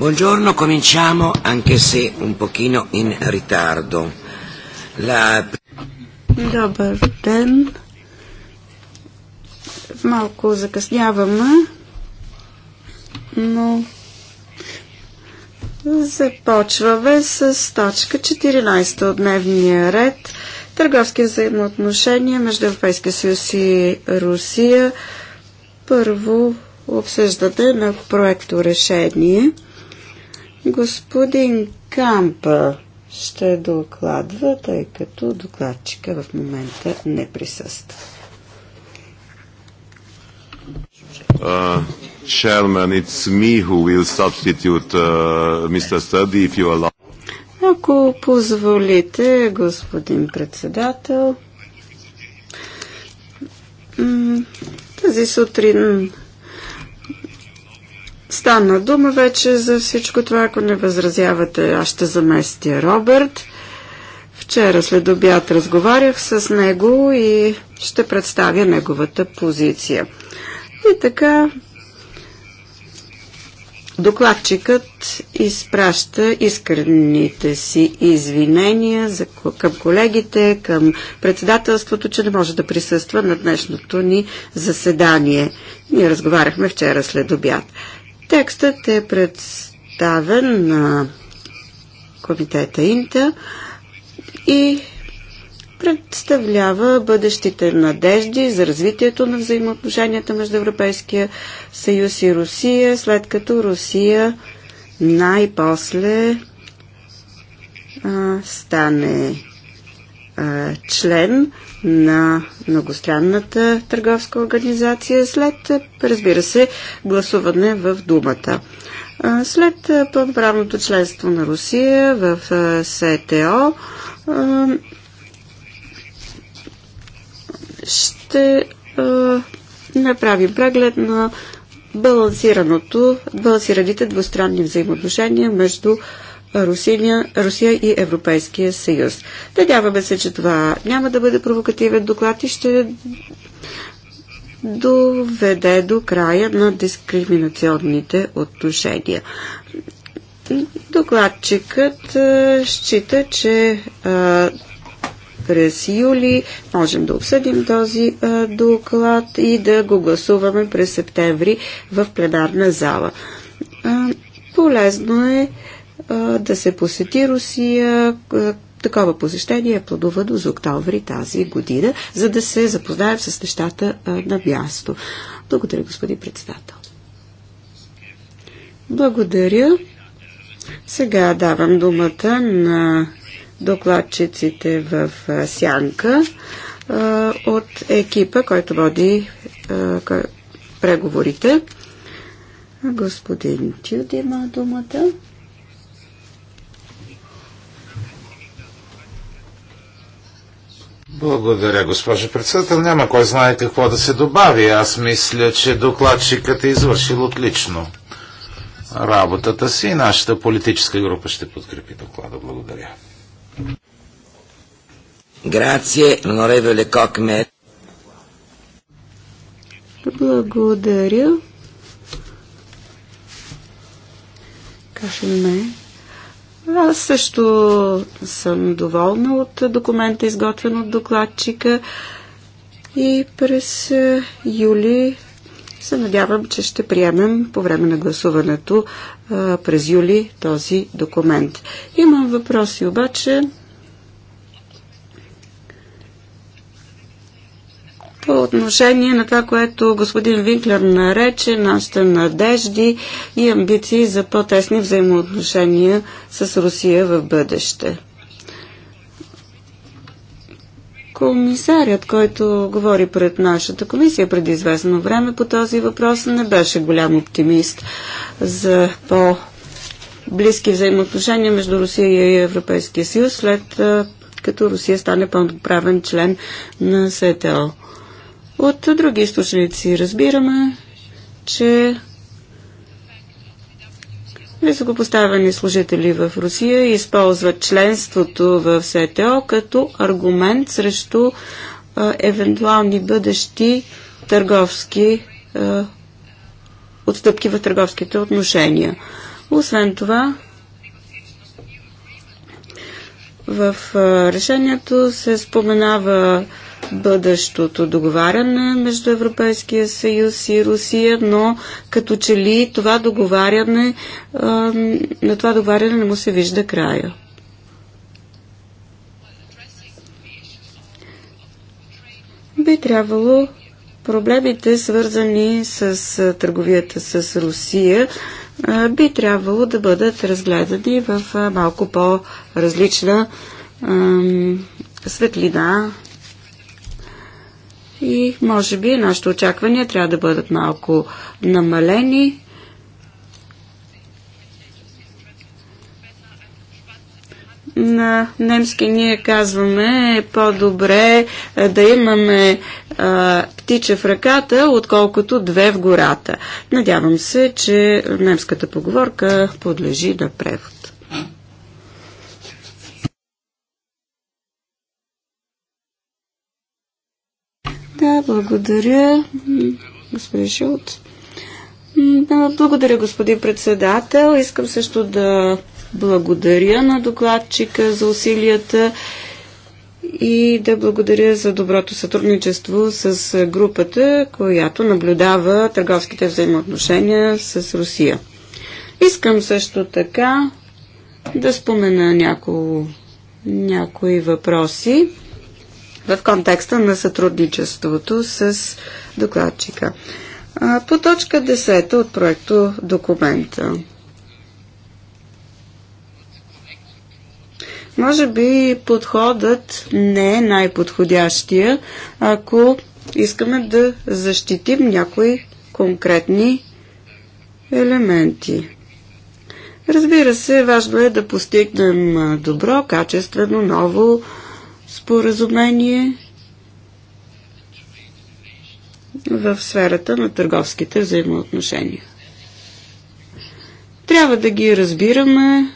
Buongiorno, cominciamo anche se un pochino in ritardo. La... Добър ден. Малко закъсняваме, но започваме с точка 14 от дневния ред. Търговски взаимоотношения между Европейския съюз и Русия. Първо обсъждате на проекто решение. Господин Кампа ще докладва, тъй като докладчика в момента не присъства. Uh, it's me who will substitute uh, Mr. Study if you allow. Ако позволите, господин председател, тази сутрин Стана дума вече за всичко това, ако не възразявате, аз ще заместя Робърт. Вчера след обяд разговарях с него и ще представя неговата позиция. И така, докладчикът изпраща искрените си извинения за, към колегите, към председателството, че не може да присъства на днешното ни заседание. Ние разговаряхме вчера след обяд. Текстът е представен на комитета Инта и представлява бъдещите надежди за развитието на взаимоотношенията между Европейския съюз и Русия, след като Русия най-после стане член на многостранната търговска организация след, разбира се, гласуване в Думата. След пълноправното членство на Русия в СТО ще направим преглед на балансираното, балансираните двустранни взаимоотношения между Русия, Русия и Европейския съюз. Надяваме се, че това няма да бъде провокативен доклад и ще доведе до края на дискриминационните отношения. Докладчикът е, счита, че е, през юли можем да обсъдим този е, доклад и да го гласуваме през септември в пленарна зала. Полезно е да се посети Русия. Такова посещение е планувано за октомври тази година, за да се запознаем с нещата на място. Благодаря, господин председател. Благодаря. Сега давам думата на докладчиците в Сянка от екипа, който води преговорите. Господин Тюд има думата. Благодаря, госпожо председател. Няма кой знае какво да се добави. Аз мисля, че докладчикът е извършил отлично работата си и нашата политическа група ще подкрепи доклада. Благодаря. Грация, оноревеле Кокмет. Благодаря. Кашеме аз също съм доволна от документа, изготвен от докладчика и през е, юли се надявам, че ще приемем по време на гласуването е, през юли този документ. Имам въпроси обаче по отношение на това, което господин Винклер нарече нашите надежди и амбиции за по-тесни взаимоотношения с Русия в бъдеще. Комисарят, който говори пред нашата комисия преди известно време по този въпрос, не беше голям оптимист за по-близки взаимоотношения между Русия и Европейския съюз, след като Русия стане пълноправен член на СТО. От други източници разбираме, че високопоставени служители в Русия използват членството в СТО като аргумент срещу а, евентуални бъдещи търговски а, отстъпки в търговските отношения. Освен това, в решението се споменава бъдещото договаряне между Европейския съюз и Русия, но като че ли това договаряне, на това договаряне не му се вижда края. Би трябвало проблемите, свързани с търговията с Русия, би трябвало да бъдат разгледани в малко по-различна светлина и може би нашите очаквания трябва да бъдат малко намалени. на немски ние казваме е по-добре е, да имаме а, е, птиче в ръката, отколкото две в гората. Надявам се, че немската поговорка подлежи на превод. Благодаря, господин Шилт. Благодаря, господин председател. Искам също да благодаря на докладчика за усилията и да благодаря за доброто сътрудничество с групата, която наблюдава търговските взаимоотношения с Русия. Искам също така да спомена няко... някои въпроси в контекста на сътрудничеството с докладчика. По точка 10 от проекто документа. Може би подходът не е най-подходящия, ако искаме да защитим някои конкретни елементи. Разбира се, важно е да постигнем добро, качествено, ново споразумение в сферата на търговските взаимоотношения. Трябва да ги разбираме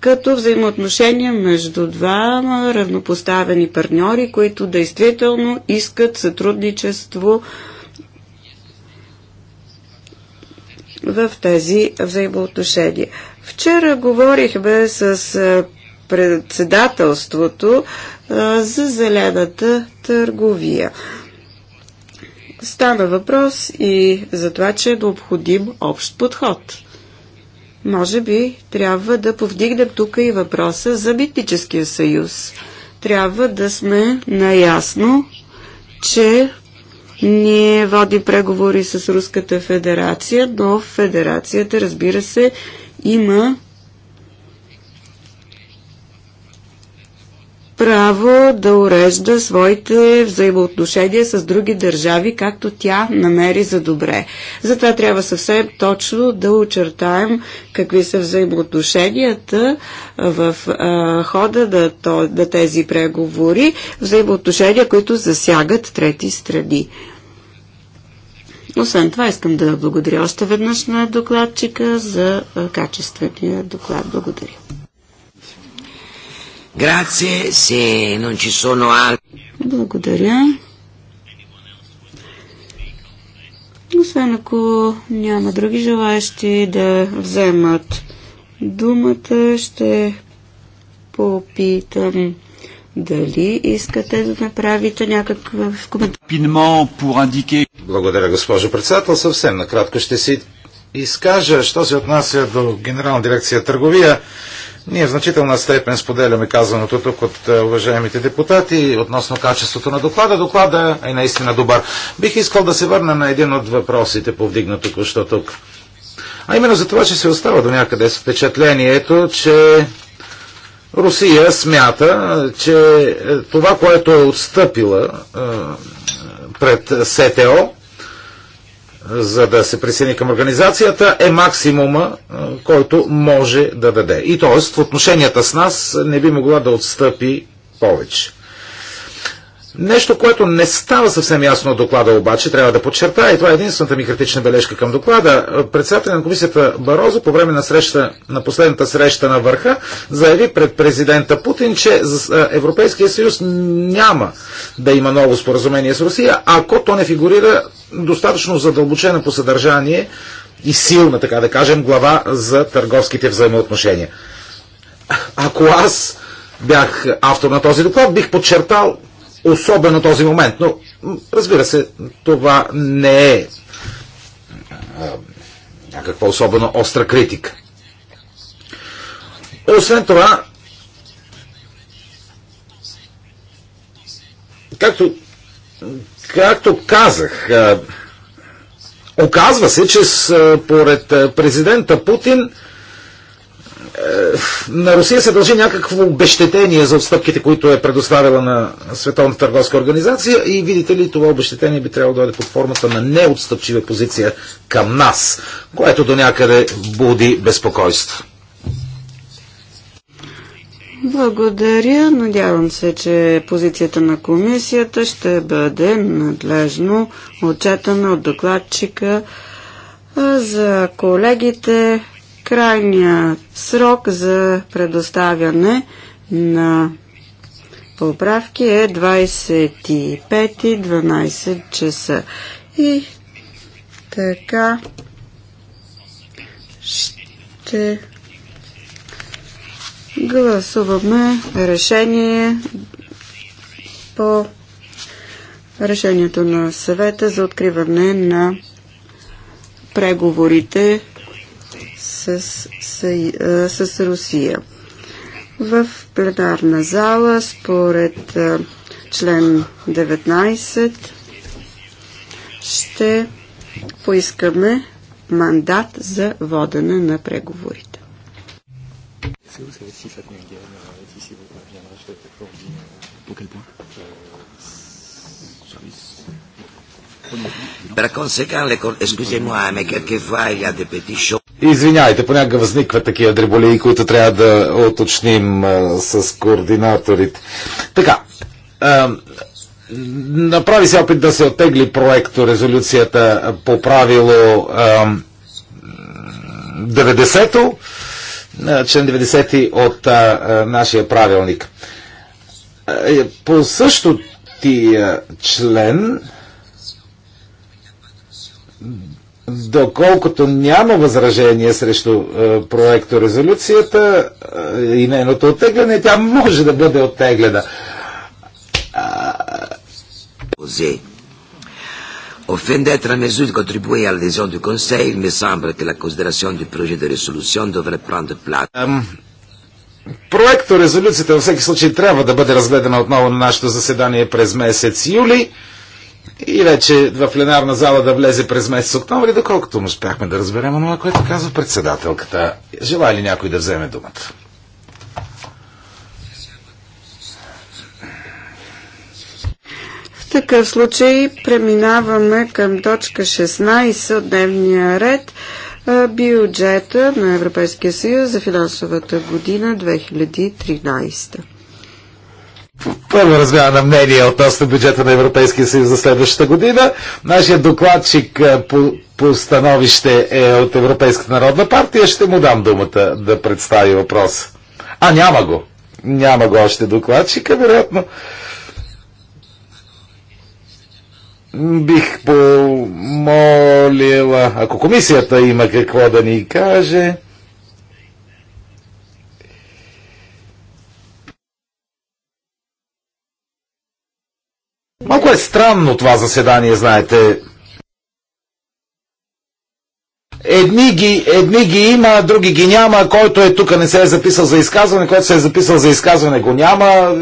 като взаимоотношения между двама равнопоставени партньори, които действително искат сътрудничество в тези взаимоотношения. Вчера говорихме с председателството за зелената търговия. Стана въпрос и за това, че е необходим общ подход. Може би трябва да повдигнем тук и въпроса за митническия съюз. Трябва да сме наясно, че ние водим преговори с Руската федерация, но федерацията, разбира се, има право да урежда своите взаимоотношения с други държави, както тя намери за добре. Затова трябва съвсем точно да очертаем какви са взаимоотношенията в а, хода на, то, на тези преговори, взаимоотношения, които засягат трети страни. Освен това, искам да благодаря още веднъж на докладчика за качествения доклад. Благодаря. Grazie, se non ci sono altri. Благодаря. Освен ако няма други желаящи да вземат думата, ще попитам дали искате да направите някакъв коментар. Благодаря, госпожо председател. Съвсем накратко ще си изкажа, що се отнася до Генерална дирекция търговия. Ние в значителна степен споделяме казаното тук от е, уважаемите депутати относно качеството на доклада. Доклада е наистина добър. Бих искал да се върна на един от въпросите, повдигнат току-що тук. А именно за това, че се остава до някъде с впечатлението, че Русия смята, че е, това, което е отстъпила е, пред СТО, за да се присъедини към организацията, е максимума, който може да даде. И т.е. в отношенията с нас не би могла да отстъпи повече. Нещо, което не става съвсем ясно от доклада, обаче трябва да подчертая, и това е единствената ми критична бележка към доклада. Председателя на комисията Барозо по време на, среща, на последната среща на върха заяви пред президента Путин, че Европейския съюз няма да има ново споразумение с Русия, ако то не фигурира достатъчно задълбочено по съдържание и силна, така да кажем, глава за търговските взаимоотношения. Ако аз бях автор на този доклад, бих подчертал особено този момент. Но, разбира се, това не е, е някаква особено остра критика. Освен това, както, както казах, е, оказва се, че според е, президента Путин е, на Русия се дължи някакво обещетение за отстъпките, които е предоставила на Световната търговска организация и видите ли, това обещетение би трябвало да дойде под формата на неотстъпчива позиция към нас, което до някъде буди безпокойство. Благодаря. Надявам се, че позицията на комисията ще бъде надлежно отчетана от докладчика за колегите Крайният срок за предоставяне на поправки е 25.12 часа. И така ще гласуваме решение по решението на съвета за откриване на преговорите с, с, Русия. В пленарна зала, според член 19, ще поискаме мандат за водене на преговорите. Par conséquent, excusez-moi, mais quelquefois il y a des petits choses. Извинявайте, понякога възникват такива дреболии, които трябва да оточним а, с координаторите. Така, а, направи се опит да се отегли проекто резолюцията по правило а, 90-то, член 90 от а, а, нашия правилник. А, по същото член доколкото няма възражение срещу е, проекто резолюцията е, и нейното оттегляне, тя може да бъде оттеглена. Offende être à mesure de contribuer à l'adhésion du Conseil, il me semble que la considération du projet de résolution devrait prendre place. Проекто резолюцията във всеки случай трябва да бъде разгледана отново на нашето заседание през месец юли и вече в пленарна зала да влезе през месец октомври, доколкото му успяхме да разберем това, което казва председателката. Желая ли някой да вземе думата? В такъв случай преминаваме към точка 16 от дневния ред бюджета на Европейския съюз за финансовата година 2013 първо размяна на мнение относно бюджета на Европейския съюз за следващата година. Нашия докладчик е, по, по становище е от Европейската народна партия. Ще му дам думата да представи въпрос. А, няма го. Няма го още докладчика, вероятно. Бих помолила, ако комисията има какво да ни каже. Малко е странно това заседание, знаете. Едни ги, едни ги има, други ги няма. Който е тук не се е записал за изказване, който се е записал за изказване го няма.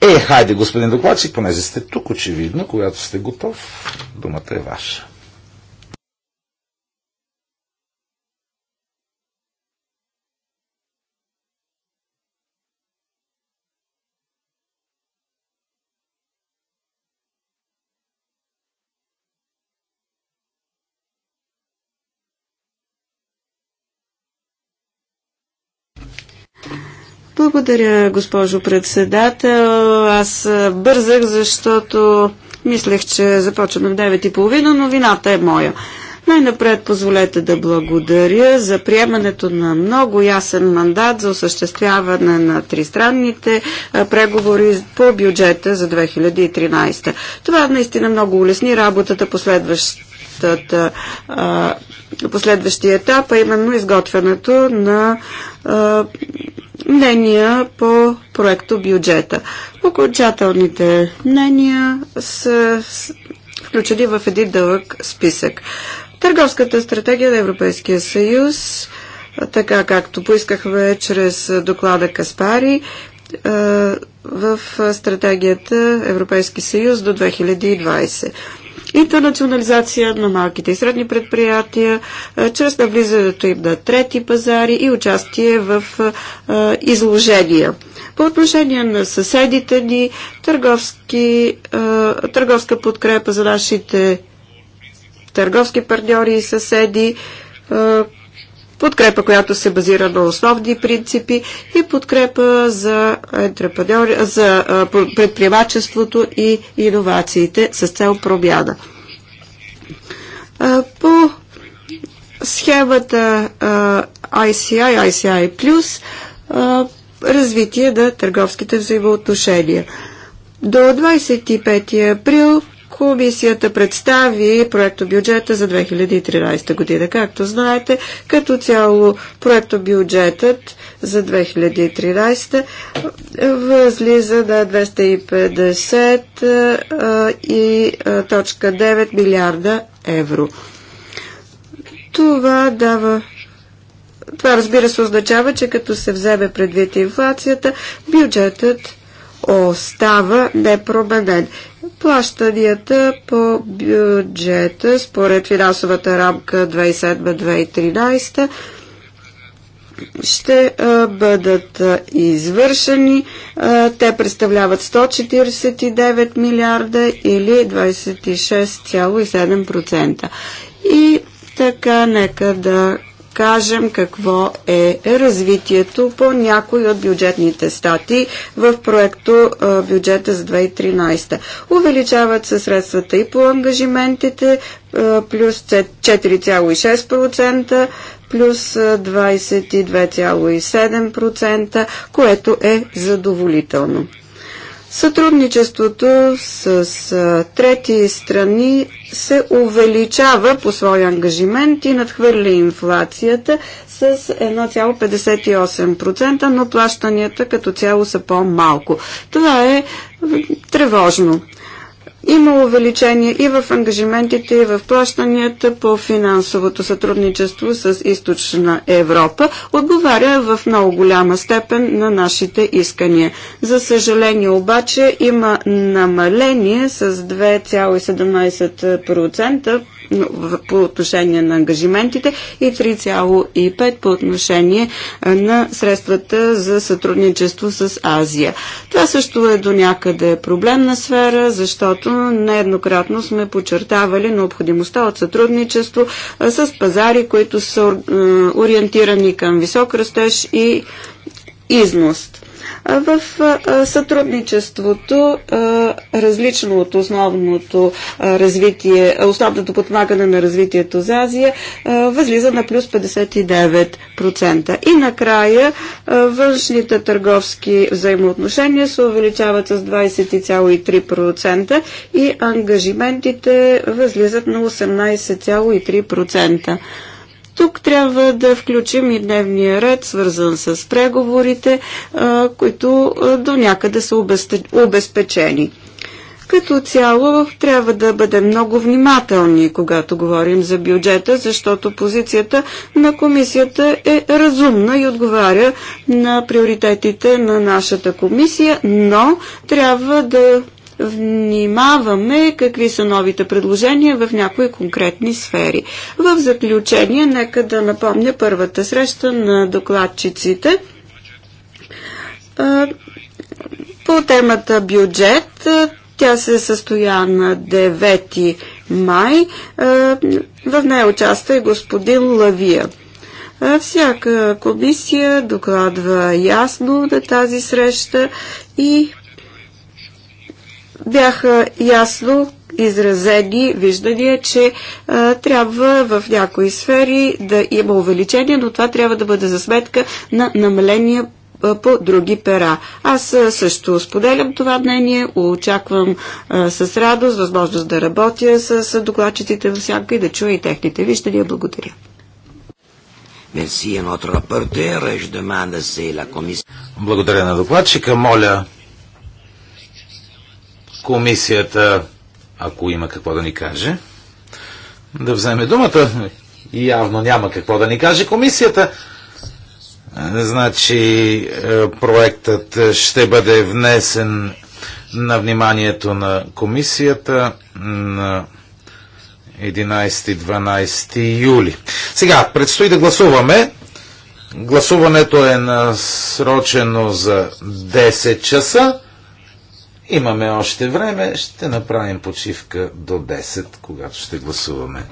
Е, хайде, господин докладчик, понеже сте тук, очевидно, когато сте готов, думата е ваша. Благодаря, госпожо председател. Аз бързах, защото мислех, че започваме в 9.30, но вината е моя. Най-напред позволете да благодаря за приемането на много ясен мандат за осъществяване на тристранните преговори по бюджета за 2013. Това наистина много улесни работата последващата последващия етап, а именно изготвянето на а, мнения по проекто бюджета. Окончателните мнения са включени в един дълъг списък. Търговската стратегия на Европейския съюз, така както поискахме чрез доклада Каспари, е, в стратегията Европейски съюз до 2020 интернационализация на малките и средни предприятия, е, чрез навлизането им на трети пазари и участие в е, е, изложения. По отношение на съседите ни, търговски, търговска подкрепа за нашите търговски партньори и съседи, подкрепа, която се базира на основни принципи и подкрепа за, за предприемачеството и иновациите с цел промяна. По схемата ICI, ICI+, развитие на търговските взаимоотношения. До 25 април Комисията представи проекто бюджета за 2013 година. Както знаете, като цяло проекто бюджетът за 2013 е, възлиза на 250 и е, е, точка 9 милиарда евро. Това дава това разбира се означава, че като се вземе предвид инфлацията, бюджетът остава непроменен. Плащанията по бюджета според финансовата рамка 2007-2013 ще бъдат извършени. Те представляват 149 милиарда или 26,7%. И така, нека да кажем какво е развитието по някои от бюджетните стати в проекто бюджета за 2013. Увеличават се средствата и по ангажиментите плюс 4,6% плюс 22,7%, което е задоволително. Сътрудничеството с трети страни се увеличава по свой ангажимент и надхвърля инфлацията с 1,58%, но плащанията като цяло са по-малко. Това е тревожно. Има увеличение и в ангажиментите, и в плащанията по финансовото сътрудничество с източна Европа. Отговаря в много голяма степен на нашите искания. За съжаление обаче има намаление с 2,17% по отношение на ангажиментите и 3,5 по отношение на средствата за сътрудничество с Азия. Това също е до някъде проблемна сфера, защото нееднократно сме подчертавали необходимостта от сътрудничество с пазари, които са ориентирани към висок растеж и износ в сътрудничеството, различно от основното развитие, основното подмагане на развитието за Азия, възлиза на плюс 59%. И накрая външните търговски взаимоотношения се увеличават с 20,3% и ангажиментите възлизат на 18,3%. Тук трябва да включим и дневния ред, свързан с преговорите, които до някъде са обезпечени. Като цяло трябва да бъдем много внимателни, когато говорим за бюджета, защото позицията на комисията е разумна и отговаря на приоритетите на нашата комисия, но трябва да внимаваме какви са новите предложения в някои конкретни сфери. В заключение, нека да напомня първата среща на докладчиците по темата бюджет. Тя се състоя на 9 май. В нея участва и господин Лавия. Всяка комисия докладва ясно на тази среща и бяха ясно изразени виждания, че а, трябва в някои сфери да има увеличение, но това трябва да бъде за сметка на намаления по други пера. Аз също споделям това мнение, очаквам а, с радост възможност да работя с, с докладчиците в сянка и да чуя и техните виждания. Благодаря. Благодаря на докладчика. Моля комисията, ако има какво да ни каже, да вземе думата. Явно няма какво да ни каже комисията. Е, значи е, проектът ще бъде внесен на вниманието на комисията на 11-12 юли. Сега, предстои да гласуваме. Гласуването е насрочено за 10 часа. Имаме още време, ще направим почивка до 10, когато ще гласуваме.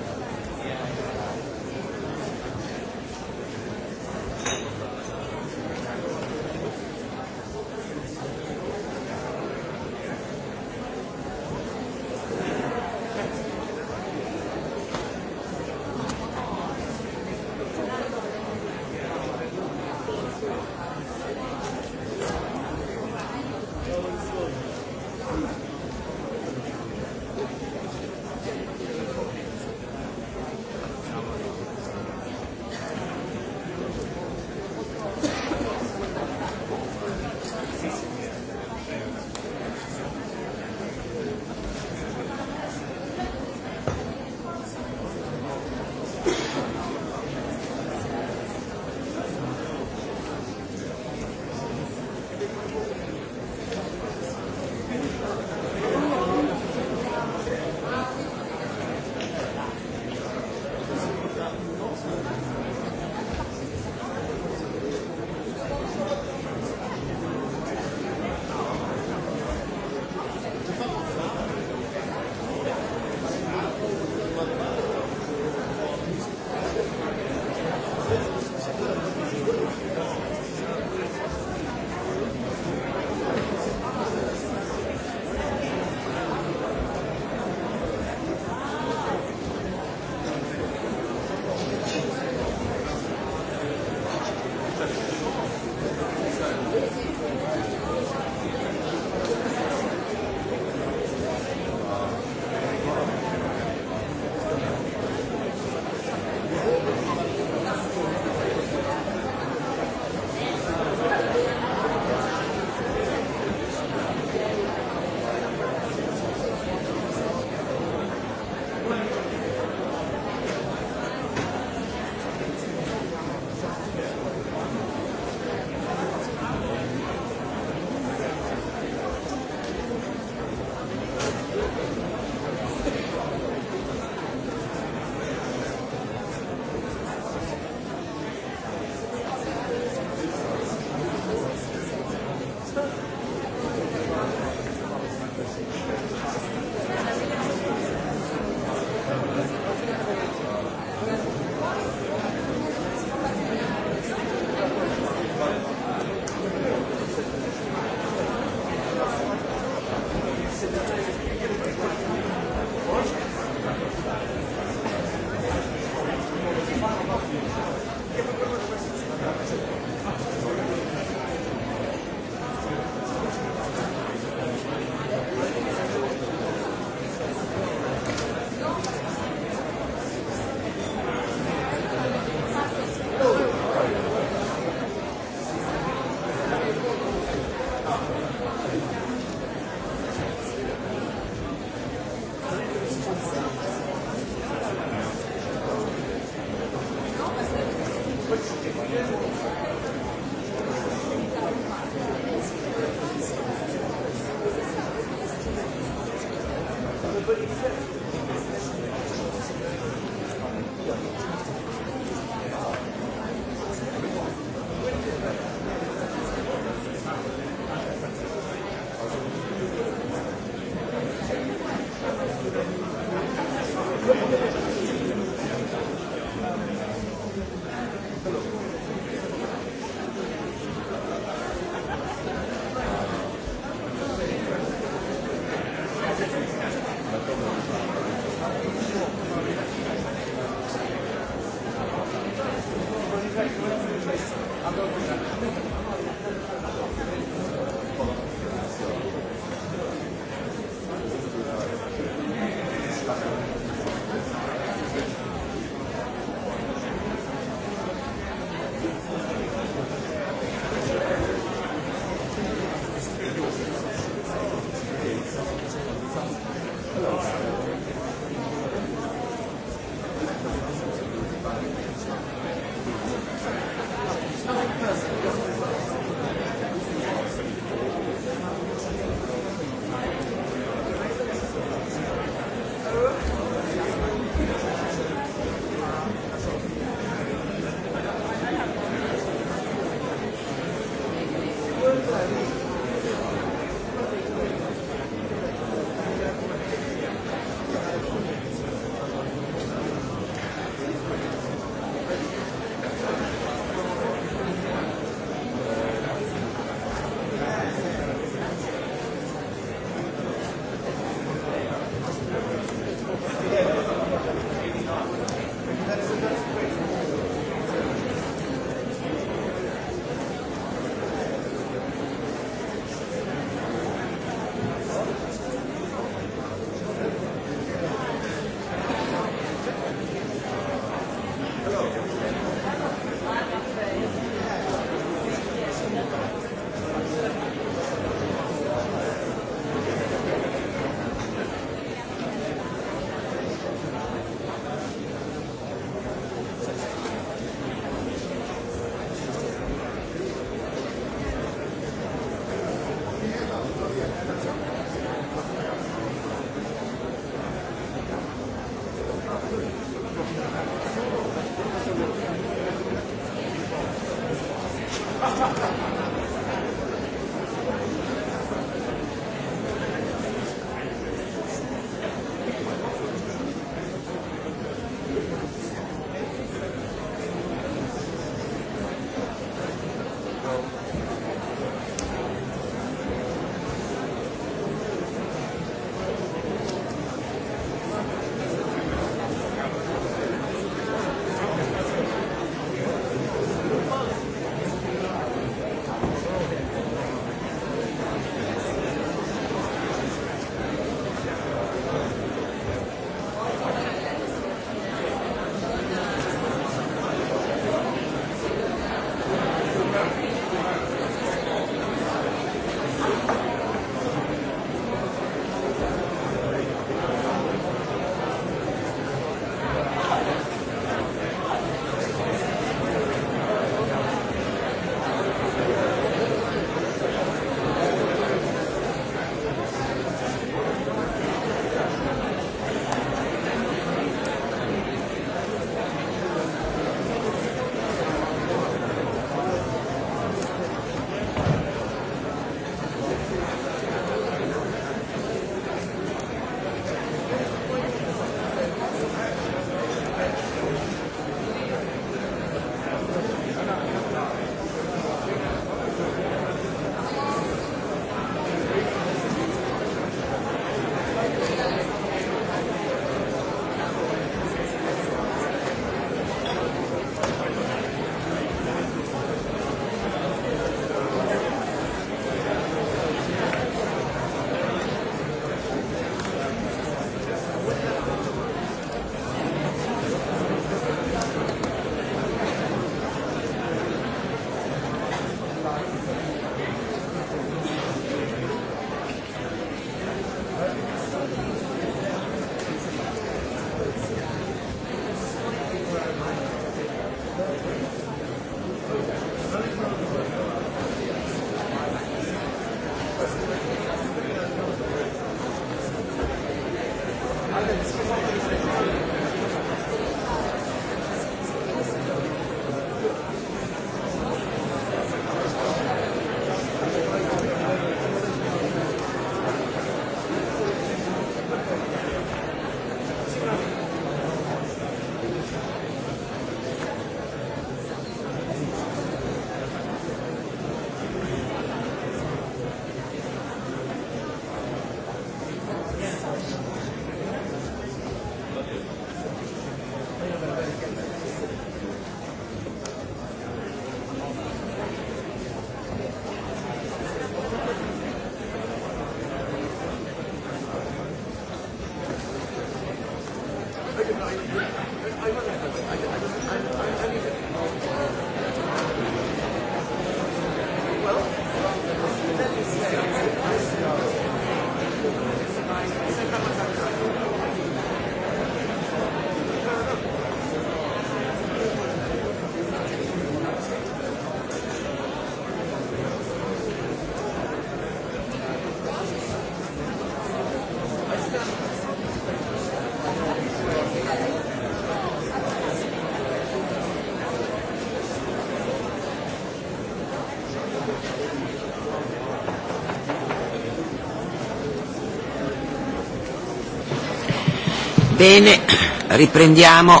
Bene, riprendiamo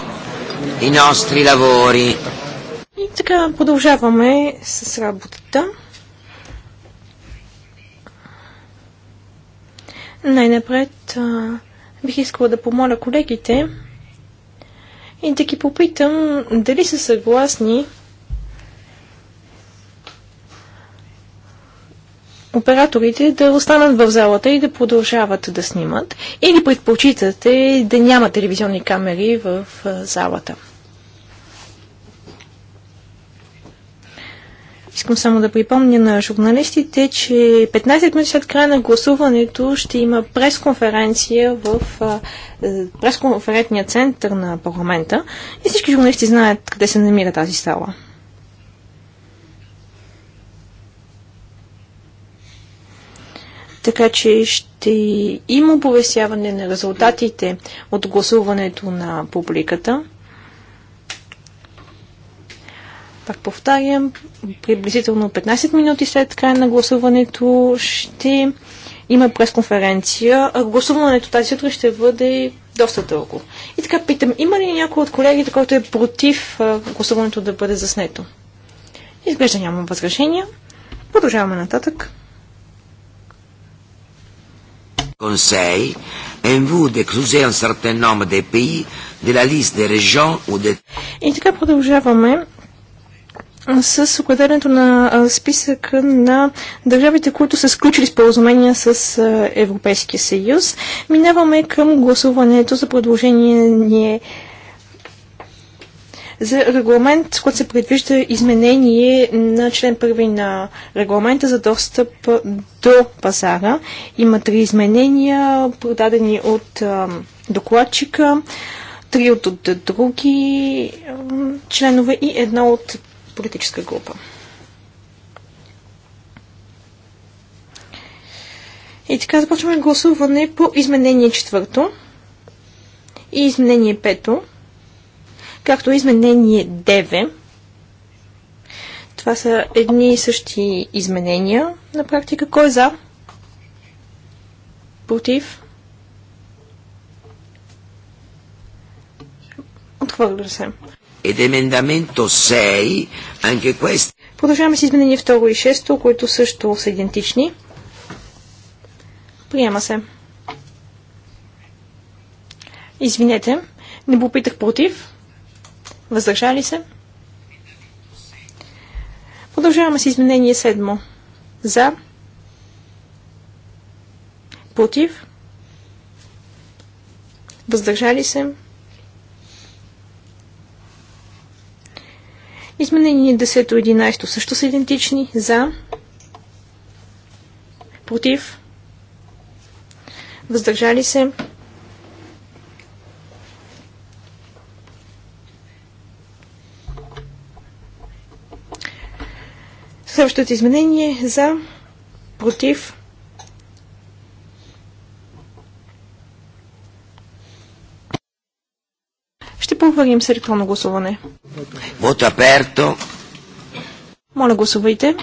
i nostri lavori. И така продължаваме с работата. Най-напред бих искала да помоля колегите и да ги попитам дали са съгласни операторите да останат в залата и да продължават да снимат? Или предпочитате да няма телевизионни камери в залата? Искам само да припомня на журналистите, че 15 минути след края на гласуването ще има пресконференция в е, пресконферентния център на парламента и всички журналисти знаят къде се намира тази сала. така че ще има оповестяване на резултатите от гласуването на публиката. Пак повтарям, приблизително 15 минути след края на гласуването ще има пресконференция. Гласуването тази сутра ще бъде доста дълго. И така питам, има ли някой от колегите, който е против гласуването да бъде заснето? Изглежда няма възражения. Продължаваме нататък. Conseil en vue d'excluser un certain nombre de pays de la liste des régions ou des... И така продължаваме с определенето на списъка на държавите, които са сключили споразумения с Европейския съюз. Минаваме към гласуването за предложение за регламент, с който се предвижда изменение на член първи на регламента за достъп до пазара. Има три изменения, продадени от докладчика, три от, от други членове и едно от политическа група. И така започваме гласуване по изменение четвърто и изменение пето както изменение 9. Това са едни и същи изменения. На практика кой е за? Против? Отхвърля се. Едемендаменто 6, Продължаваме с изменение 2 и 6, които също са идентични. Приема се. Извинете, не попитах против. Въздържали се? Продължаваме с изменение 7. За. Против. Въздържали се? Изменение 10 и 11 също са идентични. За. Против. Въздържали се? Следващото изменение е за против Ще проверим с електронно гласуване. Вото перто. Моля, гласувайте.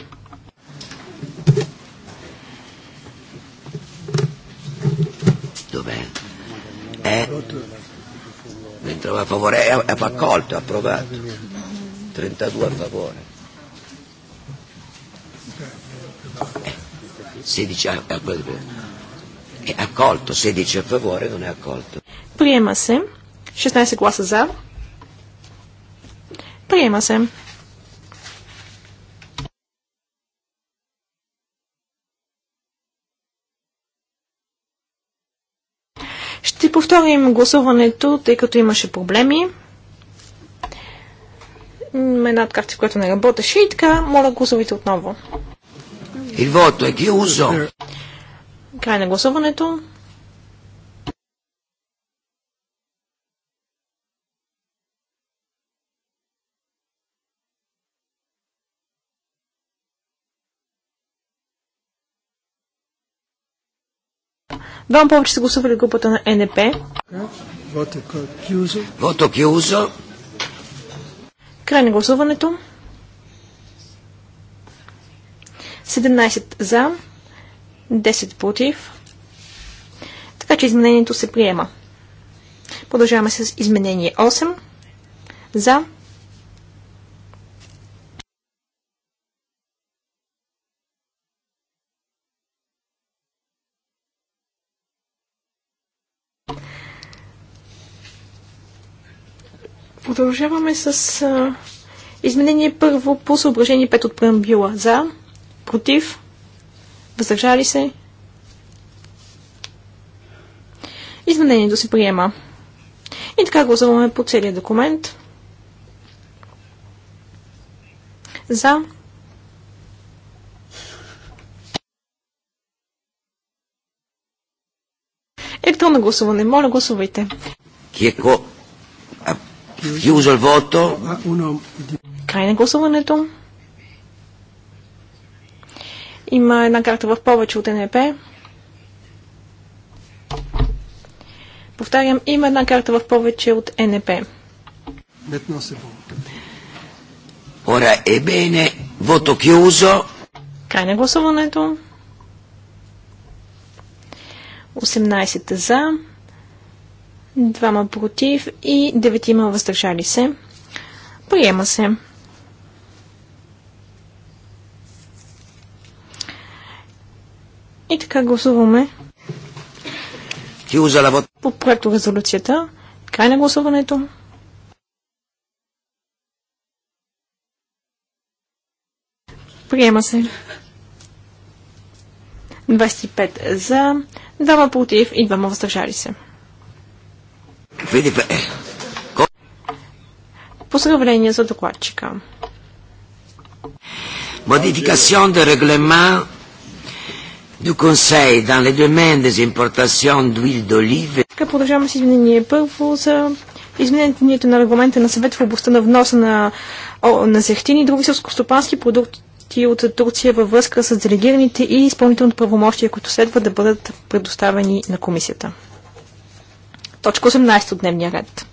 Добре. Е. Mi trova a favore, è accolto, approvato. 32 a favore. 16 a, è accolto, 16 a favore, non è accolto. Prima se, 16 гласа za. Prima se. Ще повторим гласуването, тъй като имаше проблеми. Една от карти, която не работеше и така, моля гласувайте отново. Il voto è chiuso. Край на гласуването. Вам повече са гласували групата на НП. Вото Кюзо. Край на гласуването. 17 за, 10 против. Така че изменението се приема. Продължаваме с изменение 8 за, Продължаваме с а, изменение първо по съображение 5 от преамбюла. За, Против? Въздържали се? Изменението се приема. И така гласуваме по целият документ. За. Електронно гласуване. Моля, гласувайте. Киеко. Крайна гласуването. Има една карта в повече от НЕП. Повтарям, има една карта в повече от НЕП. Ora è bene, voto chiuso. Край на гласуването. 18 за, 2 против и 9 въздържали се. Приема се. И така гласуваме. По проекто резолюцията. Край на гласуването. Приема се. 25 за, 2 против и 2 въздържали се. Е, Поздравление за докладчика. Модификацион на регламент du Conseil dans le domaine des importations d'huile d'olive. Така продължаваме с изменение първо за изменението на регламента на съвет в областта на вноса на, о, на зехтини и други селскостопански продукти от Турция във връзка с делегираните и изпълнителното правомощие, които следва да бъдат предоставени на комисията. Точка 18 от дневния ред.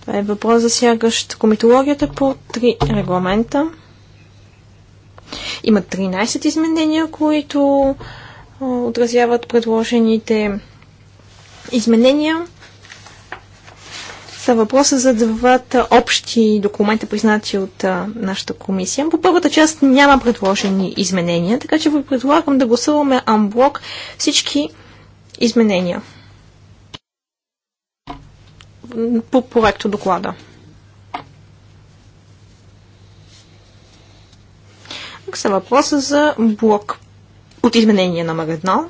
Това е въпрос за сягащ комитологията по три регламента. Има 13 изменения, които отразяват предложените изменения. Са въпроса за двата общи документа, признати от нашата комисия. По първата част няма предложени изменения, така че ви предлагам да гласуваме амблок всички изменения по проекто доклада. Тук са въпроса за блок от изменение номер 1,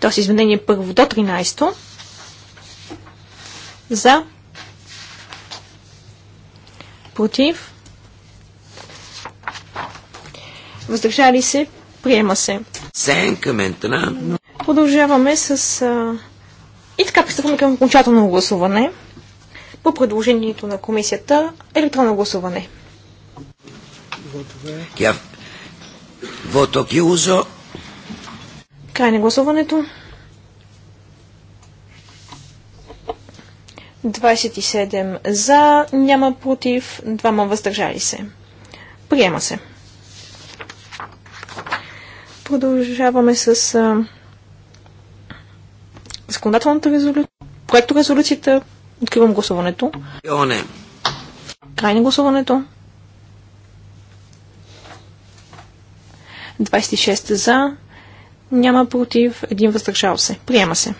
Тоест, изменение първо до 13 за против въздържали се, приема се. Продължаваме с... А... И така пристъпваме към окончателно гласуване по предложението на комисията електронно гласуване. Тя... Вото Киузо. Край на гласуването. 27 за, няма против, двама въздържали се. Приема се. Продължаваме с а, законодателната резолюция. Проекто резолюцията. Откривам гласуването. Йоне. Край на гласуването. 26 за, няма против, един въздържал се. Приема се.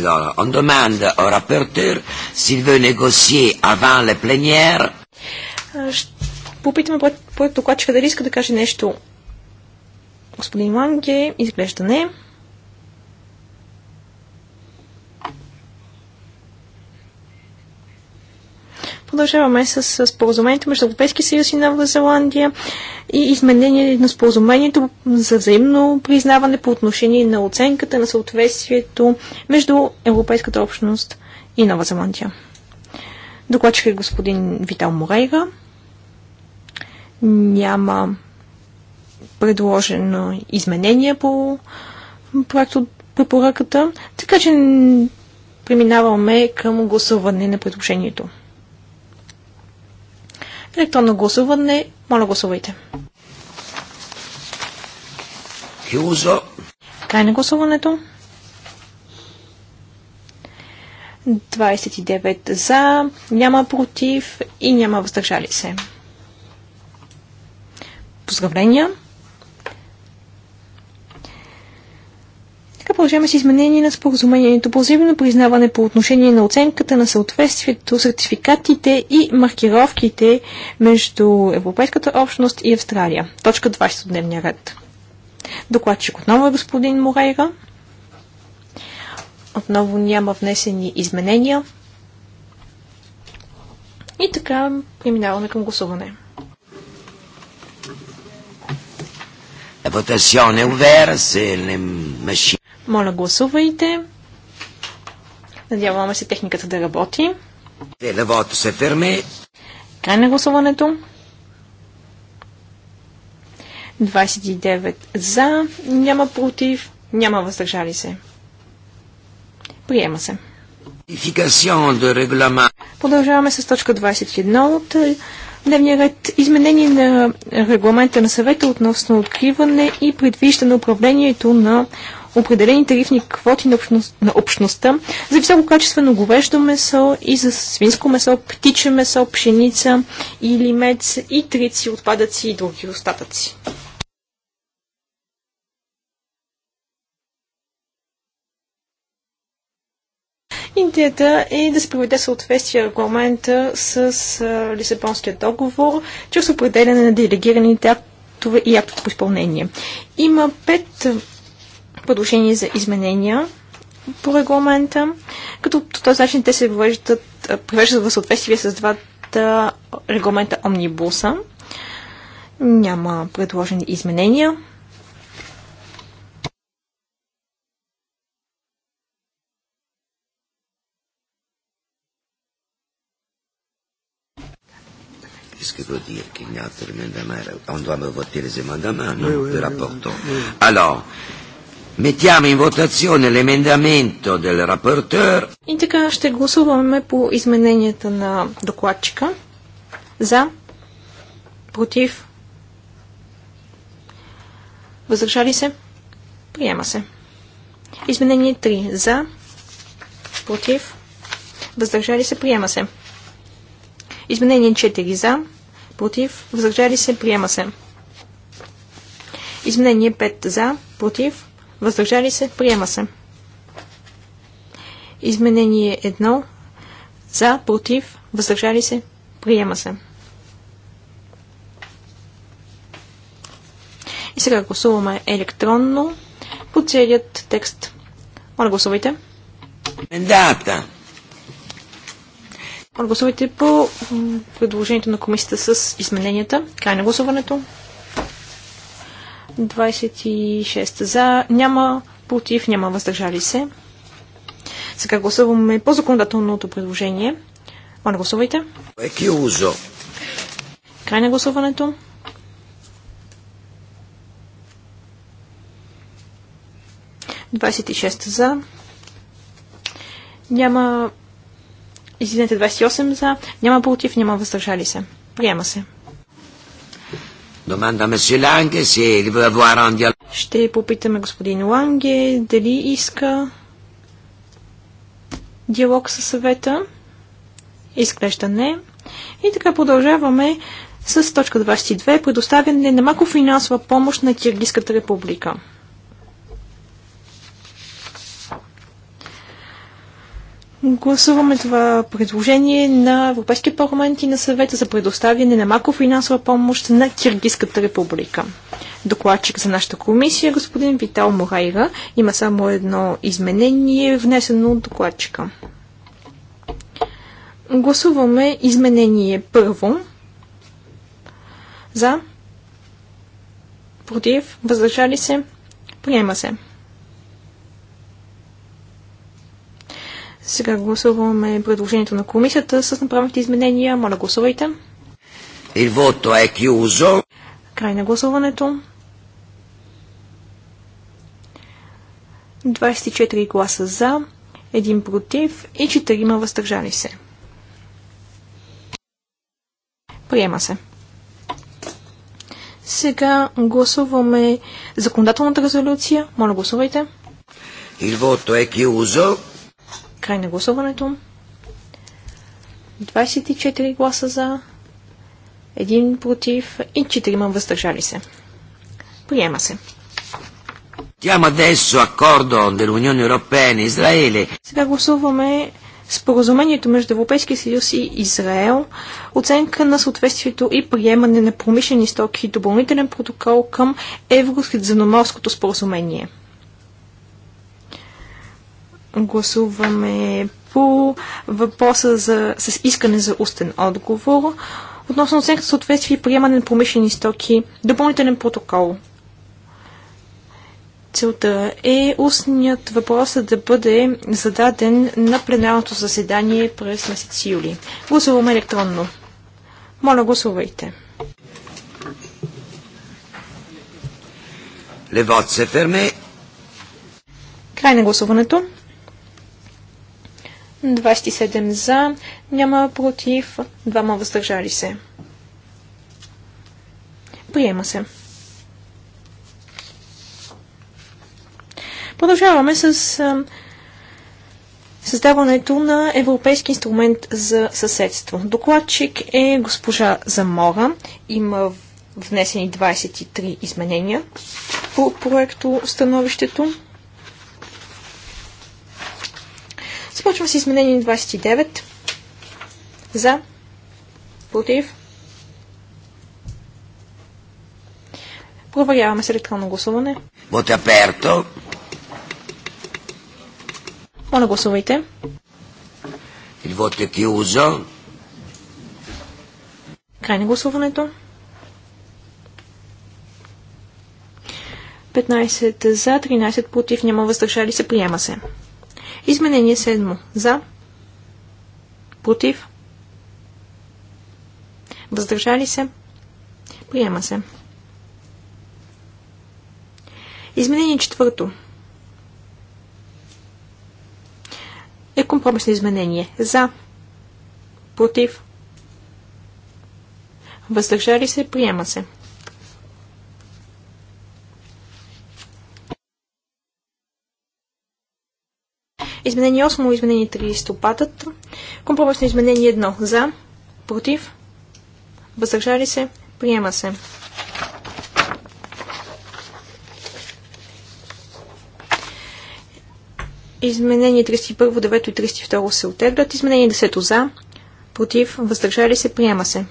Alors, on demande au rapporteur s'il veut négocier avant la plénière. Попитаме по докладчика дали иска да каже нещо. Господин Ланге, изглежда не. Продължаваме с споразумението между Европейски съюз и Нова Зеландия и изменение на споразумението за взаимно признаване по отношение на оценката на съответствието между Европейската общност и Нова Зеландия. Докладчик е господин Витал Морейра. Няма предложено изменение по от препоръката, така че преминаваме към гласуване на предложението. Електронно гласуване. Моля гласувайте. Кюзо. Край на гласуването. 29 за, няма против и няма въздържали се. Поздравления! продължаваме с изменение на споразумението по взаимно признаване по отношение на оценката на съответствието, сертификатите и маркировките между Европейската общност и Австралия. Точка 20 от дневния ред. Докладчик отново е господин Морейра. Отново няма внесени изменения. И така преминаваме към гласуване. La votazione è vera se le machine... Моля, гласувайте. Надяваме се техниката да работи. Телевото се ферме. Край на гласуването. 29 за, няма против, няма въздържали се. Приема се. Продължаваме с точка 21 от е, дневния ред. Изменение на регламента на съвета относно откриване и предвиждане управлението на определени тарифни квоти на, общност, на общността за висококачествено говеждо месо и за свинско месо, птиче месо, пшеница или мед и трици, отпадъци и други остатъци. Идеята е да се приведе съответствие регламента с а, Лисабонския договор, чрез определяне на делегираните актове и актове по изпълнение. Има пет предложения за изменения по регламента, като по този начин те се въвеждат, привеждат в съответствие с двата регламента Омнибуса. Няма предложени изменения. ce dire qu'il n'y a terminé demain. On doit me voter les non, Alors, Метяме in votazione l'emendamento del rapporteur. И така ще гласуваме по измененията на докладчика. За, против, въздържали се, приема се. Изменение 3. За, против, въздържали се, приема се. Изменение 4. За, против, въздържали се, приема се. Изменение 5. За, против, въздържали се, приема се. Изменение 1 за, против, въздържали се, приема се. И сега гласуваме електронно по целият текст. Моля гласувайте. Дата. Моля гласувайте по предложението на комисията с измененията. Край на гласуването. 26 за, няма против, няма въздържали се. Сега гласуваме по законодателното предложение. Моля, гласувайте. Край на гласуването. за. Няма. Извинете, 28 за. Няма против, няма въздържали се. Приема се. Domanda Месье Ланге си ли avoir un dialogue. Ще попитаме господин Ланге дали иска диалог със съвета. Изглежда не. И така продължаваме с точка 22 предоставяне на макрофинансова помощ на Киргизската република. Гласуваме това предложение на Европейския парламент и на съвета за предоставяне на макрофинансова помощ на Киргизската република. Докладчик за нашата комисия, господин Витал Морайра, има само едно изменение, внесено от докладчика. Гласуваме изменение първо за, против, въздържали се, приема се. Сега гласуваме предложението на комисията с направените изменения. Моля, гласувайте. Il voto è chiuso. Край на гласуването. 24 гласа за, 1 против и 4 въздържали се. Приема се. Сега гласуваме законодателната резолюция. Моля, гласувайте. Il voto è chiuso. Край на гласуването. 24 гласа за, 1 против и 4 въздържали се. Приема се. Сега гласуваме споразумението между Европейския съюз и Израел, оценка на съответствието и приемане на промишлени стоки и допълнителен протокол към Евросредземноморското споразумение гласуваме по въпроса за, с искане за устен отговор относно оценката съответствие и приемане на промишлени стоки, допълнителен протокол. Целта е устният въпрос да бъде зададен на пленарното заседание през месец юли. Гласуваме електронно. Моля, гласувайте. Левот се ферме. Край на гласуването. 27 за, няма против, двама въздържали се. Приема се. Продължаваме с създаването на Европейски инструмент за съседство. Докладчик е госпожа Замора. Има внесени 23 изменения по проекто становището. Започвам с изменение 29. За. Против. Проверяваме с електронно гласуване. Вот е аперто. Моля, гласувайте. Il voto è Край на гласуването. 15 за, 13 против, няма въздържали се, приема се. Изменение 7. За. Против. Въздържали се. Приема се. Изменение четвърто. Е компромисно изменение. За. Против. Въздържали се. Приема се. Изменение 8, изменение 30 стопатът. Компромисно изменение 1 за, против, въздържали се, приема се. Изменение 31, 9 и 32 се отеглят. Изменение 10 за, против, въздържали се, приема се.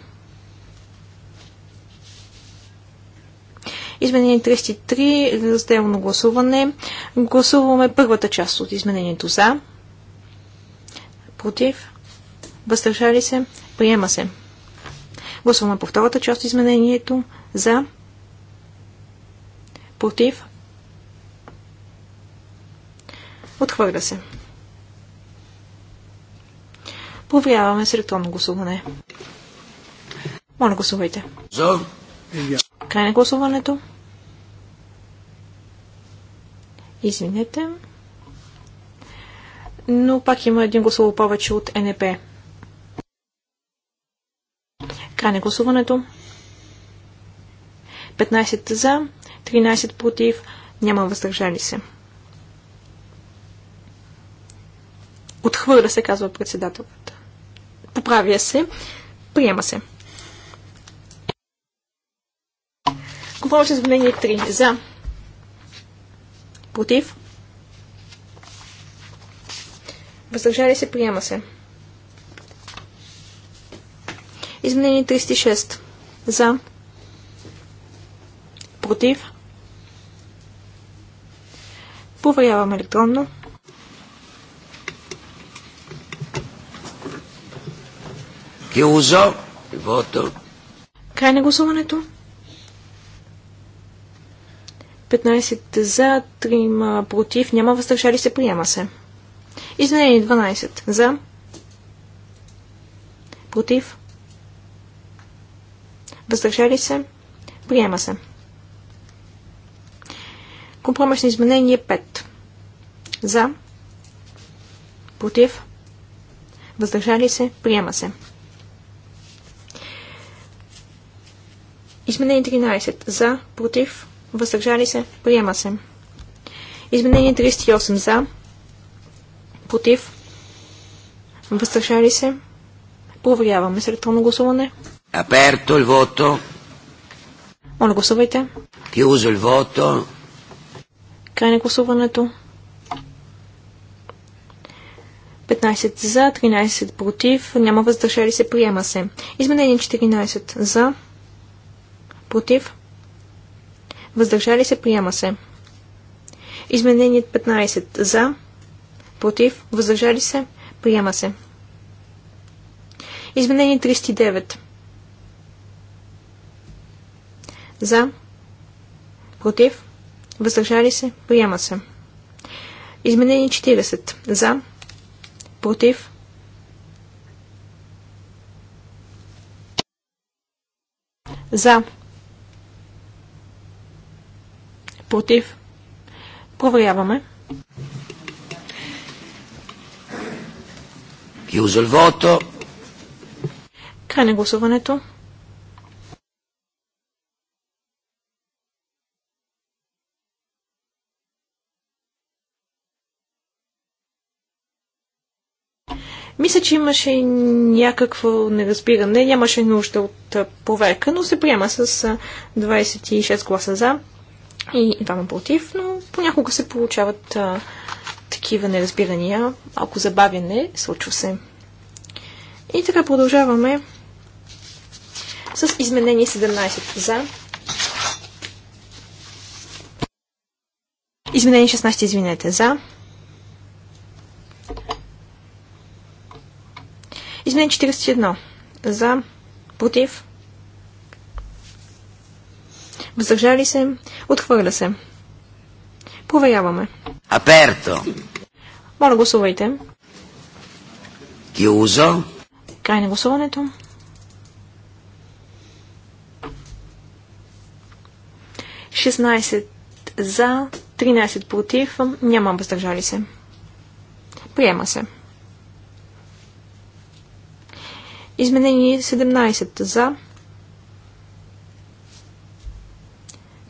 Изменение 33, разделно гласуване. Гласуваме първата част от изменението за. Против. Въздържали се. Приема се. Гласуваме по втората част от изменението за. Против. Отхвърля се. Проверяваме с електронно гласуване. Моля, гласувайте. За. Край на гласуването. Извинете. Но пак има един гласово повече от НП. Край на гласуването. 15 за, 13 против, няма въздържали се. Отхвърля се, казва председателът. Поправя се, приема се. Говоря с изменение 3. За, Против? Въздържали се, приема се. Изменение 36. За. Против. Поверявам електронно. Киузо. Край на гласуването. 15 за, 3 против, няма въздържали се, приема се. Изменение 12 за, против, въздържали се, приема се. Компромисно изменение 5 за, против, въздържали се, приема се. Изменение 13 за, против, въздържали се, приема се. Изменение 38 за, против, въздържали се, проверяваме с електронно гласуване. Аперто il Моля, гласувайте. Кюзо il Край на гласуването. 15 за, 13 против, няма въздържали се, приема се. Изменение 14 за, против, въздържали се, приема се. Изменение 15 за, против, въздържали се, приема се. Изменение 39 за, против, въздържали се, приема се. Изменение 40 за, против, за, Против. Проверяваме. Chiuso il voto. Край на гласуването. Мисля, че имаше някакво неразбиране, нямаше нужда от проверка, но се приема с 26 гласа за, и два против, но понякога се получават а, такива неразбирания. Малко забавяне случва се. И така продължаваме с изменение 17 за. Изменение 16, извинете, за. Изменение 41 за. Против. Въздържали се? Отхвърля се. Проверяваме. Аперто. Моля, гласувайте. Киузо. Край на гласуването. Шестнайсет за, 13 против, няма въздържали се. Приема се. Изменение 17 за,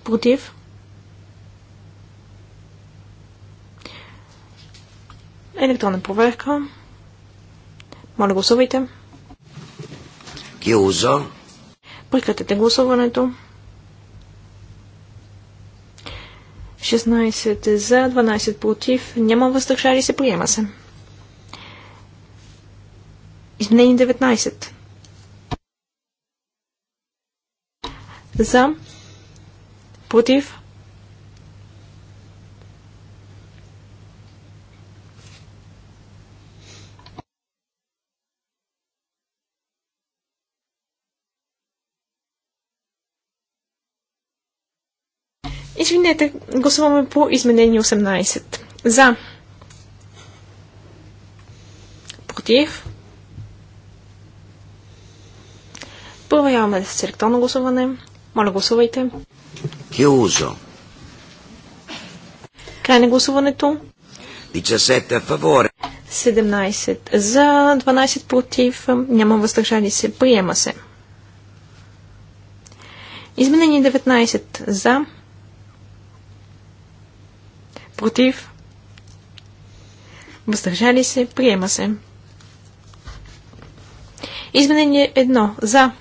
Против. Електронна проверка. Моля гласувайте. Киузо. Прекратете гласуването. 16 за, 12 против, няма въздържали се, приема се. Изменение 19. За, Против? Извинете, гласуваме по изменение 18. За. Против. Проверяваме с електронно гласуване. Моля, гласувайте. Chiuso. Край на гласуването. 17 фаворе. 17 за, 12 против, няма въздържали се, приема се. Изменение 19 за, против, въздържали се, приема се. Изменение 1 за,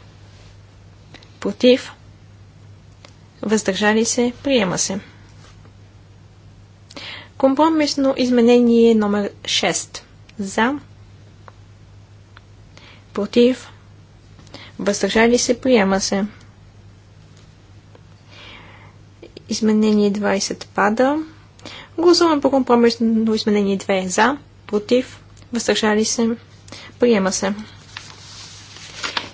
против, въздържали се, приема се. Компромисно изменение номер 6. За, против, въздържали се, приема се. Изменение 20 пада. Гласуваме по компромисно изменение 2. За, против, въздържали се, приема се.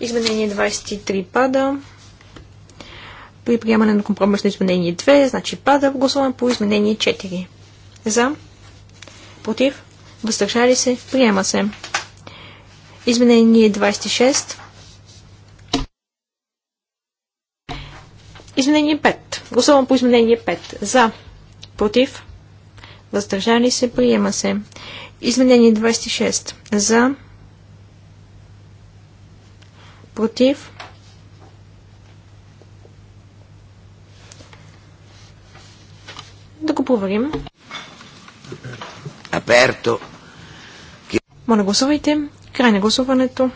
Изменение 23 пада при приемане на компромисно изменение 2, значи пада. гласуване по изменение 4. За. Против. Въздържали се. Приема се. Изменение 26. Изменение 5. Гласувам по изменение 5. За. Против. Въздържали се. Приема се. Изменение 26. За. Против. Да го проверим. Аперто. Моля, гласувайте. Край на гласуването.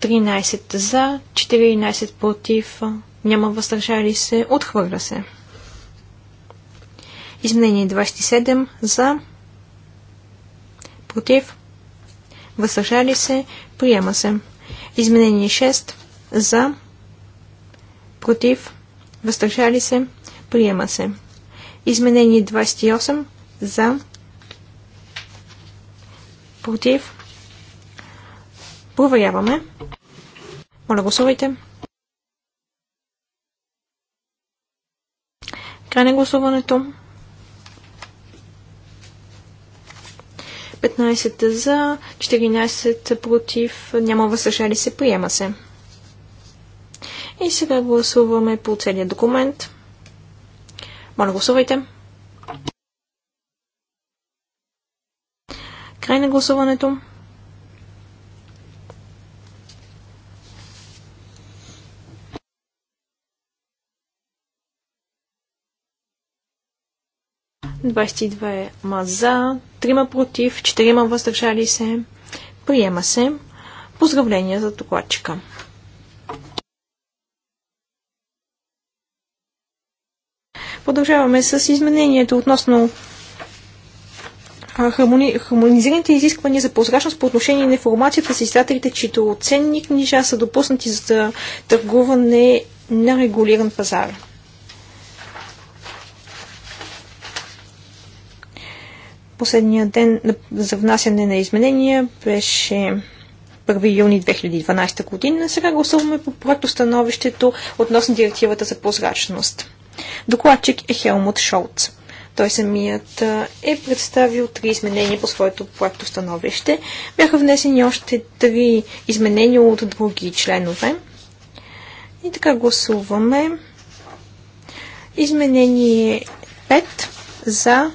Тринайсет за, 14 против, няма въздържали се, отхвърля се. Изменение 27 за, против, въздържали се, приема се. Изменение 6 за, против, въздържали се, приема се. Изменение 28 за, против, проверяваме. Моля, гласувайте. Край на гласуването. 15 за, 14 против, няма въздържали се, приема се. И сега гласуваме по целия документ. Моля, гласувайте. Край на гласуването. 22 ма за, 3 против, 4 въздържали се. Приема се. Поздравления за докладчика. Продължаваме с изменението относно хармони... хармонизираните изисквания за прозрачност по отношение на информацията с издателите, чието ценни книжа са допуснати за търгуване на регулиран пазар. Последния ден за внасяне на изменения беше 1 юни 2012 година. Сега гласуваме по проекто становището относно директивата за прозрачност. Докладчик е Хелмут Шолц. Той самият е представил три изменения по своето проекто становище. Бяха внесени още три изменения от други членове. И така гласуваме. Изменение 5 за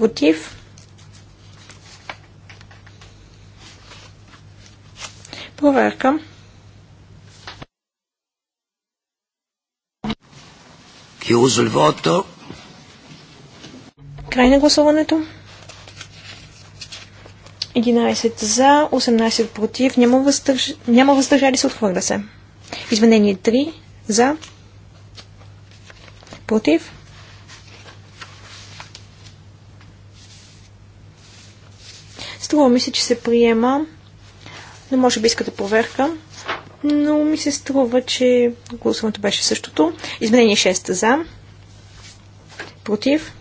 Против. Проверка. Chiuso il voto. Край на гласуването. 11 за, 18 против, няма, въздърж... няма въздържали се, отхвърля се. Изменение 3 за, против, Струва ми се, че се приема, но може би искате проверка. Но ми се струва, че гласуването беше същото. Изменение 6 за. Против.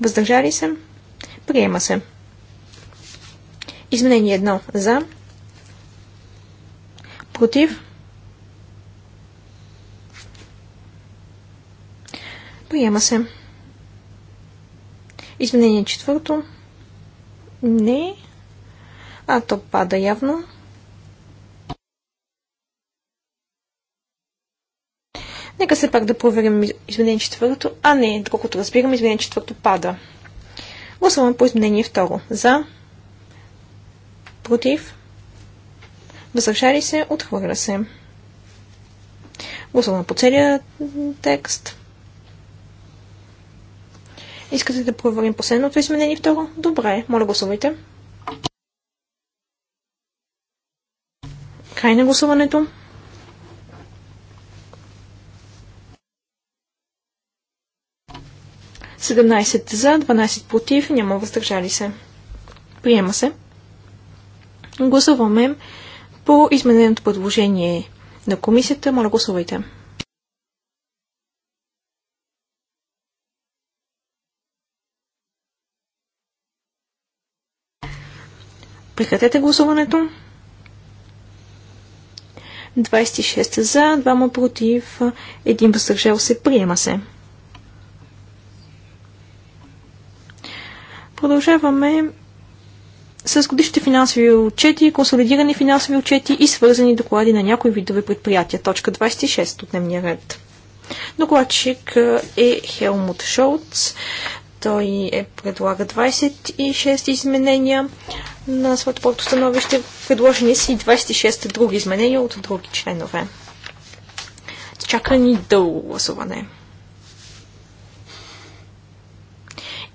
Въздържали се. Приема се. Изменение 1 за. Против. Приема се. Изменение четвърто. Не. А, то пада явно. Нека се пак да проверим изменение четвърто. А, не, доколкото разбирам, изменение четвърто пада. Гласуваме по изменение второ. За. Против. Въздържали се. Отхвърля се. Гласуваме по целия текст. Искате да проверим последното изменение второ? Добре, моля гласувайте. Край на гласуването. Седемнайсет за, 12 против, няма въздържали се. Приема се. Гласуваме по измененото предложение на комисията. Моля гласувайте. Прекратете гласуването. 26 за, 2 против, 1 въздържал се, приема се. Продължаваме с годишните финансови отчети, консолидирани финансови отчети и свързани доклади на някои видове предприятия. Точка 26 от дневния ред. Докладчик е Хелмут Шолц. Той е предлага 26 изменения на своето проекто становище. Предложени са и 26 други изменения от други членове. Чака ни дълго гласуване.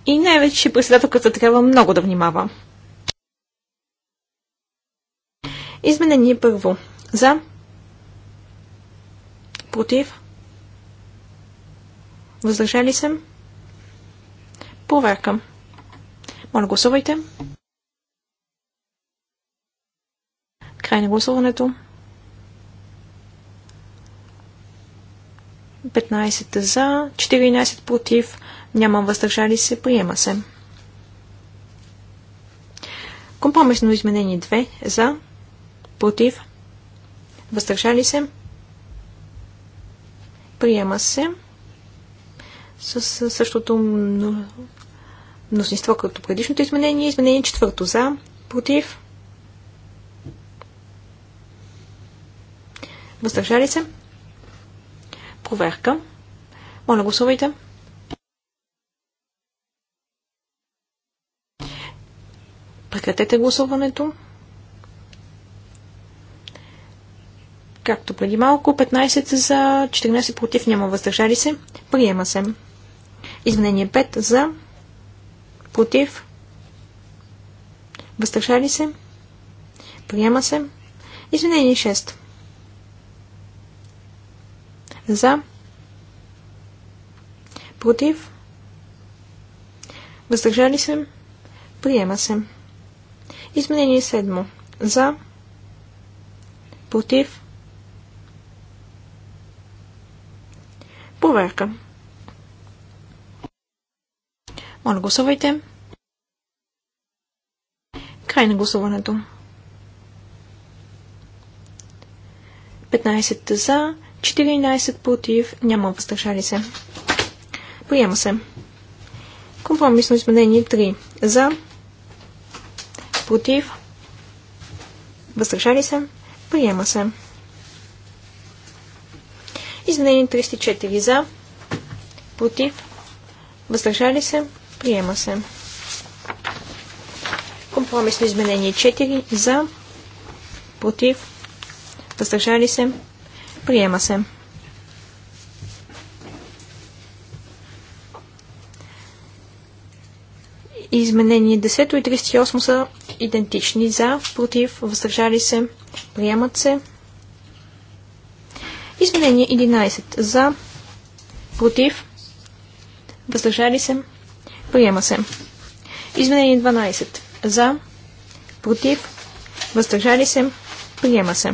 И най-вече председателката трябва много да внимава. Изменение първо. За. Против. Въздържали се. Проверка. Моля, гласувайте. Край на гласуването. 15 за, 14 против, няма въздържали се, приема се. Компромисно изменение 2 за, против, въздържали се, приема се с същото мнозинство като предишното изменение. Изменение четвърто за, против, въздържали се. Проверка. Моля, гласувайте. Прекратете гласуването. Както преди малко, 15 за, 14 против, няма въздържали се. Приема се. Изменение 5 за, против, въздържали се, приема се, изменение 6. За, против, въздържали се, приема се. Изменение 7. За, против, проверка. Моля, гласувайте. Край на гласуването. 15 за, 14 против, няма въздържали се. Приема се. Компромисно изменение 3. За, против, въздържали се, приема се. Изменение 34 за, против, въздържали се, Приема се. Компромисно изменение 4 за, против, въздържали се, приема се. Изменение 10 и 38 са идентични за, против, въздържали се, приемат се. Изменение 11 за, против, въздържали се, се. Приема се. Изменение 12. За. Против. Въздържали се. Приема се.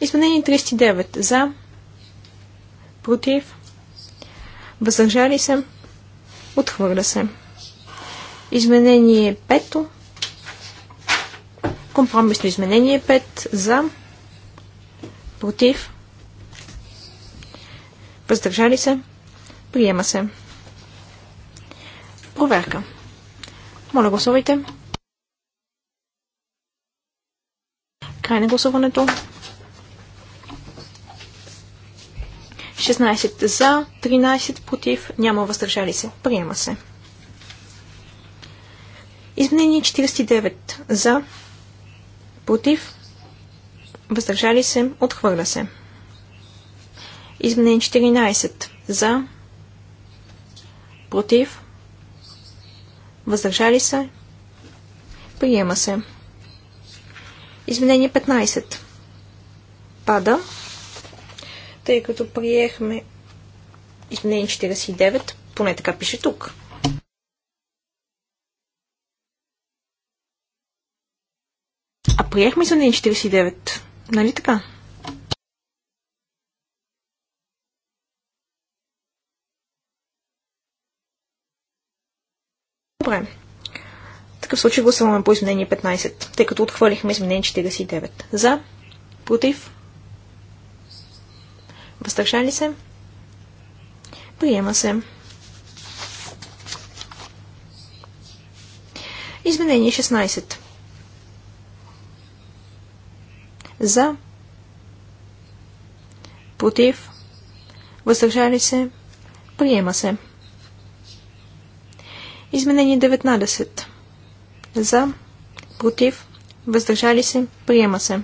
Изменение 39. За. Против. Въздържали се. Отхвърля се. Изменение 5. Компромисно изменение 5. За. Против. Въздържали се. Приема се. Проверка. Моля, гласувайте. Край на гласуването. 16 за, 13 против, няма въздържали се. Приема се. Изменение 49 за, против, въздържали се, отхвърля се. Изменение 14 за, против, Въздържали се? Приема се. Изменение 15. Пада, тъй като приехме изменение 49, поне така пише тук. А приехме изменение 49, нали така? Такъв случай гласуваме по изменение 15, тъй като отхвърлихме изменение 49. За? Против? Въздържали се? Приема се. Изменение 16. За? Против? Въздържали се? Приема се. Изменение 19 за, против, въздържали се, приема се.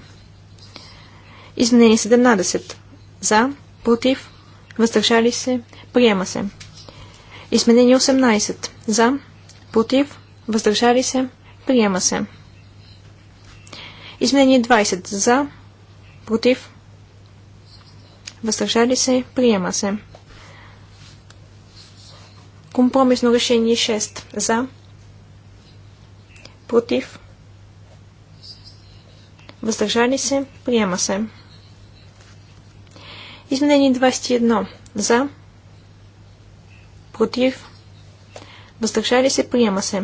Изменение 17 за, против, въздържали се, приема се. Изменение 18 за, против, въздържали се, приема се. Изменение 20 за, против, въздържали се, приема се. Компромисно решение 6 за, против, въздържали се, приема се. Изменение 21 за, против, въздържали се, приема се.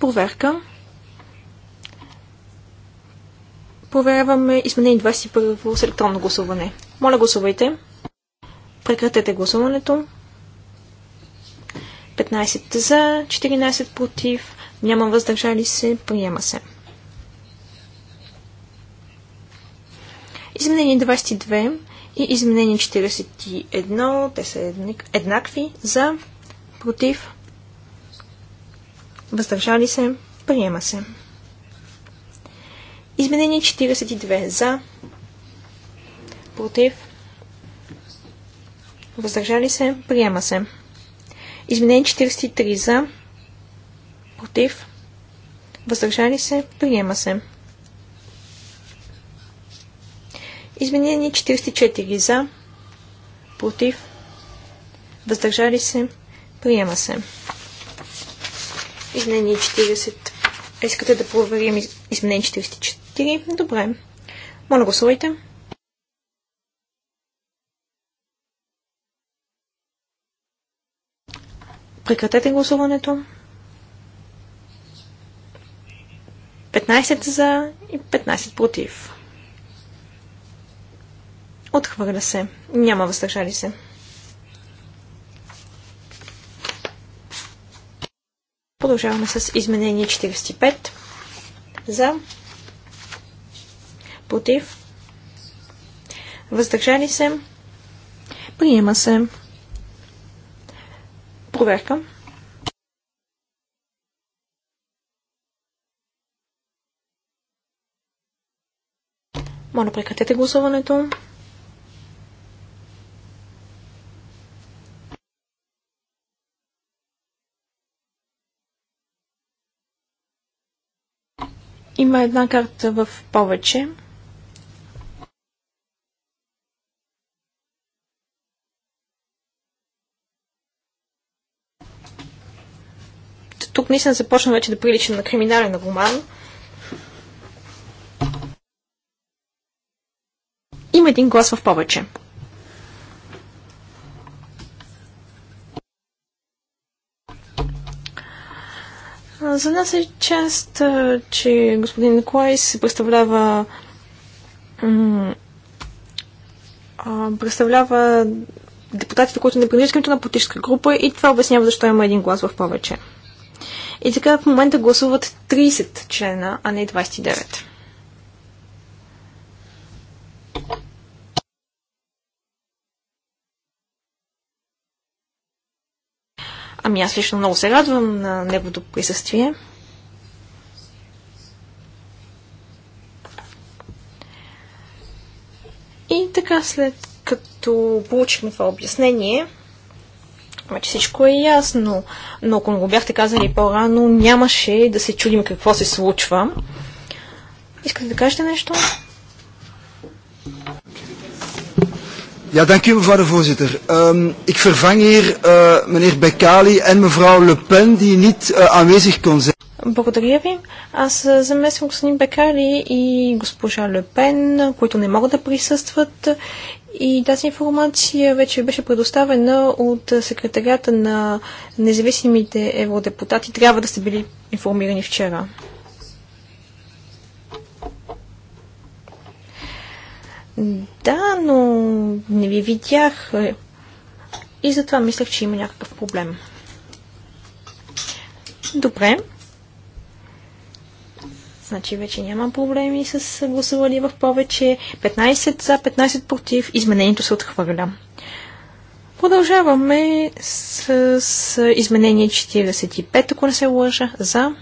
Проверка. Проверяваме изменение 21 с електронно гласуване. Моля гласувайте. Прекратете гласуването. 15 за, 14 против, няма въздържали се, приема се. Изменение 22 и изменение 41, те са еднакви, за, против, въздържали се, приема се. Изменение 42 за, против, въздържали се, приема се. Изменение 43 за, против, въздържали се, приема се. Изменение 44 за, против, въздържали се, приема се. Изменение 40. Искате да проверим изменение 44? Добре. Моля, гласувайте. Прекратете гласуването. 15 за и 15 против. Отхвърля се. Няма въздържали се. Продължаваме с изменение 45. За. Против. Въздържали се. Приема се. Проверка. Моля, прекратете гласуването. Има една карта в повече. тук наистина започна вече да прилича на криминален роман. Има един глас в повече. За нас е част, че господин Николай се представлява представлява депутатите, които не принадлежат към на политическа група и това обяснява защо има един глас в повече. И така в момента гласуват 30 члена, а не 29. Ами аз лично много се радвам на неговото присъствие. И така, след като получихме това обяснение, Смятахме, че всичко е ясно, но ако го бяхте казали по-рано, нямаше да се чудим какво се случва. Искате да кажете нещо? Ja, dank u mevrouw de voorzitter. Um, ik vervang hier uh, meneer Bekali en mevrouw Le Pen die niet uh, aanwezig kon zijn. Благодаря ви. Аз е, замесвам господин Бекали и госпожа Лепен, които не могат да присъстват и тази информация вече беше предоставена от секретарята на независимите евродепутати. Трябва да сте били информирани вчера. Да, но не ви видях. И затова мислех, че има някакъв проблем. Добре. Значи вече няма проблеми с гласували в повече. 15 за, 15 против. Изменението се отхвърля. Продължаваме с, с изменение 45, ако не се лъжа, за.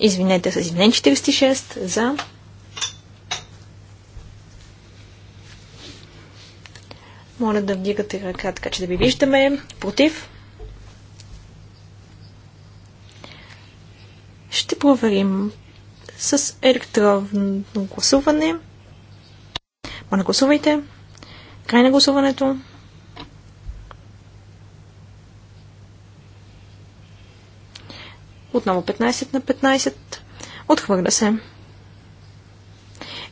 Извинете, с изменение 46, за. Моля да вдигате ръка, така че да ви виждаме. Против. проверим с електронно гласуване. Моля, гласувайте. Край на гласуването. Отново 15 на 15. Отхвърля се.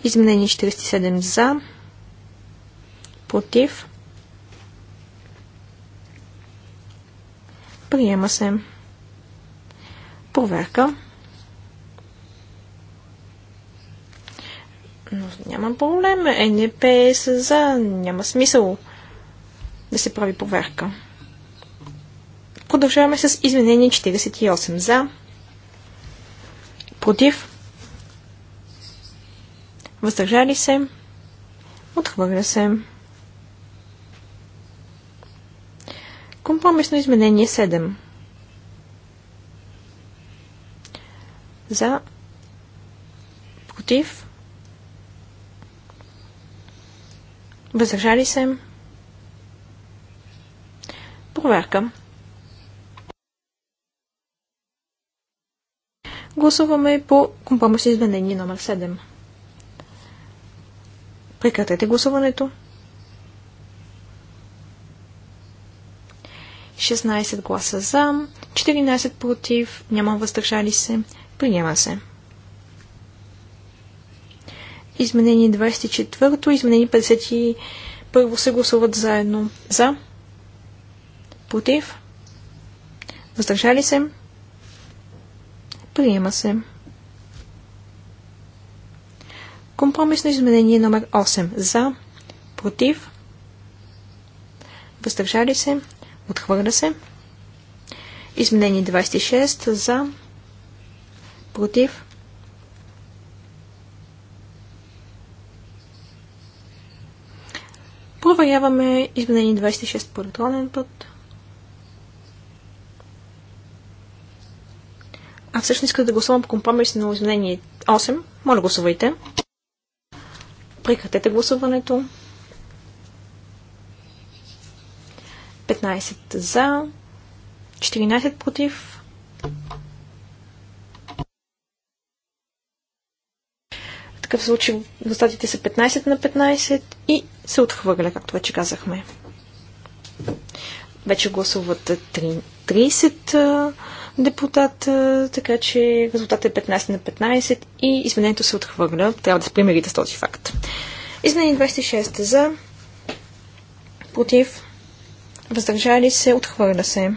Изменени 47 за. Против. Приема се. Проверка. Но няма проблем. НДП е за. Няма смисъл да се прави поверка. Продължаваме с изменение 48 за. Против. Въздържали се. Отхвърля се. Компромисно изменение 7. За. Против. Въздържали се. Проверка. Гласуваме по компромис изменение номер 7. Прекратете гласуването. 16 гласа за, 14 против, няма въздържали се, приема се. Изменение 24, изменение 51 се гласуват заедно. За, против, въздържали се, приема се. Компромисно изменение номер 8. За, против, въздържали се, отхвърля се. Изменение 26. За, против, Проверяваме изменение 26 по път. А всъщност искате да гласувам по компромисно изменение 8. Моля гласувайте. Прекратете гласуването. 15 за, 14 против, такъв случай резултатите са 15 на 15 и се отхвърля, както вече казахме. Вече гласуват 30 депутата, така че резултатът е 15 на 15 и изменението се отхвърля. Трябва да се примерите с този факт. Изменение 26 за, против, въздържали се, отхвърля се.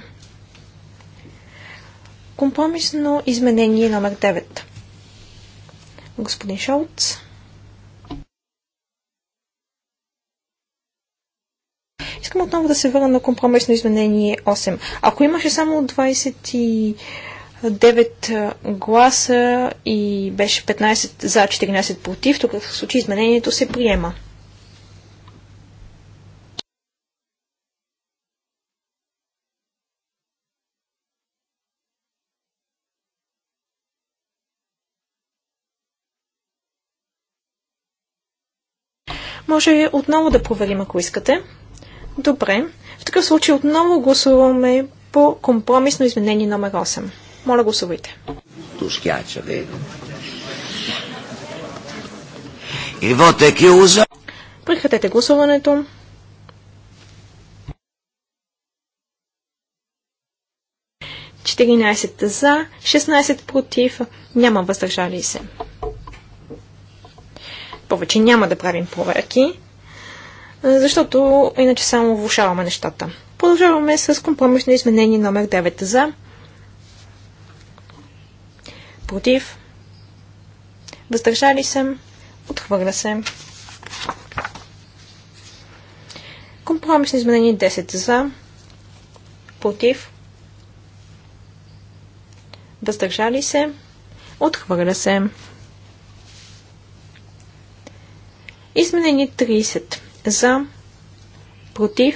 Компромисно изменение номер 9 Господин Шолц. Искам отново да се върна на компромисно изменение 8. Ако имаше само 29 гласа и беше 15 за 14 против, тогава в случай изменението се приема. Може отново да проверим, ако искате. Добре. В такъв случай отново гласуваме по компромисно изменение номер 8. Моля, гласувайте. И гласуването. Четиринайсет за, 16 против, няма въздържали се повече няма да правим проверки, защото иначе само влушаваме нещата. Продължаваме с компромисно изменение номер 9 за. Против. Въздържали се. Отхвърля се. Компромисно изменение 10 за. Против. Въздържали се. Отхвърля се. Изменени 30. За, против,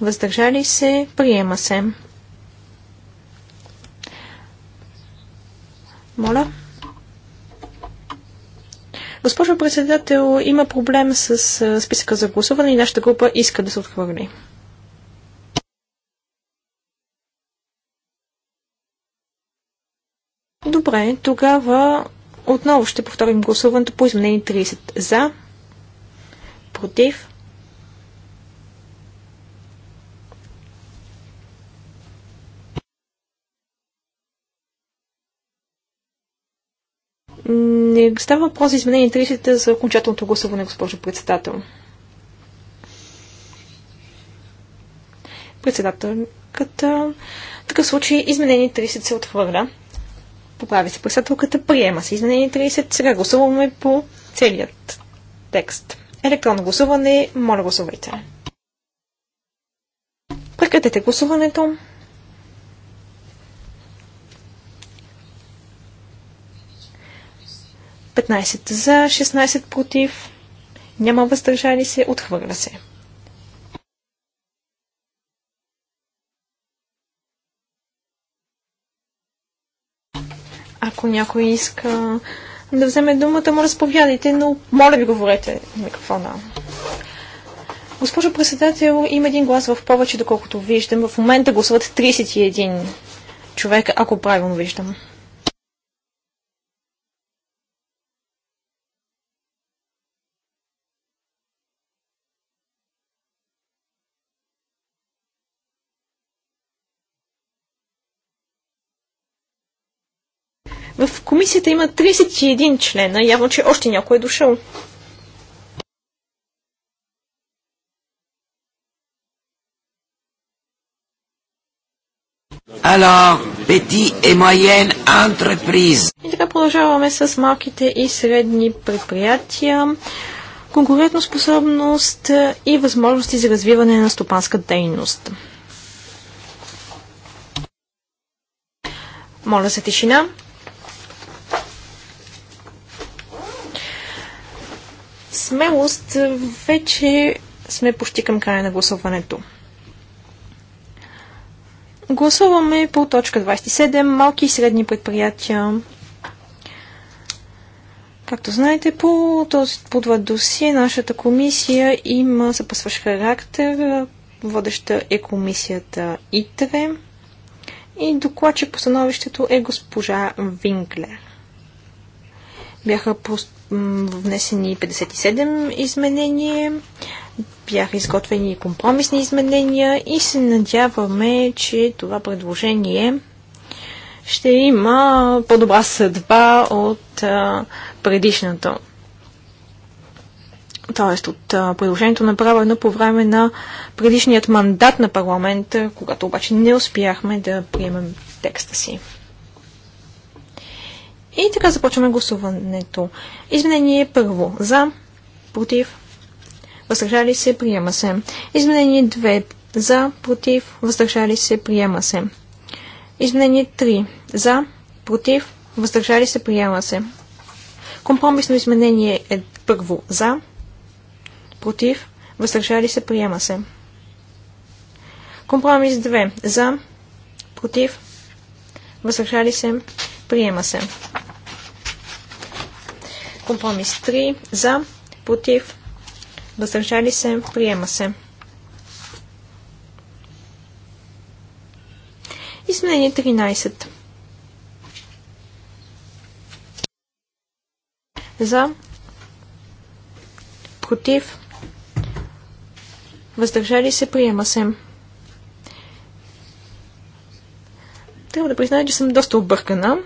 въздържали се, приема се. Моля. Госпожо председател, има проблем с списъка за гласуване и нашата група иска да се отхвърли. Добре, тогава отново ще повторим гласуването по изменение 30 за, Против? Не става въпрос за изменение 30 за окончателното гласуване, госпожо председател. Председателката. В такъв случай изменение 30 се отхвърля. Поправи се председателката, приема се изменение 30. Сега гласуваме по целият текст. Електронно гласуване. Моля гласувайте. Прекратете гласуването. Петнайсет за, 16 против, няма въздържали се, отхвърля се. Ако някой иска да вземе думата, му разповядайте, но моля ви говорете микрофона. Госпожо председател, има един глас в повече, доколкото виждам. В момента гласуват 31 човека, ако правилно виждам. В комисията има 31 члена. Явно, че още някой е дошъл. Alors, petit et moyenne entreprise. И така продължаваме с малките и средни предприятия, конкурентоспособност и възможности за развиване на стопанска дейност. Моля за тишина. смелост е, вече сме почти към края на гласуването. Гласуваме по точка 27 малки и средни предприятия. Както знаете, по този подвод досие нашата комисия има съпъсващ характер. Водеща е комисията ИТРЕ и докладче по становището е госпожа Винклер. Бяха пост внесени 57 изменения, бяха изготвени компромисни изменения и се надяваме, че това предложение ще има по-добра съдба от предишната. Тоест от предложението направено по време на предишният мандат на парламента, когато обаче не успяхме да приемем текста си. И така започваме гласуването. Изменение първо. За, против, въздържали се, приема се. Изменение 2. За, против, въздържали се, приема се. Изменение 3. За, против, въздържали се, приема се. Компромисно изменение е първо. За, против, въздържали се, приема се. Компромис 2. За, против, въздържали се, приема се. Компромис 3 за, против, въздържали се, приема се. Изменение 13. За, против, въздържали се, приема се. Трябва да призная, че съм доста объркана.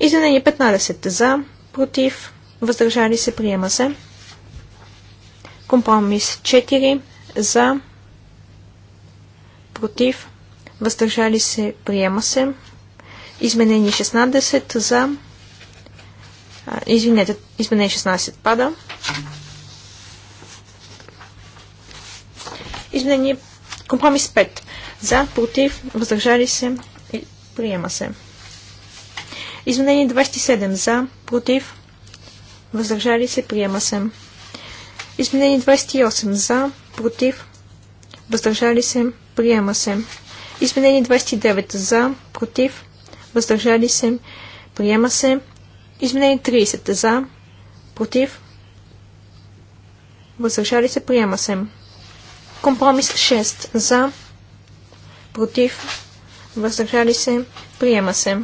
Изменение 15 за, против, въздържали се, приема се. Компромис 4 за, против, въздържали се, приема се. Изменение 16 за, извинете, изменение 16 пада. Изменение компромис 5 за, против, въздържали се, приема се. Изменение 27 за, против, въздържали се, приема се. Изменение 28 за, против, въздържали се, приема се. Изменение 29 за, против, въздържали се, приема се. Изменение 30 за, против, въздържали се, приема се. Компромис 6 за, против, въздържали се, приема се.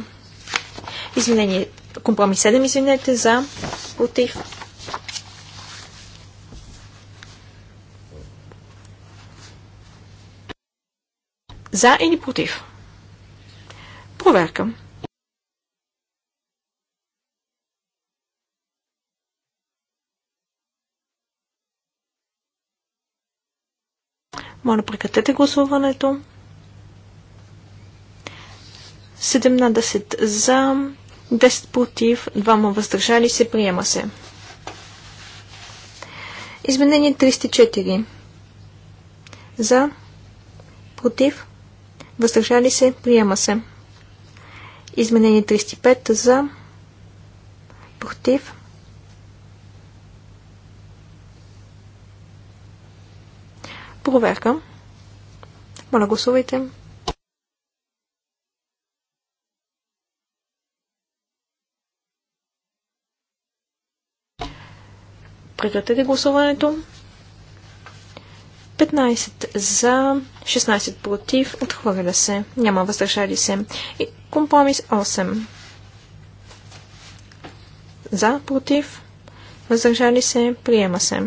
Изменение Компромис 7, извинете, за, против. За или против? Проверка. Моля, прекратете гласуването. 17 за, 10 против, 2 въздържали се, приема се. Изменение 304. За, против, въздържали се, приема се. Изменение 35 за, против, проверка. Моля, гласувайте. Прекратете гласуването. 15 за, 16 против, отхвърля се, няма въздържали се. И компромис 8. За, против, въздържали се, приема се.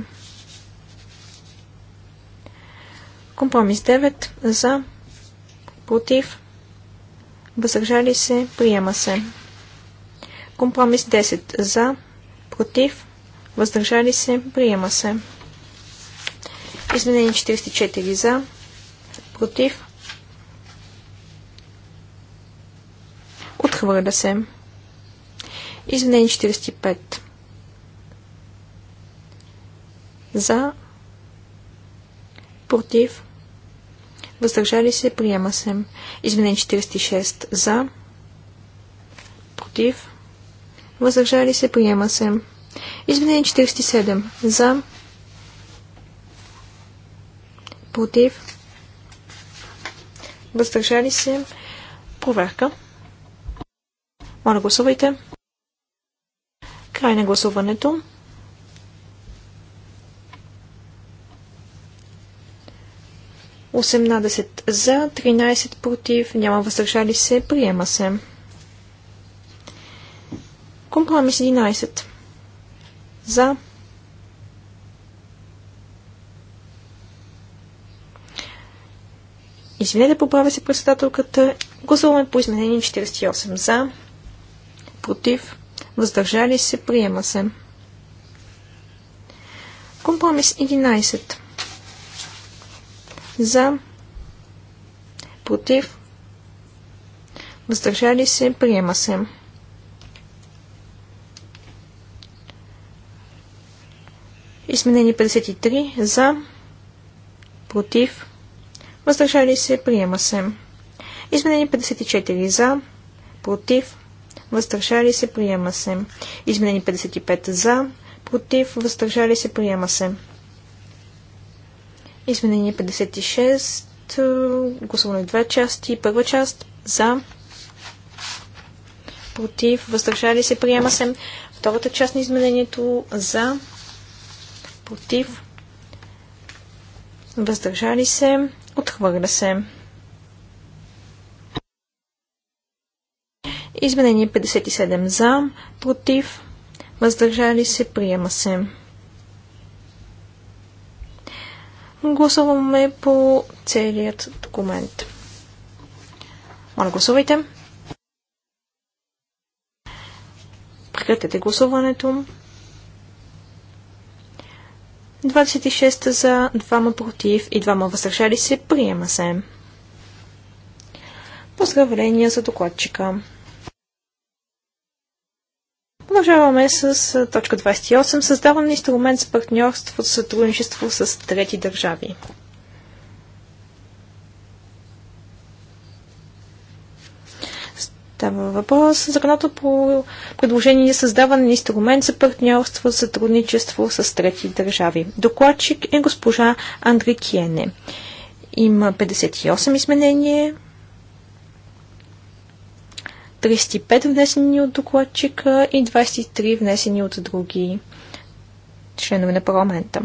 Компромис 9. За, против, въздържали се, приема се. Компромис 10. За, против, въздържали се, приема се. Изменение 44 за, против, отхвърля се. Изменение 45 за, против, въздържали се, приема се. Изменение 46 за, против, въздържали се, приема се. Изменение 47. За. Против. Въздържали се. Проверка. Моля, гласувайте. Край на гласуването. Осемнадесет за, 13 против, няма въздържали се, приема се. Компромис 11 за, Извинете, поправя се председателката. Гласуваме по изменение 48 за, против, въздържали се, приема се. Компромис 11 за, против, въздържали се, приема се. Изменени 53 за, против, въздържали се, приема се. Изменени 54 за, против, въздържали се, приема се. Изменени 55 за, против, въздържали се, приема се. Изменение 56, гласуване две части. Първа част за, против, въздържали се, приема се. Втората част на изменението за, против, въздържали се, отхвърля се. Изменение 57 за, против, въздържали се, приема се. Гласуваме по целият документ. Моля, гласувайте. Прекратете гласуването. 26 за, 2 против и 2 възражали се. Приема се. Поздравления за докладчика. Продължаваме с точка 28. Създаваме инструмент за партньорство, сътрудничество с трети държави. Става въпрос за по предложение създаване на инструмент за партньорство, сътрудничество с трети държави. Докладчик е госпожа Андри Киене. Има 58 изменения, 35 внесени от докладчика и 23 внесени от други членове на парламента.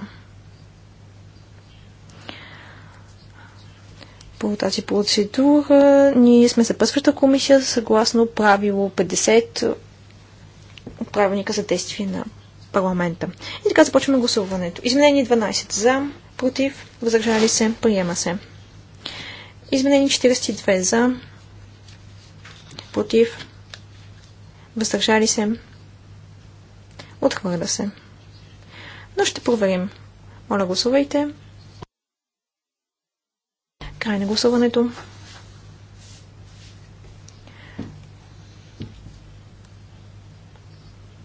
по тази процедура. Ние сме съпътстваща комисия съгласно правило 50 от правилника за действие на парламента. И така започваме гласуването. Изменение 12 за, против, въздържали се, приема се. Изменение 42 за, против, въздържали се, отхвърля се. Но ще проверим. Моля, гласувайте. Край на гласуването.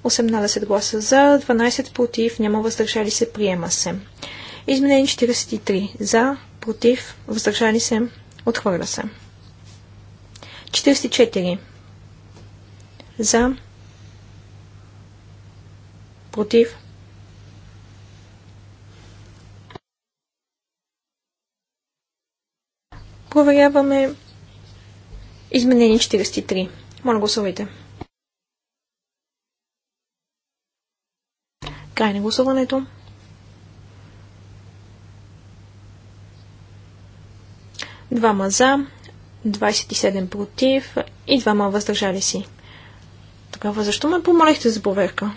Осемнадесет гласа за, 12 против, няма въздържали се, приема се. Изменение 43. За, против, въздържали се, отхвърля се. 44. За, против, Проверяваме изменение 43. Моля, гласувайте. Край на гласуването. Двама за, 27 против и двама въздържали си. Тогава защо ме помолихте за проверка?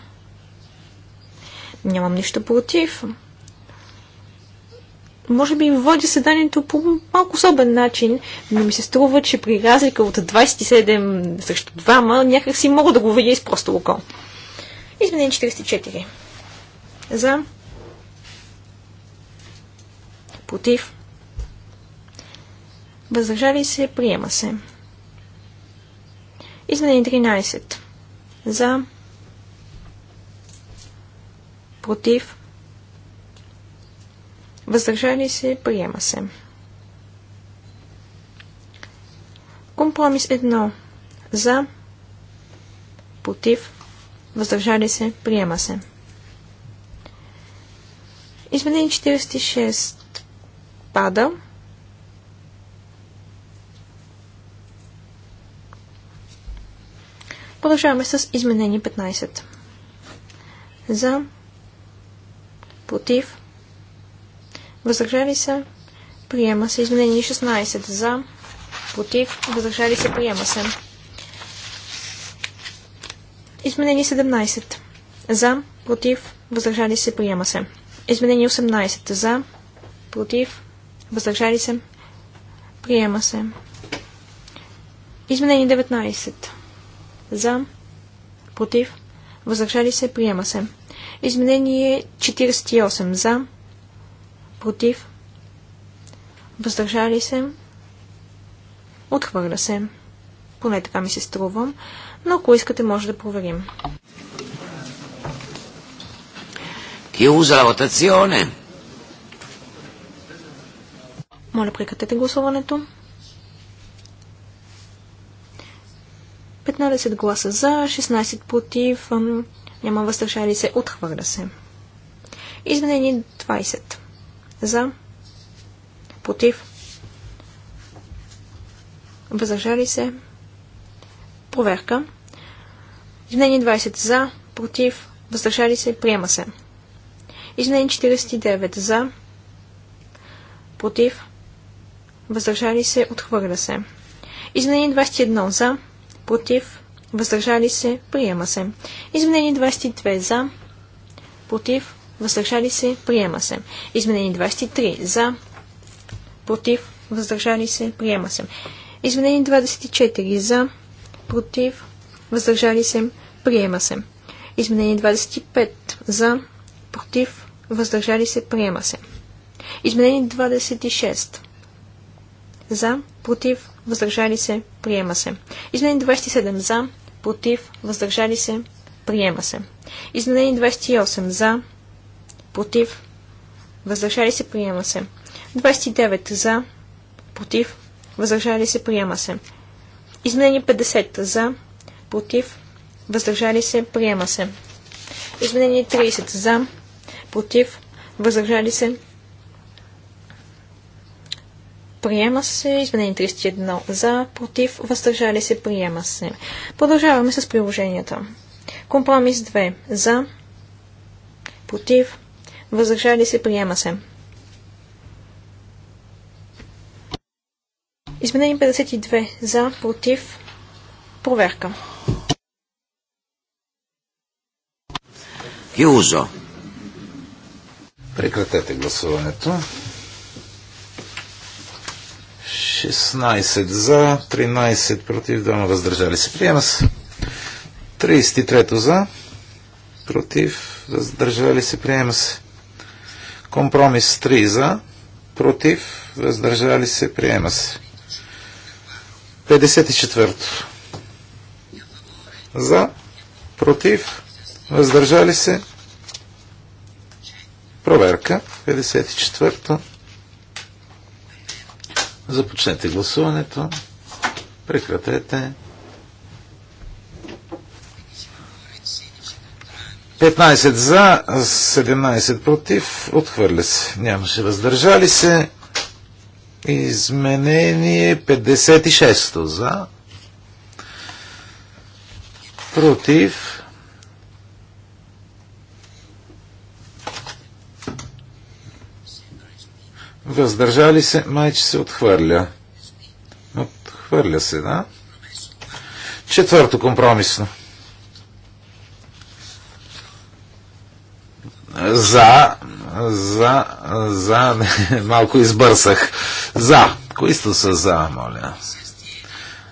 Нямам нищо против може би води седанието по малко особен начин, но ми се струва, че при разлика от 27 срещу 2, някак си мога да го видя с просто око. Изменение 44. За. Против. Въздържали се, приема се. Изменение 13. За. Против въздържали се, приема се. Компромис 1. За, против, въздържали се, приема се. Изменение 46 пада. Продължаваме с изменение 15. За, против, Въздържали се. Приема се. Изменение 16 за. Против. Въздържали се. Приема се. Изменение 17 за. Против. Въздържали се. Приема се. Изменение 18 за. Против. Въздържали се. Приема се. Изменение 19 за. Против. Въздържали се. Приема се. Изменение 48 за против, въздържали се, отхвърля се. Поне така ми се струвам, но ако искате, може да проверим. Chiusa la Моля, прекратете гласуването. 15 гласа за, 16 против, няма въздържали се, отхвърля се. Изменени 20 за, против, възражали се, проверка. Изменение 20 за, против, въздържали се, приема се. Изменение 49 за, против, възражали се, отхвърля се. Изменение 21 за, против, въздържали се, приема се. Изменение 22 за, против, въздържали се, приема се. Изменени 23 за, против, въздържали се, приема се. Изменени 24 за, против, въздържали се, приема се. Изменени 25 за, против, въздържали се, приема се. Изменени 26 за, против, въздържали се, приема се. Изменени 27 за, против, въздържали се, приема се. Изменени 28 за, против, въздържали се, приема се. 29 за, против, въздържали се, приема се. Изменение 50 за, против, въздържали се, приема се. Изменение 30 за, против, въздържали се, Приема се. Изменение 31 за, против, въздържали се, приема се. Продължаваме с приложенията. Компромис 2 за, против, Въздържали се, приема се. Изменени 52. За, против, проверка. Киузо. Прекратете гласуването. 16 за, 13 против, 2 въздържали се. Приема се. 33 за, против, въздържали се. Приема се. Компромис 3 за, против, въздържали се, приема се. 54. За, против, въздържали се. Проверка. 54. Започнете гласуването. Прекратете. 15 за, 17 против, отхвърля се. Нямаше въздържали се. Изменение 56 за. Против. Въздържали се, майче се отхвърля. Отхвърля се, да? Четвърто компромисно. За, за, за, малко избърсах. За. Коисто са е за, моля.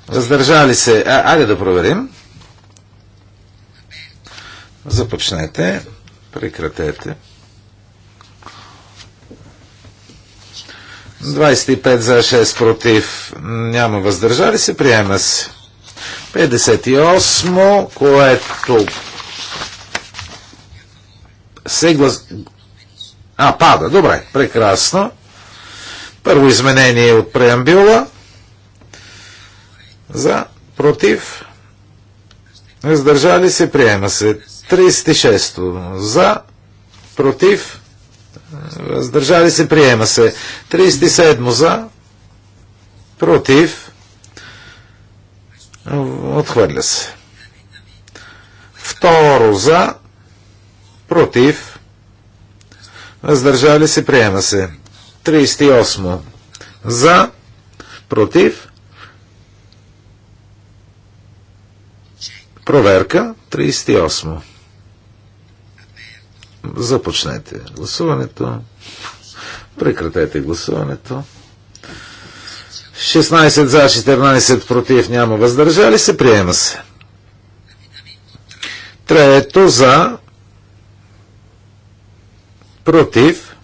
Въздържали се. А, айде да проверим. Започнете. Прекратете. 25 за 6 против. Няма въздържали се. Приема се. 58, което се глас... А, пада. Добре, прекрасно. Първо изменение от преамбюла. За, против. Въздържали се, приема се. 36 За, против. Въздържали се, приема се. 37 за, против. Отхвърля се. Второ за, против, въздържали се, приема се. 38 за, против, проверка, 38 Започнете гласуването. Прекратете гласуването. 16 за, 14 против, няма въздържали се, приема се. Трето за, против,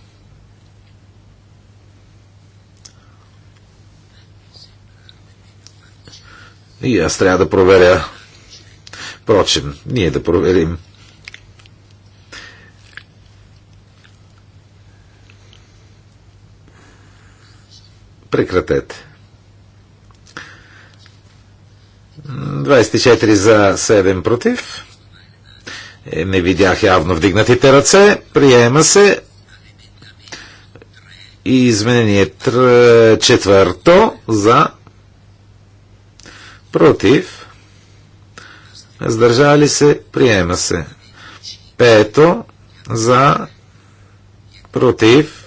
и аз трябва да проверя. Впрочем, ние да проверим. Прекратете. 24 за 7 против. Е, не видях явно вдигнатите ръце. Приема се. И изменение четвърто за против. Сдържали се. Приема се. Пето за против.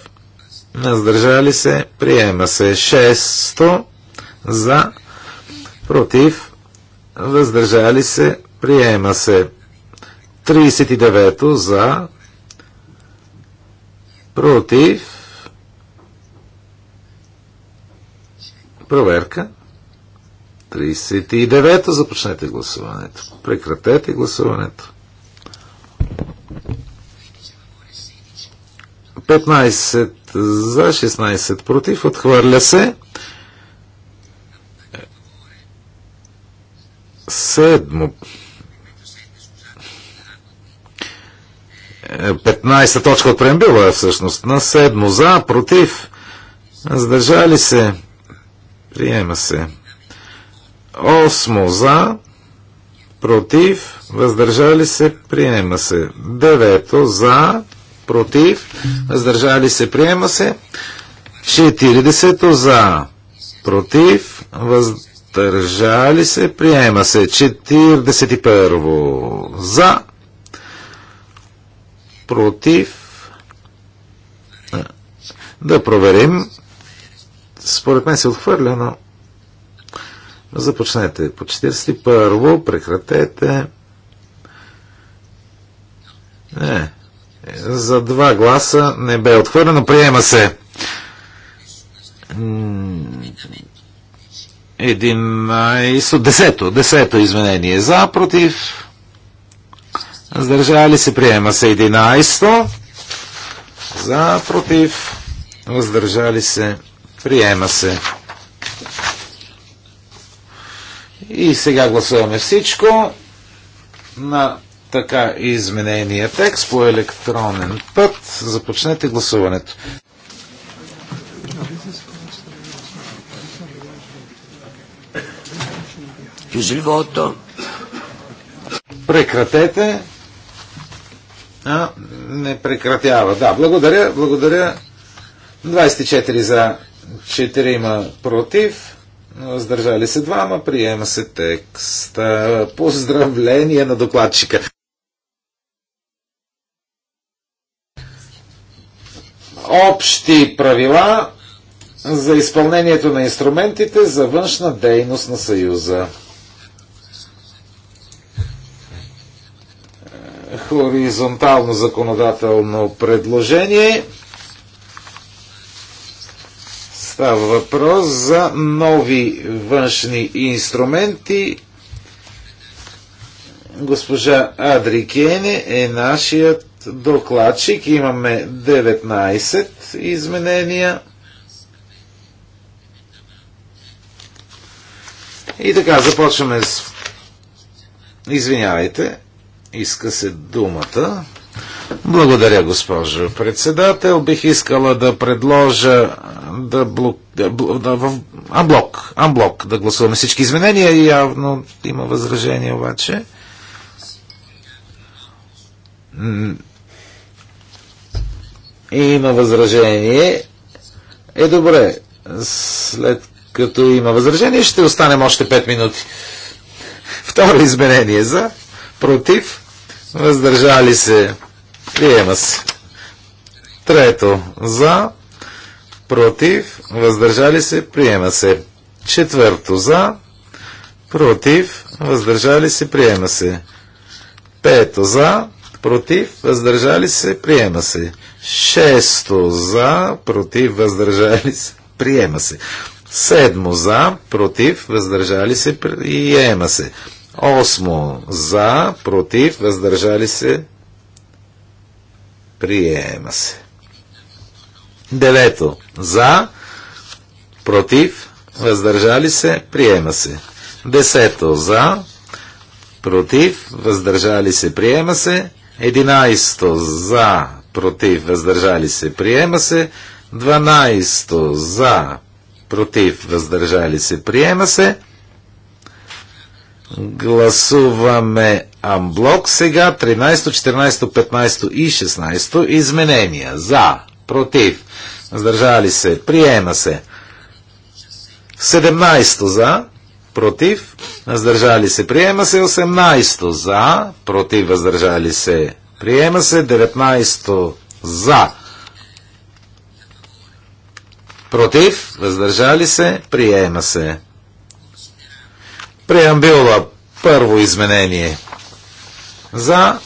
Сдържали се. Приема се. Шесто за против. Въздържали се. Приема се. 39 за, против, проверка. 39 започнете гласуването. Прекратете гласуването. 15 за, 16 против, отхвърля се. Седмо 15 точка от преамбила е всъщност. На седмо за, против, въздържали се, приема се. Осмо за, против, въздържали се, приема се. Девето за, против, въздържали се, приема се. 40 за, против, въздържали се, приема се. 41 за, против. Да проверим. Според мен се отхвърля, но започнете по 41-во, прекратете. Не. За два гласа не бе отхвърлено, приема се. Един. десето, десето изменение за, против Въздържали се приема се 11. За, против. Въздържали се. Приема се. И сега гласуваме всичко на така изменения текст по електронен път. Започнете гласуването. Прекратете. А, не прекратява. Да, благодаря, благодаря. 24 за 4 има против. Въздържали се двама, приема се текст. Поздравление на докладчика. Общи правила за изпълнението на инструментите за външна дейност на Съюза. хоризонтално законодателно предложение. Става въпрос за нови външни инструменти. Госпожа Адри Кене е нашият докладчик. Имаме 19 изменения. И така, започваме с... Извинявайте. Иска се думата. Благодаря, госпожо председател. Бих искала да предложа да блок... Да, да, в... Амблок, амблок, да гласуваме всички изменения. Явно има възражение обаче. Има възражение. Е, добре. След като има възражение, ще останем още 5 минути. Второ изменение за против въздържали се, приема се. Трето, за, против, въздържали се, приема се. Четвърто, за, против, въздържали се, приема се. Пето, за, против, въздържали се, приема се. Шесто, за, против, въздържали се, приема се. Седмо, за, против, въздържали се, приема се. Осмо за, против, въздържали се, приема се. Девето за, против, въздържали се, приема се. Десето за, против, въздържали се, приема се. Единайсто за, против, въздържали се, приема се. Дванайсто за, против, въздържали се, приема се. Гласуваме амблок сега 13, 14, 15 и 16 изменения. За, против, въздържали се, приема се. 17 за, против, въздържали се, приема се. 18 за, против, въздържали се, приема се. 19 за, против, въздържали се, приема се. Преамбюла. Първо изменение. За.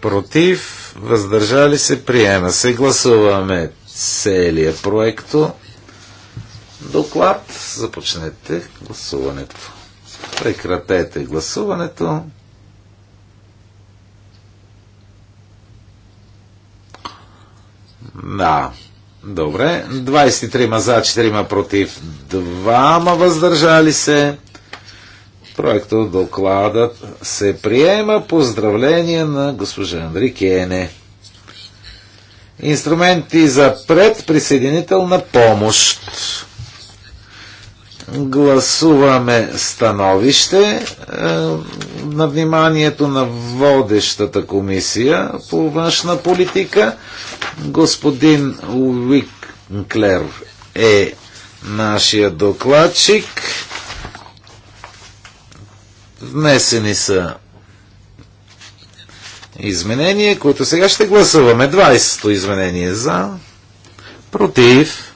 Против. Въздържали се. Приема се. Гласуваме целия проекто. Доклад. Започнете гласуването. Прекратете гласуването. Да. Добре. 23 за, 4 против, 2 въздържали се от докладът се приема. Поздравление на госпожа Кене. Инструменти за предприсъединителна помощ. Гласуваме становище е, на вниманието на водещата комисия по външна политика. Господин Уикклер е нашия докладчик. Внесени са изменения, които сега ще гласуваме. 20-то изменение за, против,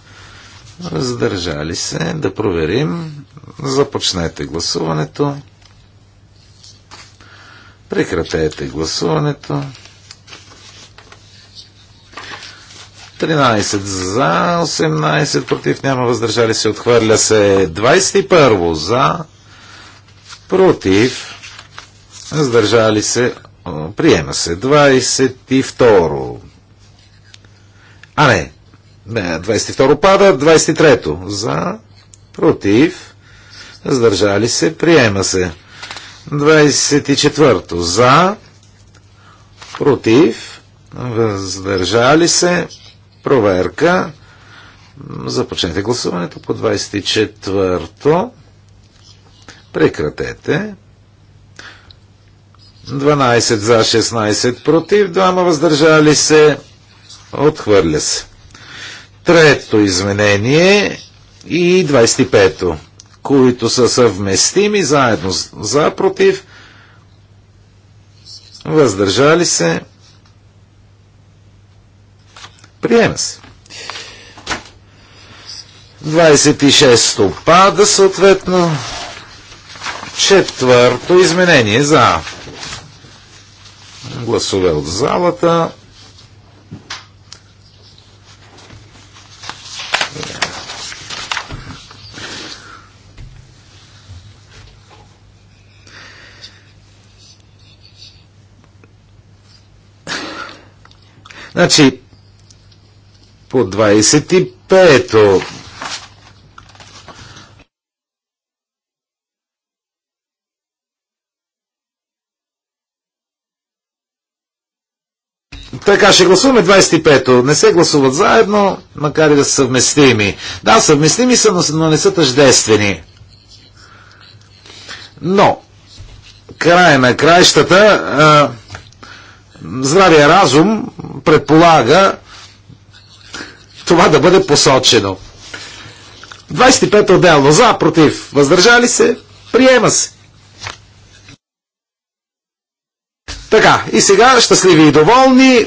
Раздържали се, да проверим. Започнете гласуването. Прекратете гласуването. 13 за, 18 против, няма въздържали се, отхвърля се 21 за, против, сдържали се, приема се. 22. А не, 22 пада, 23 за, против, сдържали се, приема се. 24 за, против, въздържали се, проверка. Започнете гласуването по 24-то. Прекратете. 12 за, 16 против, 2 въздържали се. Отхвърля се. Трето изменение и 25-то, които са съвместими заедно за, против, въздържали се. Приема се. 26-то пада съответно. Четвърто изменение за. Гласове от залата. Значи, по 25-то Така ще гласуваме 25-то. Не се гласуват заедно, макар и да са съвместими. Да, съвместими са, но не са тъждествени. Но, края на краищата, а, здравия разум предполага това да бъде посочено. 25 то отделно за, против, въздържали се, приема се. Така, и сега щастливи и доволни,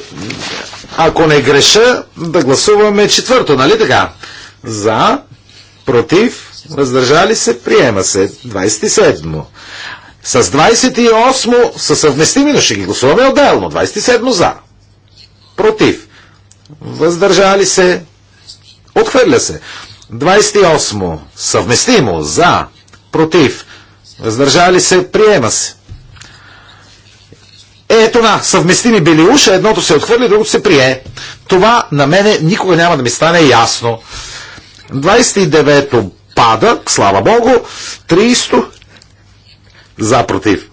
ако не греша, да гласуваме четвърто, нали така? За, против, въздържали се, приема се. 27-мо. С 28-мо са съвместими, но ще ги гласуваме отделно. 27-мо за, против, въздържали се, отхвърля се. 28-мо съвместимо за, против, въздържали се, приема се е това. Съвместими били уша, едното се отхвърли, другото се прие. Това на мене никога няма да ми стане ясно. 29-то пада, слава Богу, 30-то за против.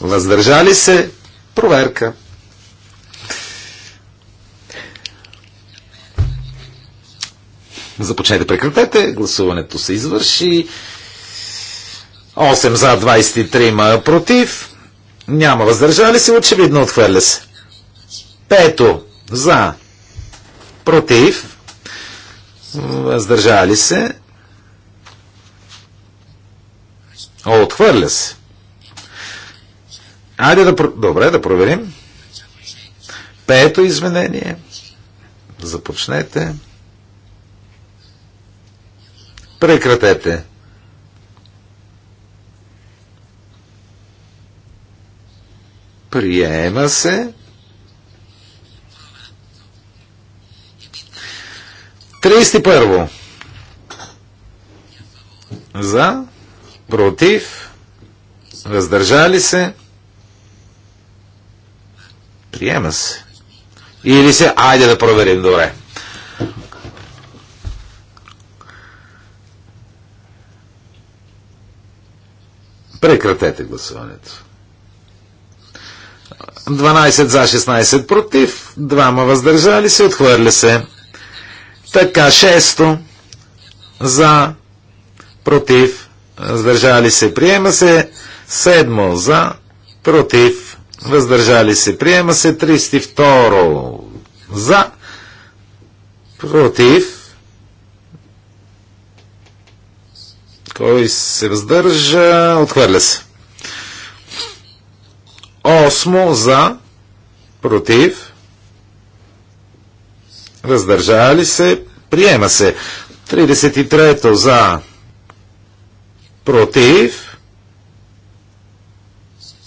Въздържали се, проверка. Започнете, прекратете, гласуването се извърши. 8 за 23 против. Няма. Въздържали се? Очевидно отхвърля се. Пето. За. Против. Въздържали се. О, отхвърля се. Айде да... Добре, да проверим. Пето изменение. Започнете. Прекратете. Приема се. първо. За. Против. Въздържали се. Приема се. Или се, айде да проверим, добре. Прекратете гласуването. 12 за 16 против, двама въздържали се, отхвърля се. Така, 6 за против, въздържали се, приема се. 7 за против, въздържали се, приема се. 32 за против. Кой се въздържа? Отхвърля се. Осмо за, против, въздържали се, приема се. 33-то за, против,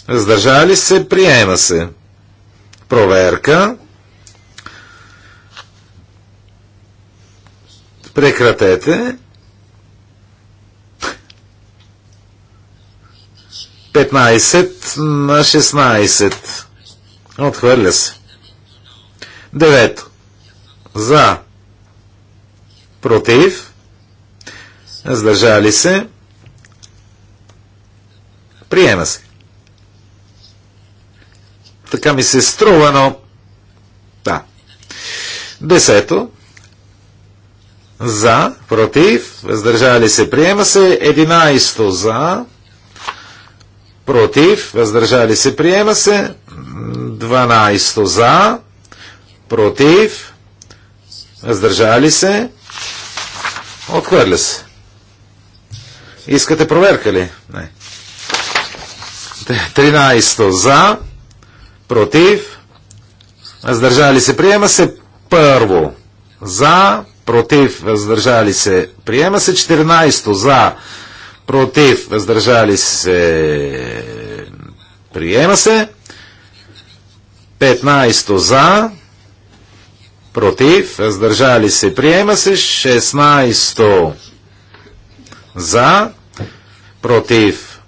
въздържали се, приема се. Проверка. Прекратете. 15 на 16. Отхвърля се. Девето. За. Против. Сдържали се. Приема се. Така ми се струва, но... Да. Десето. За, против, въздържали се, приема се. Единайсто за, против, въздържали се, приема се. 12 за, против, въздържали се, отхвърля се. Искате проверка ли? Не. 13 за, против, въздържали се, приема се първо за, против, въздържали се, приема се 14 за, против, въздържали се, приема се. 15 за, против, въздържали се, приема се. 16 за, против,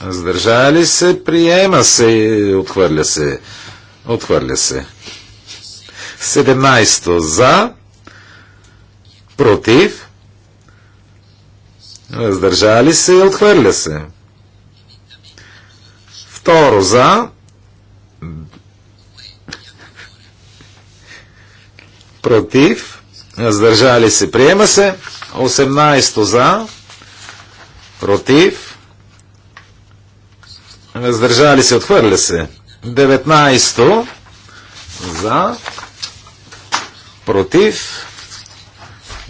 въздържали се, приема се, отхвърля се, отхвърля се. 17 за, против, Въздържали се, и отхвърля се. Второ за. Против. Въздържали се, приема се. 18 за. Против. Въздържали се, отхвърля се. 19 за. Против.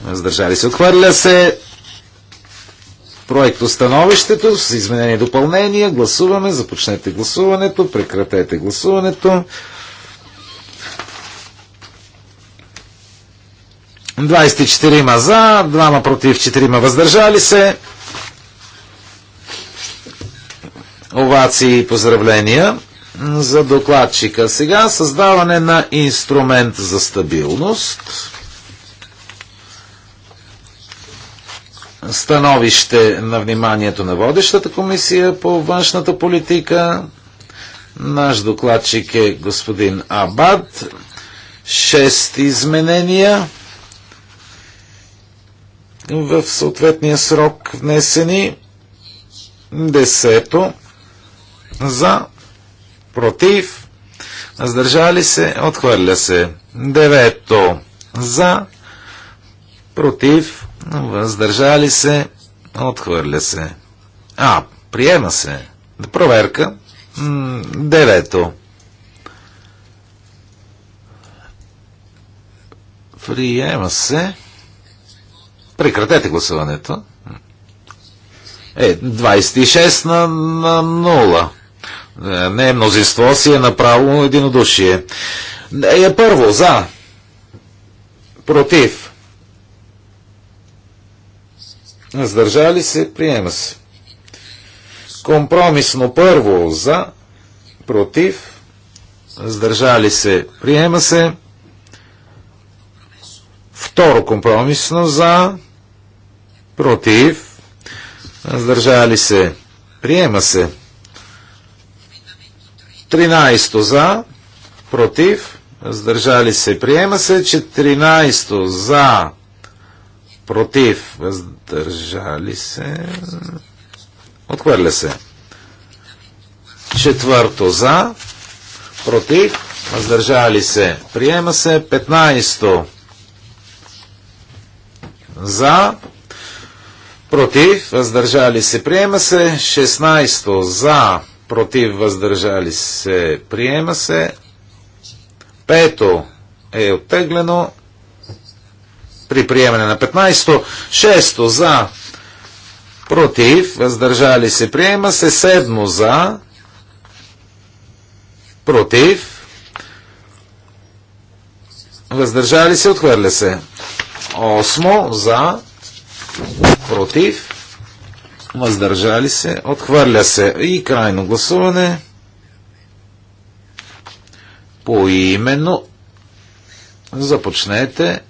Въздържали се, отхвърля се. Проекто становището с изменение и допълнение. Гласуваме. Започнете гласуването. Прекратете гласуването. 24 за, 2 против, 4 въздържали се. Овации и поздравления за докладчика. Сега създаване на инструмент за стабилност. становище на вниманието на водещата комисия по външната политика. Наш докладчик е господин Абад. Шест изменения в съответния срок внесени. Десето за против Сдържали се, отхвърля се. Девето. За. Против въздържали се, отхвърля се. А, приема се. Проверка. Девето. Приема се. Прекратете гласуването. Е, 26 на, на 0. Е, не е мнозинство, си е направо единодушие. Е, първо, за. Против. Въздържали се, приема се. Компромисно първо за, против, въздържали се, приема се. Второ компромисно за, против, въздържали се, приема се. 13 за, против, въздържали се, приема се. 14 за, против, въздържали се, отхвърля се. Четвърто за, против, въздържали се, приема се. Петнайсто за, против, въздържали се, приема се. Шестнайсто за, против, въздържали се, приема се. Пето е оттеглено при приемане на 15-то, 6 за, против, въздържали се, приема се, 7 за, против, въздържали се, отхвърля се, 8 за, против, въздържали се, отхвърля се и крайно гласуване поименно започнете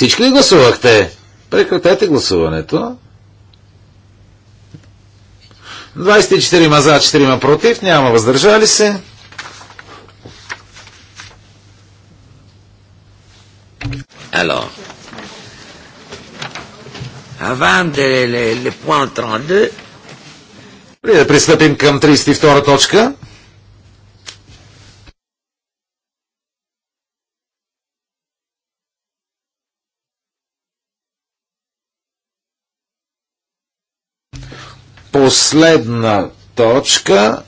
Всички ли гласувахте? Прекратете гласуването. 24 за, 4 ма против, няма въздържали се. Alors, avant de, le, le point 32, преди да пристъпим към 32 точка, последна точка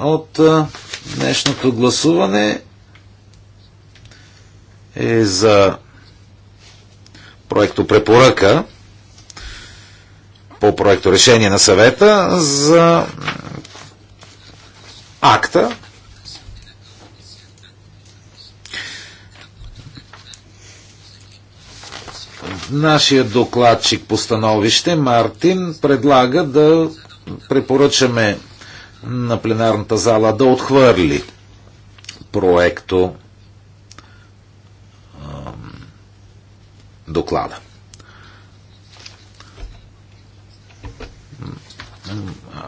от днешното гласуване е за проекто препоръка по проекто решение на съвета за акта Нашия докладчик по становище Мартин предлага да препоръчаме на пленарната зала да отхвърли проекто доклада.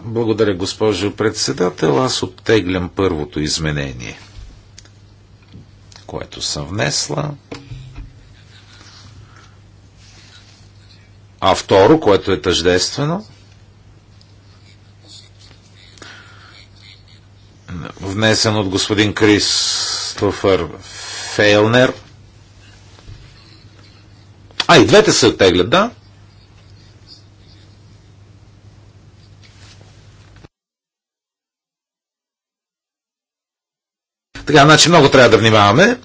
Благодаря, госпожо председател. Аз оттеглям първото изменение, което съм внесла. А второ, което е тъждествено, внесен от господин Кристофър Фейлнер. А, и двете се оттеглят, да? Така, значи много трябва да внимаваме.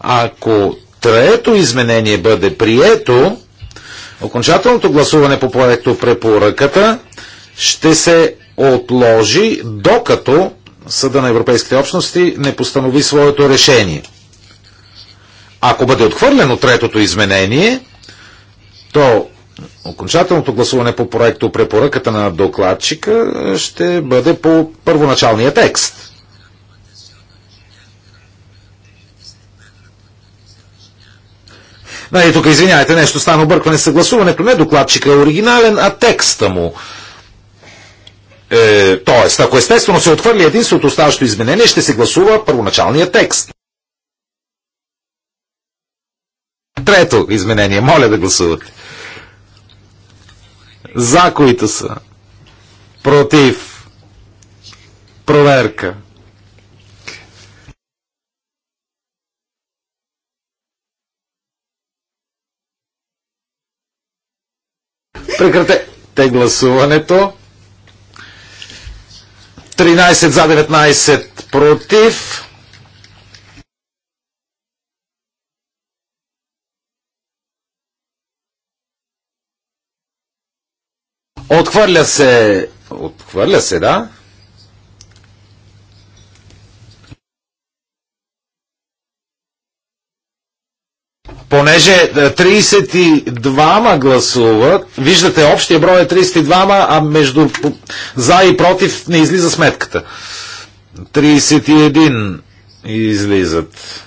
Ако трето изменение бъде прието, Окончателното гласуване по проекто препоръката ще се отложи докато Съда на Европейските общности не постанови своето решение. Ако бъде отхвърлено третото изменение, то окончателното гласуване по проекто препоръката на докладчика ще бъде по първоначалния текст. Да, и нали, тук, извинявайте, нещо стана объркване с съгласуването. Не докладчика е оригинален, а текста му. Е, тоест, ако естествено се отхвърли единството оставащо изменение, ще се гласува първоначалния текст. Трето изменение. Моля да гласувате. За които са. Против. Проверка. Прекрате те гласуването. 13 за 19 против. Отхвърля се. Отхвърля се, да. понеже 32-ма е, гласуват, виждате, общия брой е 32-ма, а между за и против не излиза сметката. 31 излизат.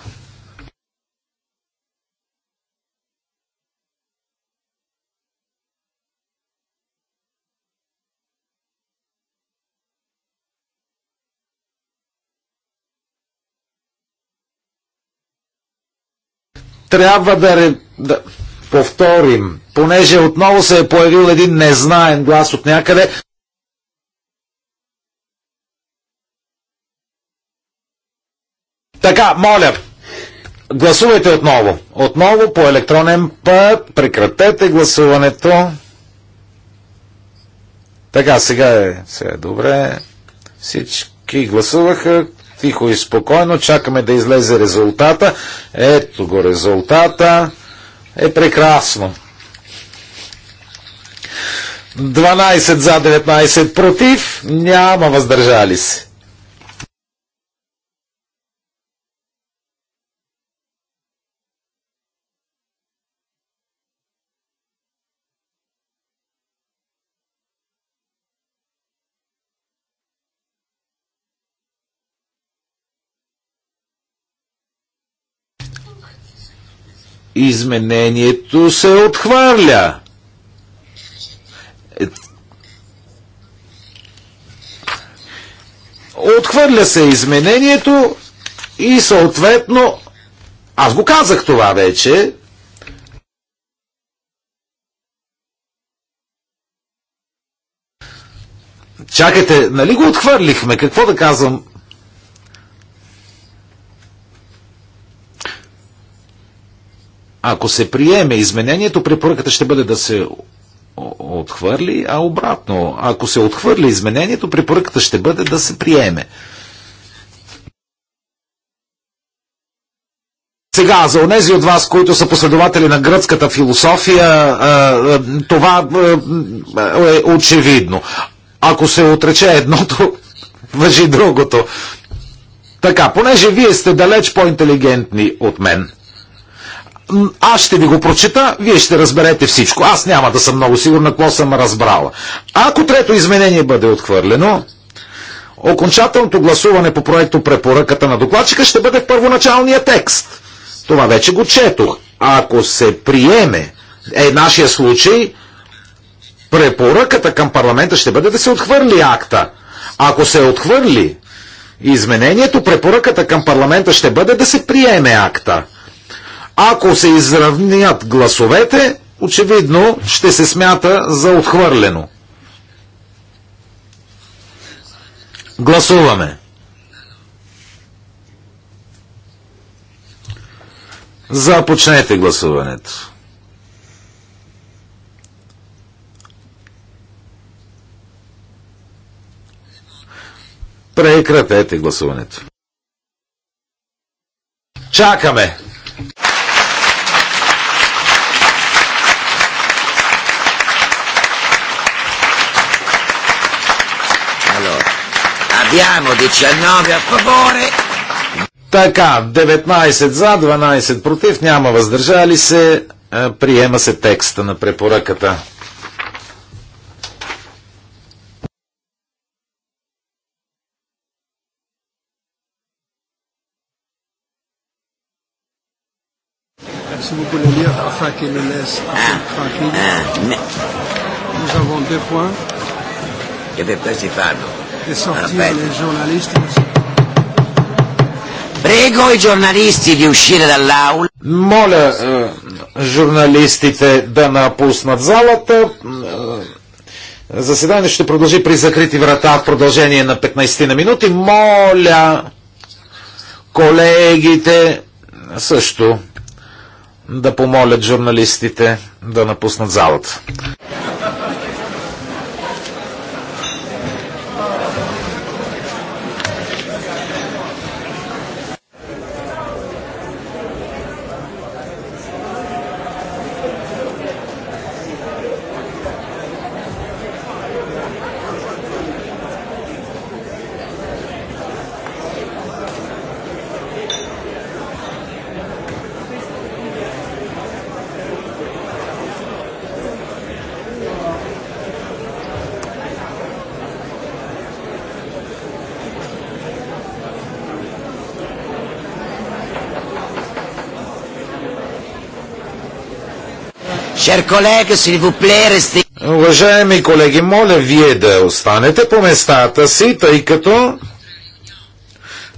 трябва да, да повторим, понеже отново се е появил един незнаен глас от някъде. Така, моля, гласувайте отново. Отново по електронен път. Прекратете гласуването. Така, сега е, сега е добре. Всички гласуваха. Тихо и спокойно, чакаме да излезе резултата. Ето го резултата. Е прекрасно. 12 за 19 против, няма въздържали се. Изменението се отхвърля. Отхвърля се изменението и съответно, аз го казах това вече, Чакайте, нали го отхвърлихме? Какво да казвам Ако се приеме изменението, препоръката ще бъде да се отхвърли, а обратно. Ако се отхвърли изменението, препоръката ще бъде да се приеме. Сега, за онези от вас, които са последователи на гръцката философия, това е очевидно. Ако се отрече едното, въжи другото. Така, понеже вие сте далеч по-интелигентни от мен, аз ще ви го прочета, вие ще разберете всичко. Аз няма да съм много сигурна какво съм разбрала. Ако трето изменение бъде отхвърлено, окончателното гласуване по проекто препоръката на докладчика ще бъде в първоначалния текст. Това вече го четох. Ако се приеме, е нашия случай, препоръката към парламента ще бъде да се отхвърли акта. Ако се отхвърли изменението, препоръката към парламента ще бъде да се приеме акта. Ако се изравнят гласовете, очевидно ще се смята за отхвърлено. Гласуваме. Започнете гласуването. Прекратете гласуването. Чакаме. Abbiamo 19 a favore. Така, 19 за, 12 против, няма въздържали се. Приема се текста на препоръката. si vous pouvez lire Afak et le laisse tranquille. Nous avons deux points. Je vais passer Fabio. Fate sortire i giornalisti. Prego i giornalisti di uscire dall'aula. Моля е, журналистите да напуснат залата. Е, заседанието ще продължи при закрити врата в продължение на 15 на минути. Моля колегите също да помолят журналистите да напуснат залата. Уважаеми колеги, моля вие да останете по местата си, тъй като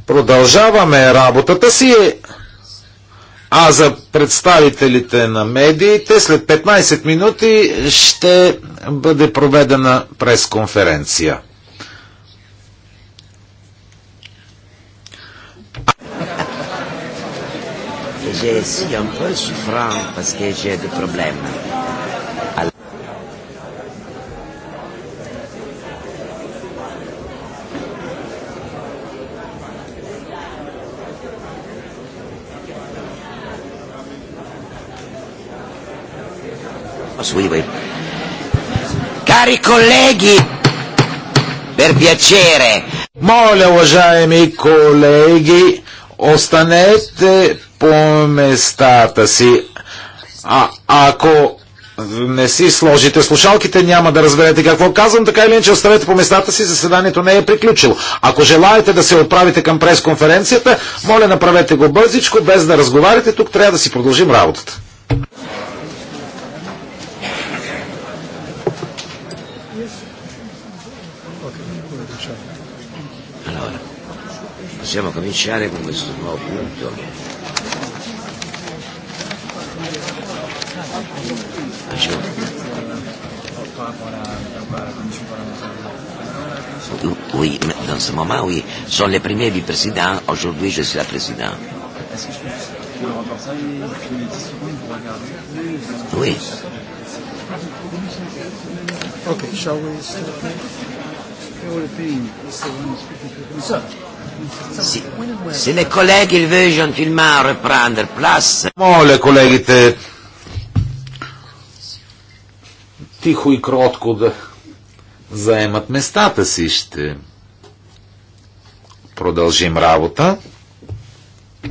продължаваме работата си, а за представителите на медиите след 15 минути ще бъде проведена пресконференция. j'ai suis un peu souffrant parce que j'ai des problèmes. Alors, Oui, oui. Cari colleghi, per piacere. Моля, уважаеми колеги, останете по местата си. А ако не си сложите слушалките, няма да разберете какво казвам, така или иначе оставете по местата си, заседанието не е приключило. Ако желаете да се отправите към пресконференцията, моля направете го бързичко, без да разговаряте, тук трябва да си продължим работата. Allora, possiamo cominciare con questo nuovo punto. faccio. Oui, dans ce moment, oui. Sont les premiers du président. Aujourd'hui, je suis la présidente. Oui. Okay, shall we start? Se le colleghi il vedono gentlemente reprendre place. le colleghi, te тихо и кротко да заемат местата си, ще продължим работа. Eh,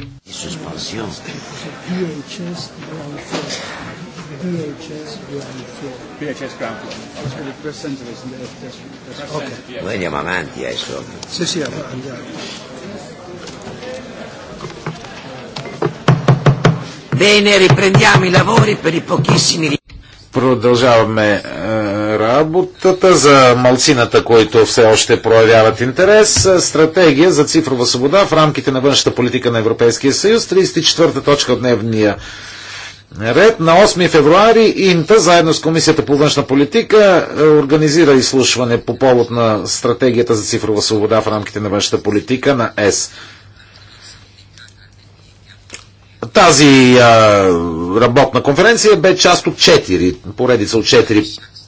Bene, riprendiamo i lavori per i pochissimi... Продължаваме е, работата за малцината, които все още проявяват интерес. Е, стратегия за цифрова свобода в рамките на външната политика на Европейския съюз. 34-та точка от дневния ред. На 8 февруари Инта, заедно с Комисията по външна политика, е, организира изслушване по повод на стратегията за цифрова свобода в рамките на външната политика на ЕС. Тази а, работна конференция бе част от четири, поредица от четири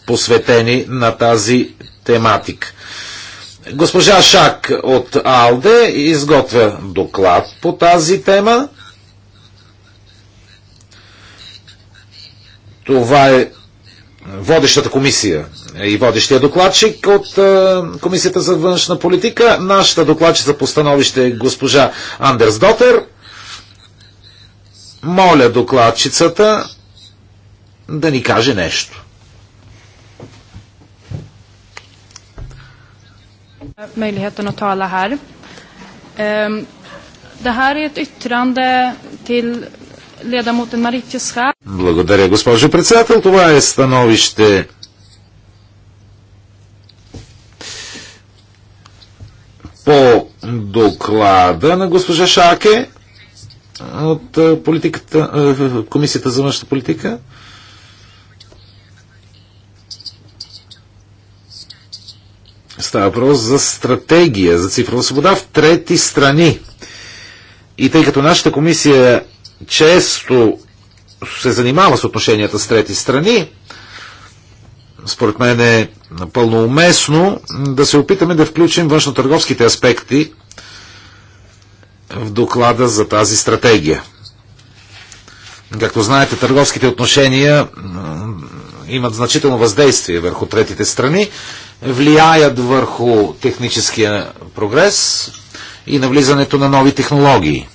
посветени на тази тематика. Госпожа Шак от АЛДЕ изготвя доклад по тази тема. Това е водещата комисия и водещия докладчик от Комисията за външна политика. Нашата докладчица по становище е госпожа Андерс Дотер. Моля докладчицата да ни каже нещо. möjligheten att tala här. Ehm, det här är ett yttrande till ledamoten Maritjes Schär. Благодаря, госпожо председател. Това е становище по доклада на госпожа Шаке от политиката, Комисията за външна политика. Става въпрос за стратегия за цифрова свобода в трети страни. И тъй като нашата комисия често се занимава с отношенията с трети страни, според мен е напълно уместно да се опитаме да включим външно-търговските аспекти в доклада за тази стратегия. Както знаете, търговските отношения имат значително въздействие върху третите страни, влияят върху техническия прогрес и навлизането на нови технологии.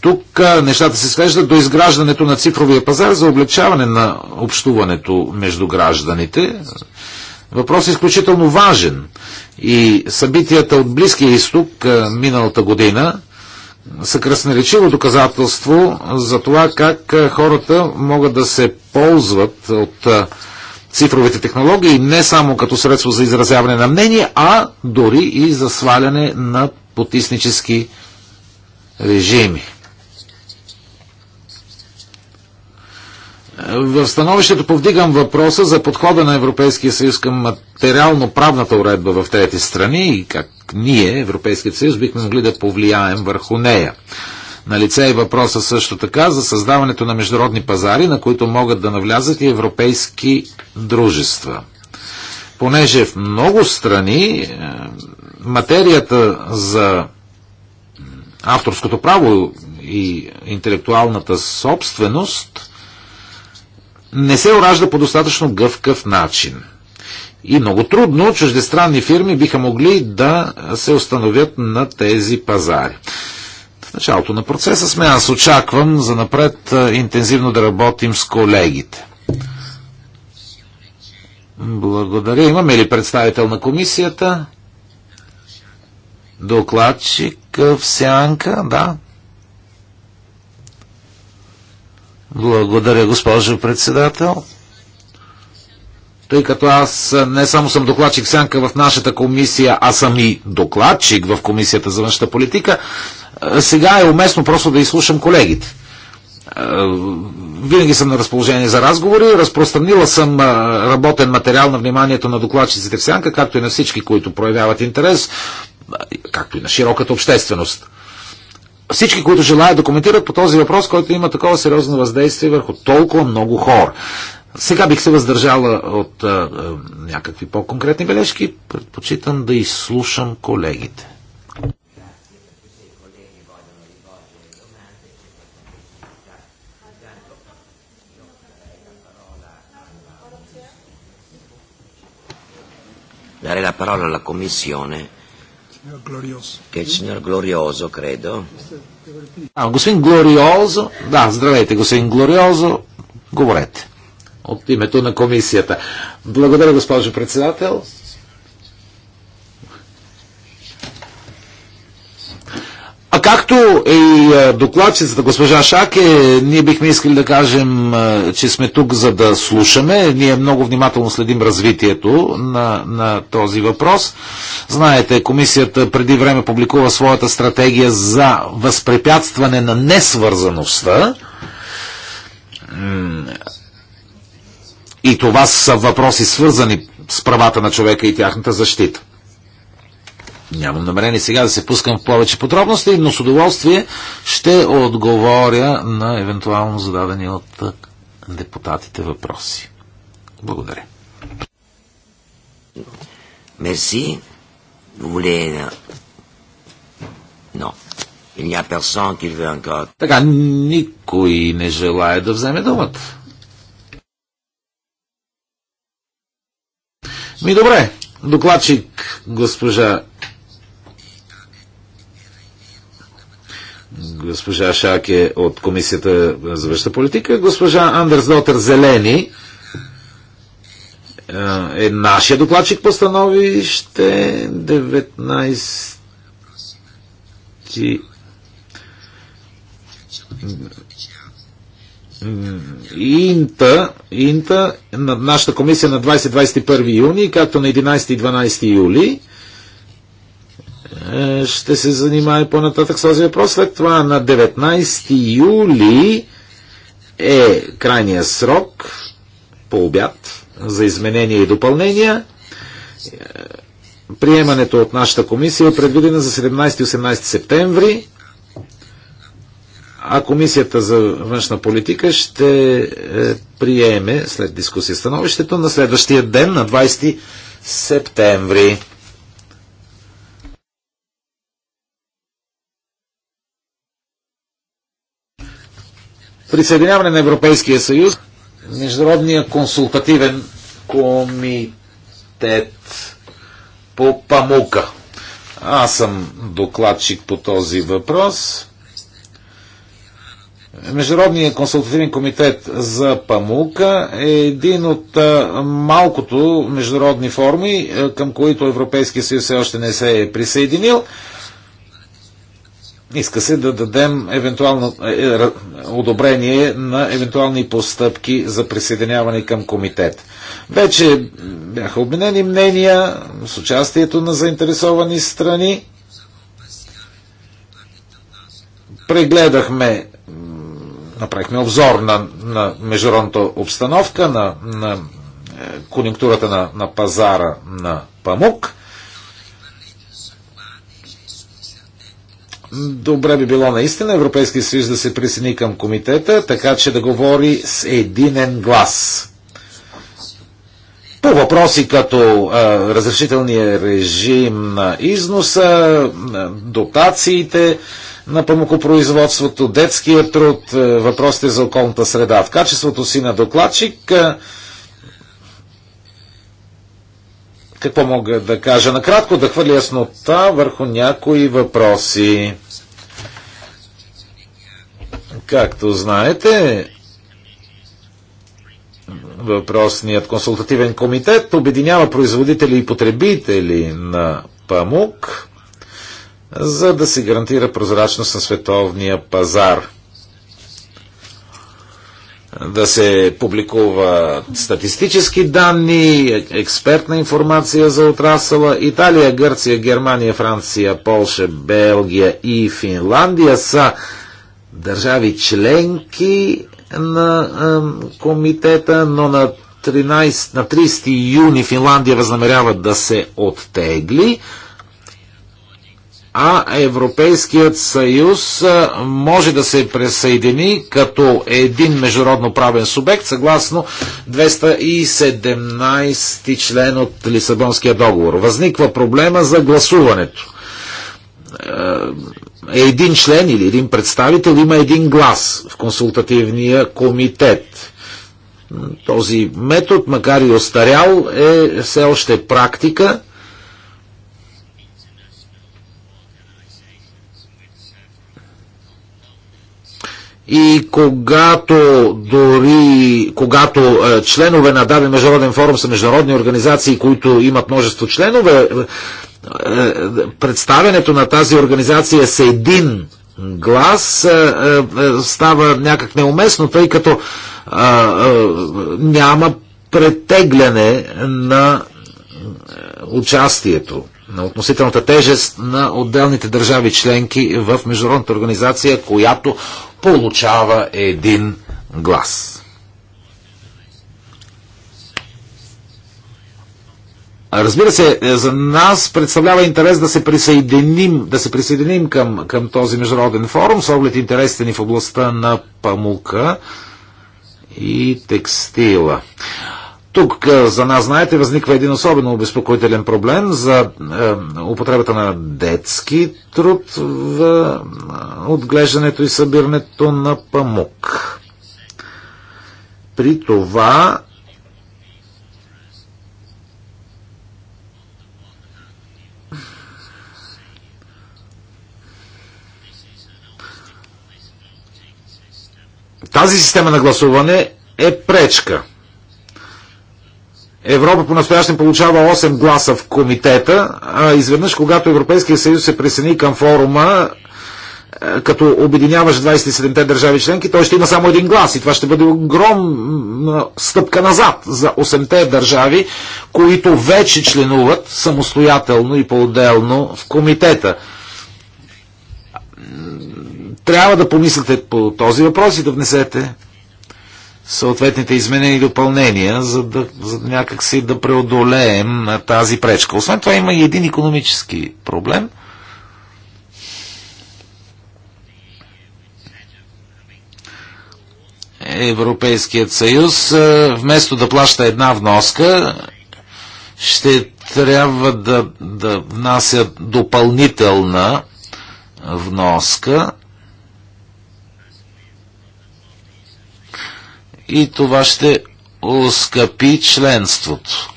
Тук нещата се свеждат до изграждането на цифровия пазар за облегчаване на общуването между гражданите, Въпрос е изключително важен и събитията от Близкия изток е, миналата година са красноречиво доказателство за това как е, хората могат да се ползват от е, цифровите технологии не само като средство за изразяване на мнение, а дори и за сваляне на потиснически режими. В становището повдигам въпроса за подхода на Европейския съюз към материално-правната уредба в трети страни и как ние, Европейският съюз, бихме могли да повлияем върху нея. На лице е въпроса също така за създаването на международни пазари, на които могат да навлязат и европейски дружества. Понеже в много страни е, материята за авторското право и интелектуалната собственост не се оражда по достатъчно гъвкав начин. И много трудно чуждестранни фирми биха могли да се установят на тези пазари. В началото на процеса сме, аз очаквам за напред интензивно да работим с колегите. Благодаря. Имаме ли представител на комисията? Докладчик в сянка, да. Благодаря, госпожо председател. Тъй като аз не само съм докладчик сянка в нашата комисия, а съм и докладчик в комисията за външната политика, е, сега е уместно просто да изслушам колегите. Е, винаги съм на разположение за разговори. Разпространила съм е, работен материал на вниманието на докладчиците в сянка, както и на всички, които проявяват интерес, както и на широката общественост всички, които желаят да коментират по този въпрос, който има такова сериозно въздействие върху толкова много хора. Сега бих се въздържала от а, а, някакви по-конкретни бележки. Предпочитам да изслушам колегите. Dare la parola alla Commissione Che il signor Glorioso, credo. А, ah, господин Глориозо, да, здравейте, господин Глориозо, говорете от името на комисията. Благодаря, госпожо председател. А както е и е, докладчицата госпожа Шаке, ние бихме искали да кажем, е, че сме тук за да слушаме. Ние много внимателно следим развитието на, на този въпрос. Знаете, комисията преди време публикува своята стратегия за възпрепятстване на несвързаността. И това са въпроси свързани с правата на човека и тяхната защита. Нямам намерение сега да се пускам в повече подробности, но с удоволствие ще отговоря на евентуално зададени от депутатите въпроси. Благодаря. Мерси. Vous voulez... Il n'y a personne qui veut encore... Така, никой не желая да вземе думата. Ми добре, докладчик госпожа госпожа Шаке от Комисията за външна политика, госпожа Андерс Дотър Зелени е, е нашия докладчик по становище 19 Инта, Инта е на нашата комисия на 20-21 юни, както на 11 и 12 юли е, ще се занимае по-нататък с този въпрос. След това на 19 юли е крайния срок по обяд за изменения и допълнения. Приемането от нашата комисия е предвидено за 17-18 септември, а комисията за външна политика ще е, приеме след дискусия становището на следващия ден, на 20 септември. присъединяване на Европейския съюз, Международния консултативен комитет по памука. Аз съм докладчик по този въпрос. Международният консултативен комитет за памука е един от малкото международни форми, към които Европейския съюз все още не се е присъединил. Иска се да дадем евентуално е, е, одобрение на евентуални постъпки за присъединяване към комитет. Вече бяха обменени мнения с участието на заинтересовани страни. Прегледахме, направихме обзор на, на международната обстановка, на, на е, конъюнктурата на, на пазара на памук – Добре би било наистина Европейския съюз да се присъедини към комитета, така че да говори с единен глас. По въпроси като а, е, разрешителния режим на износа, е, дотациите на памукопроизводството, детския труд, е, въпросите за околната среда. В качеството си на докладчик. А, Какво мога да кажа? Накратко да хвърля яснота върху някои въпроси. Както знаете, въпросният консултативен комитет обединява производители и потребители на памук, за да се гарантира прозрачност на световния пазар да се публикува статистически данни, експертна информация за отрасъла. Италия, Гърция, Германия, Франция, Полша, Белгия и Финландия са държави членки на е, комитета, но на 13, на 30 юни Финландия възнамерява да се оттегли а Европейският съюз може да се присъедини като един международно правен субект съгласно 217 член от Лисабонския договор. Възниква проблема за гласуването. Е, един член или един представител има един глас в консултативния комитет. Този метод, макар и остарял, е все още практика – И когато дори когато е, членове на даден международен форум са международни организации, които имат множество членове, е, представянето на тази организация с един глас е, става някак неуместно, тъй като няма претегляне на участието на относителната тежест на отделните държави членки в Международната организация, която получава един глас. Разбира се, за нас представлява интерес да се присъединим, да се присъединим към, към този международен форум с оглед интересите ни в областта на памука и текстила. Тук е, за нас, знаете, възниква един особено обезпокоителен проблем за е, употребата на детски труд в е, отглеждането и събирането на памук. При това тази система на гласуване е пречка – Европа по настоящен получава 8 гласа в комитета, а изведнъж, когато Европейския съюз се присъедини към форума, е, като обединяваш 27-те държави членки, той ще има само един глас и това ще бъде огромна стъпка назад за 8-те държави, които вече членуват самостоятелно и по-отделно в комитета. Трябва да помислите по този въпрос и да внесете съответните изменени допълнения, за да за някакси да преодолеем тази пречка. Освен това има и един економически проблем. Европейският съюз, е, вместо да плаща една вноска, ще трябва да, да внася допълнителна вноска и това ще оскъпи членството.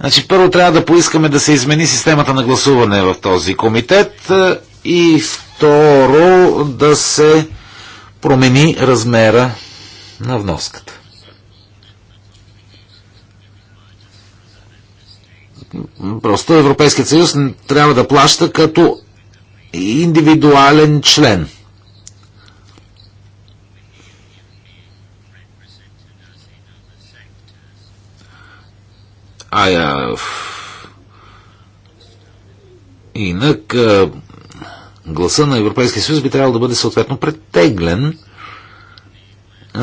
Значи, първо трябва да поискаме да се измени системата на гласуване в този комитет е, и второ да се промени размера на вноската. Просто Европейският съюз трябва да плаща като индивидуален член – А, инак гласа на Европейския съюз би трябвало да бъде съответно претеглен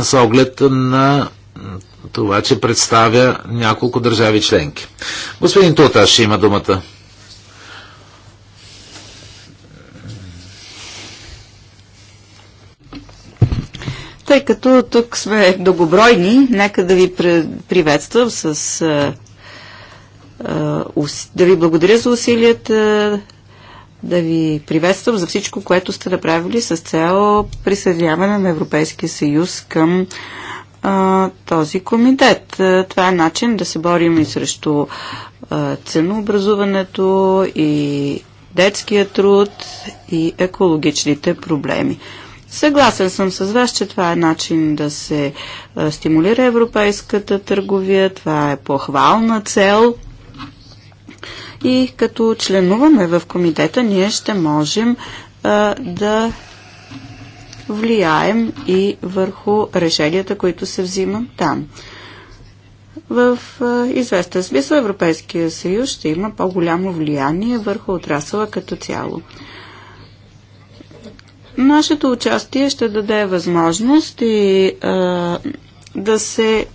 с оглед на това, че представя няколко държави членки. Господин Тоташ ще има думата. Тъй като тук сме многобройни, нека да ви приветствам с да ви благодаря за усилията, да ви приветствам за всичко, което сте направили с цел присъединяване на Европейския съюз към а, този комитет. Това е начин да се борим и срещу а, ценообразуването и детския труд и екологичните проблеми. Съгласен съм с вас, че това е начин да се стимулира европейската търговия. Това е похвална цел и като членуваме в комитета, ние ще можем а, да влияем и върху решенията, които се взимат там. В а, известен смисъл Европейския съюз ще има по-голямо влияние върху отрасъла като цяло. Нашето участие ще даде възможност и а, да се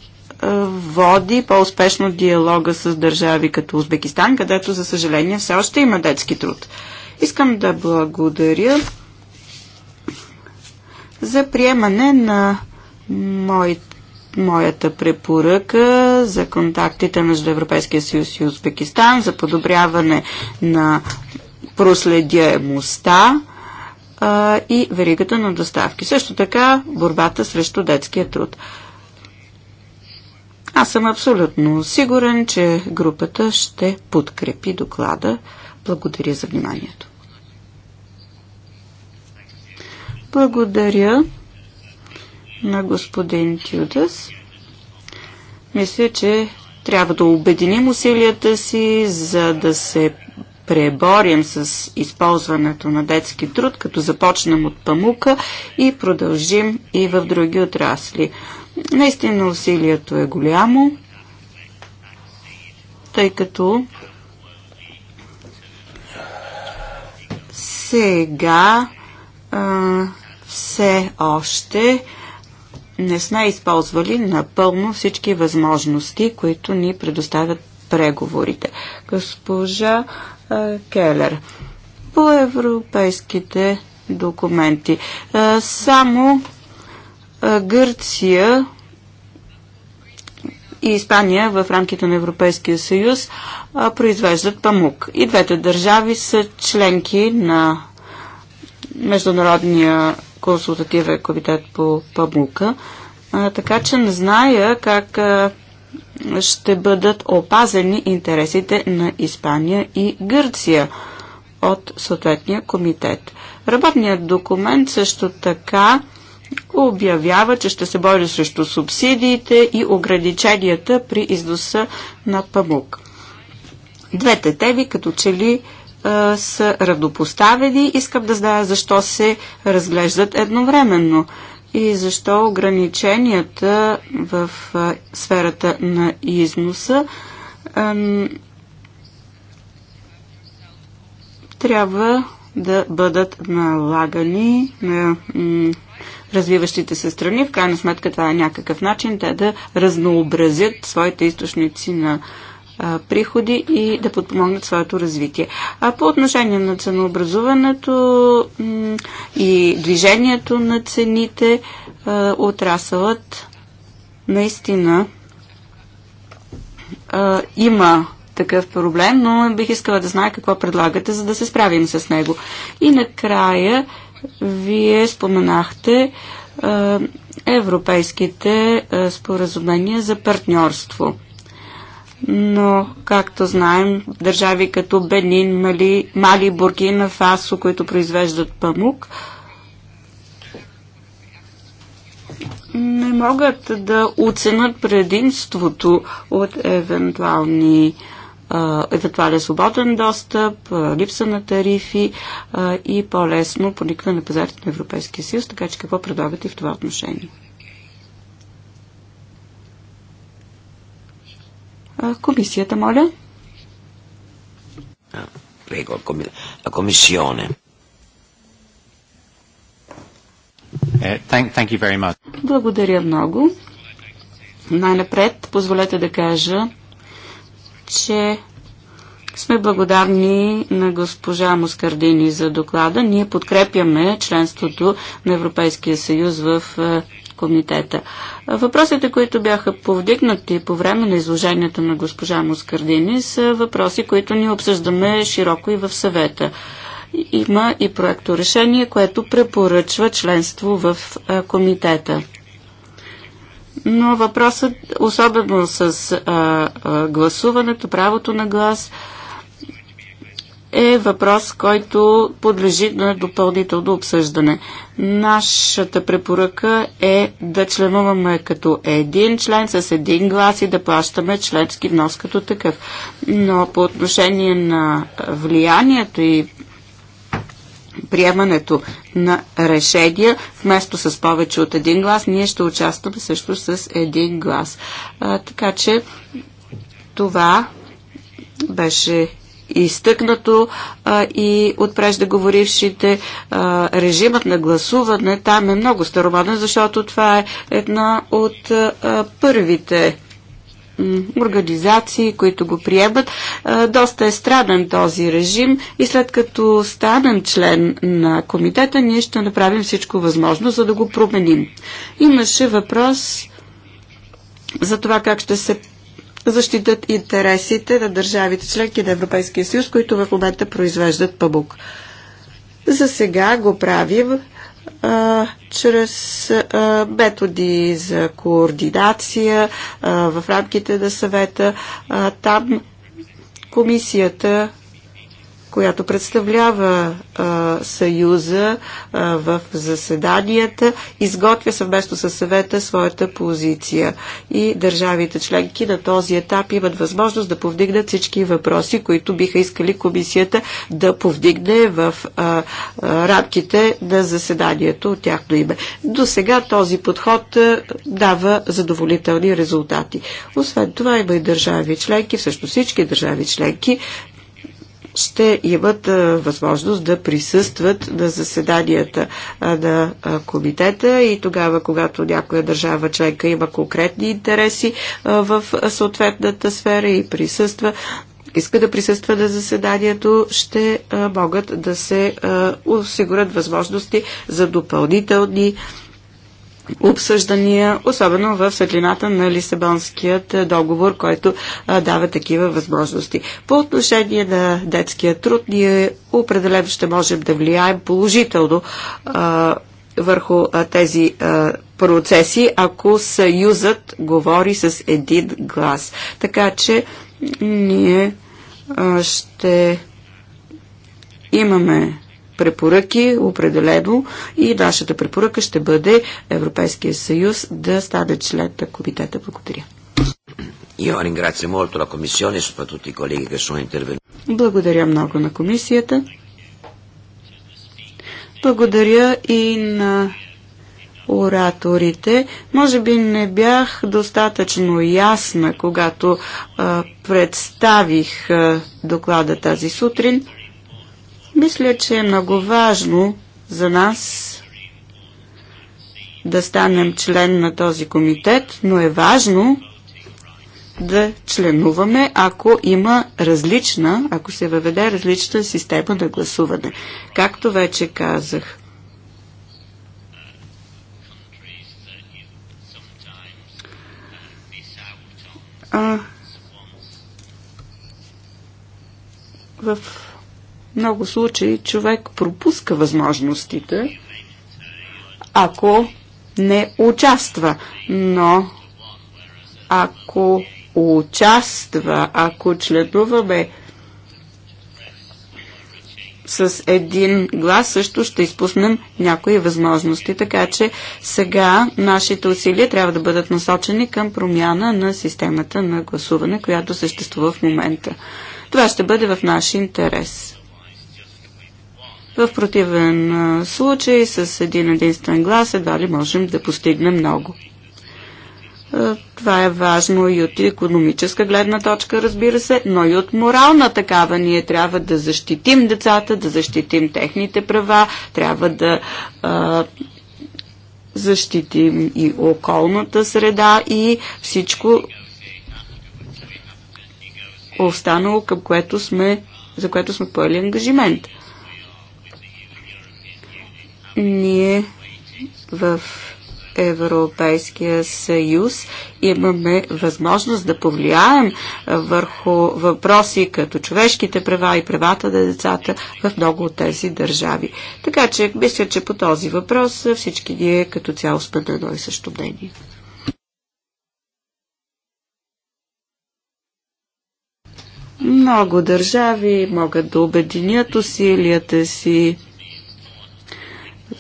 води по-успешно диалога с държави като Узбекистан, където за съжаление все още има детски труд. Искам да благодаря за приемане на моите моята препоръка за контактите между Европейския съюз и Узбекистан, за подобряване на проследяемостта а, и веригата на доставки. Също така борбата срещу детския труд. Аз съм абсолютно сигурен, че групата ще подкрепи доклада. Благодаря за вниманието. Благодаря на господин Тюдас. Мисля, че трябва да обединим усилията си, за да се преборим с използването на детски труд, като започнем от памука и продължим и в други отрасли. Наистина усилието е голямо, тъй като сега а, все още не сме използвали напълно всички възможности, които ни предоставят преговорите. Госпожа Келер. По европейските документи. Само Гърция и Испания в рамките на Европейския съюз произвеждат памук. И двете държави са членки на Международния консултативен комитет по памука. така че не зная как ще бъдат опазени интересите на Испания и Гърция от съответния комитет. Работният документ също така обявява, че ще се бори срещу субсидиите и ограниченията при издоса на памук. Двете теми като че ли а, е, са равнопоставени. Искам да зная защо се разглеждат едновременно и защо ограниченията в сферата на износа трябва да бъдат налагани на развиващите се страни. В крайна сметка това е някакъв начин те да разнообразят своите източници на приходи и да подпомогнат своето развитие. А по отношение на ценообразуването и движението на цените, отрасълът наистина има такъв проблем, но бих искала да знае какво предлагате, за да се справим с него. И накрая, вие споменахте европейските споразумения за партньорство но както знаем, държави като Бенин, Мали, Мали Буркина, Фасо, които произвеждат памук, не могат да оценят предимството от евентуални евентуален свободен достъп, липса на тарифи и по-лесно проникване на пазарите на Европейския съюз, така че какво предлагате в това отношение? Комисията, моля. Ah, prego, комисионе. Eh, Благодаря много. Най-напред, позволете да кажа, че сме благодарни на госпожа Москардини за доклада. Ние подкрепяме членството на Европейския съюз в комитета. Въпросите, които бяха повдигнати по време на изложението на госпожа Москардини, са въпроси, които ни обсъждаме широко и в съвета. Има и проекто решение, което препоръчва членство в комитета. Но въпросът, особено с а, а, гласуването, правото на глас, а, е въпрос, който подлежи на допълнително обсъждане. Нашата препоръка е да членуваме като един член с един глас и да плащаме членски внос като такъв. Но по отношение на влиянието и приемането на решения, вместо с повече от един глас, ние ще участваме също с един глас. А, така че това беше изтъкнато а, и от преждеговорившите а, режимът на гласуване там е много старомоден, защото това е една от а, първите организации, които го приемат. Доста е страден този режим и след като станем член на комитета, ние ще направим всичко възможно, за да го променим. Имаше въпрос за това как ще се защитат интересите на държавите членки на Европейския съюз, които в момента произвеждат памук. За сега го правим а, чрез а, методи за координация а, в рамките на съвета. А, там комисията която представлява а, Съюза а, в заседанията, изготвя съвместно със съвета своята позиция. И държавите членки на този етап имат възможност да повдигнат всички въпроси, които биха искали комисията да повдигне в а, а, рамките на заседанието от тяхно име. До сега този подход а, дава задоволителни резултати. Освен това има и държави членки, всъщност всички държави членки, ще имат възможност да присъстват на заседанията на комитета и тогава, когато някоя държава членка има конкретни интереси в съответната сфера и присъства, иска да присъства на заседанието, ще могат да се осигурят възможности за допълнителни обсъждания, особено в светлината на Лисабонският е, договор, който а, дава такива възможности. По отношение на детския труд, ние определено ще можем да влияем положително а, върху а, тези а, процеси, ако съюзът говори с един глас. Така че ние а, ще имаме препоръки, определено, и нашата препоръка ще бъде Европейския съюз да стане член на комитета. Благодаря. Благодаря много на комисията. Благодаря и на ораторите. Може би не бях достатъчно ясна, когато а, представих а, доклада тази сутрин. Мисля, че е много важно за нас да станем член на този комитет, но е важно да членуваме, ако има различна, ако се въведе различна система на гласуване. Както вече казах, в много случаи човек пропуска възможностите, ако не участва. Но ако участва, ако членуваме с един глас също ще изпуснем някои възможности. Така че сега нашите усилия трябва да бъдат насочени към промяна на системата на гласуване, която съществува в момента. Това ще бъде в наш интерес. В противен случай с един единствен глас едва ли можем да постигнем много. Това е важно и от економическа гледна точка, разбира се, но и от морална такава. Ние трябва да защитим децата, да защитим техните права, трябва да а, защитим и околната среда и всичко останало, към което сме, за което сме поели ангажимент. Ние в Европейския съюз имаме възможност да повлияем върху въпроси като човешките права и правата на децата в много от тези държави. Така че мисля, че по този въпрос всички ние като цяло сме на едно и също мнение. Много държави могат да обединят усилията си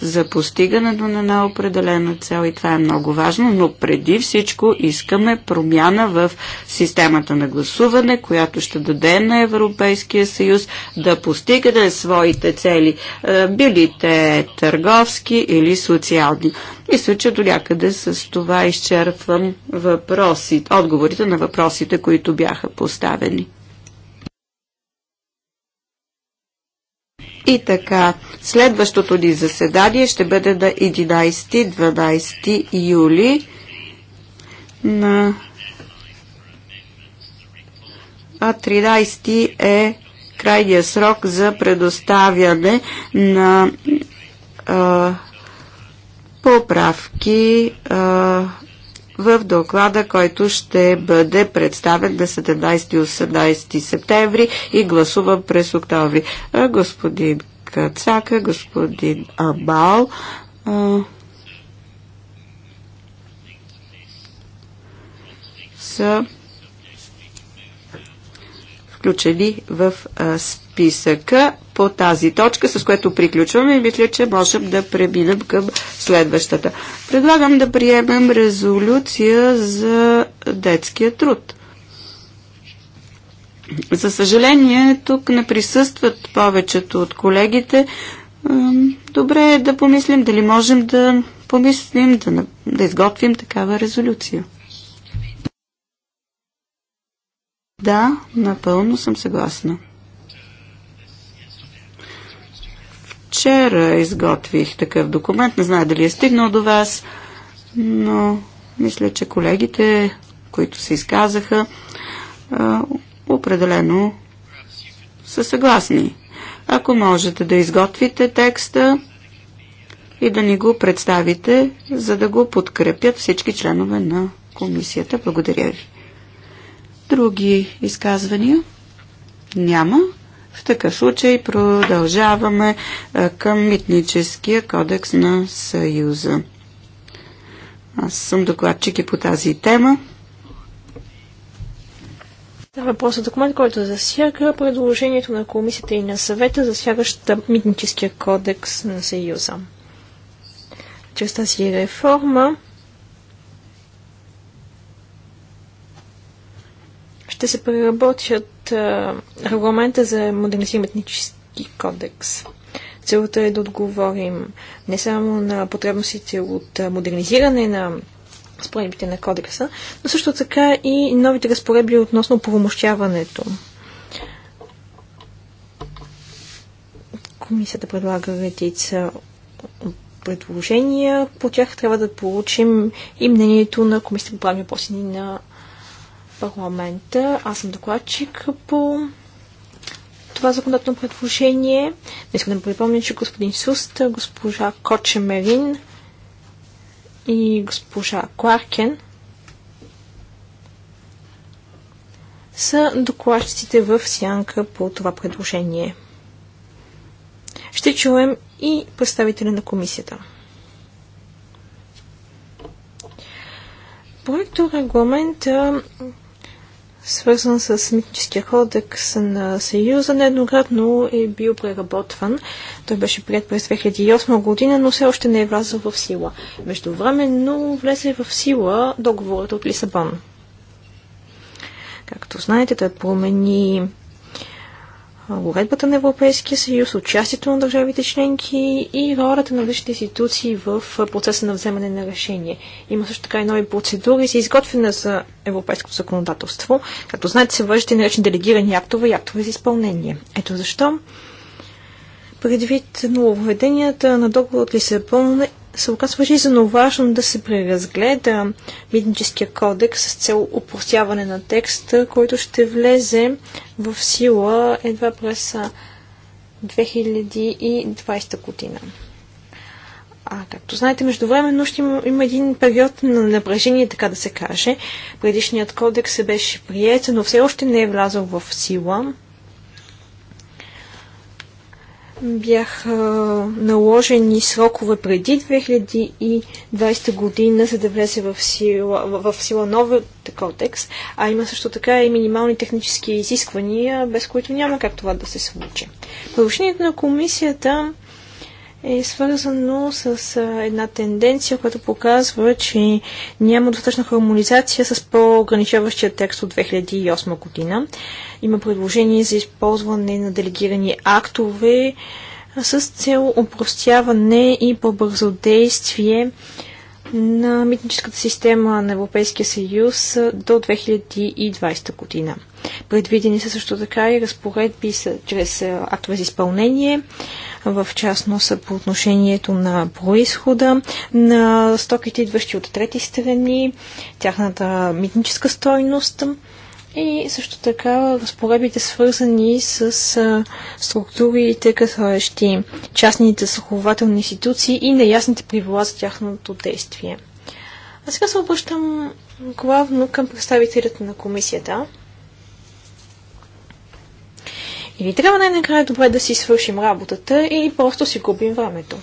за постигането на една определена цел и това е много важно, но преди всичко искаме промяна в системата на гласуване, която ще даде на Европейския съюз да постигне своите цели, е, били те търговски или социални. Мисля, че до някъде с това изчерпвам въпроси, отговорите на въпросите, които бяха поставени. И така, следващото ни заседание ще бъде на 11-12 юли на а 13 е крайния срок за предоставяне на а, поправки а, в доклада, който ще бъде представен на 17 и 18 септември и гласуван през октомври. Господин Кацака, господин Амал. са включени в а, списъка по тази точка, с което приключваме и мисля, че можем да преминем към следващата. Предлагам да приемем резолюция за детския труд. За съжаление, тук не присъстват повечето от колегите. Добре е да помислим дали можем да помислим да, да изготвим такава резолюция. Да, напълно съм съгласна. Вчера изготвих такъв документ, не знае дали е стигнал до вас, но мисля, че колегите, които се изказаха, определено са съгласни. Ако можете да изготвите текста и да ни го представите, за да го подкрепят всички членове на комисията. Благодаря ви. Други изказвания? Няма. В такъв случай продължаваме към митническия кодекс на Съюза. Аз съм докладчик и по тази тема. Това е просто документ, който засяга предложението на комисията и на съвета, засягаща митническия кодекс на Съюза. Чрез тази реформа ще се преработят от регламента за модернизиран етнически кодекс. Целта е да отговорим не само на потребностите от модернизиране на споредбите на кодекса, но също така и новите разпоредби относно правомощяването. Комисията предлага редица предложения. По тях трябва да получим и мнението на Комисията по правни въпроси на парламента. Аз съм докладчик по това законодателно предложение. Искам да припомня, че господин Суст, госпожа Кочемерин и госпожа Кларкен са докладчиците в сянка по това предложение. Ще чуем и представителя на комисията. Проектът регламента свързан с митническия кодекс на Съюза, нееднократно е бил преработван. Той беше прият през 2008 година, но все още не е влязъл в сила. Междувременно влезе в сила договорът от Лисабон. Както знаете, той промени уредбата на Европейския съюз, участието на държавите членки и ролята на различните институции в процеса на вземане на решение. Има също така и нови процедури за изготвяне за европейското законодателство. Както знаете, се вържат и наречени делегирани актове и актове за изпълнение. Ето защо предвид нововведенията на договор от Лисабон се оказва жизненно важно да се преразгледа митническия кодекс с цел упростяване на текста, който ще влезе в сила едва през 2020 година. А, както знаете, междувременно ще има, има един период на напрежение, така да се каже. Предишният кодекс се беше прият, но все още не е влязъл в сила бяха наложени срокове преди 2020 година, за да влезе в сила, в, сила новият кодекс, а има също така и минимални технически изисквания, без които няма как това да се случи. Повършението на комисията е свързано с една тенденция, която показва, че няма достатъчна хармонизация с по-ограничаващия текст от 2008 година. Има предложение за използване на делегирани актове с цел упростяване и по-бързо действие на митническата система на Европейския съюз до 2020 година. Предвидени са също така и разпоредби чрез актове за изпълнение, в частност по отношението на происхода на стоките, идващи от трети страни, тяхната митническа стойност и също така разпоредбите свързани с а, структурите, касаещи частните съхователни институции и неясните правила за тяхното действие. А сега се обръщам главно към представителите на комисията. Или трябва най-накрая добре да си свършим работата, или просто си губим времето.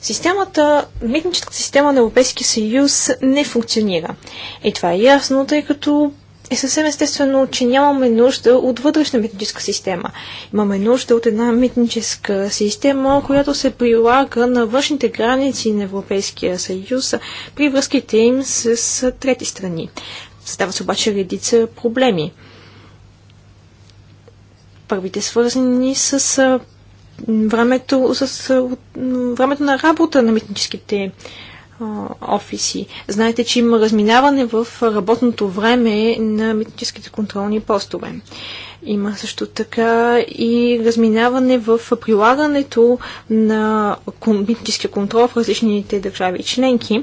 Системата, митническата система на Европейския съюз не функционира. И това е ясно, тъй като е съвсем естествено, че нямаме нужда от вътрешна митническа система. Имаме нужда от една митническа система, която се прилага на външните граници на Европейския съюз при връзките им с трети страни. Става се обаче редица проблеми. Първите свързани с времето, с времето на работа на митническите офиси. Знаете, че има разминаване в работното време на митническите контролни постове. Има също така и разминаване в прилагането на митническия контрол в различните държави и членки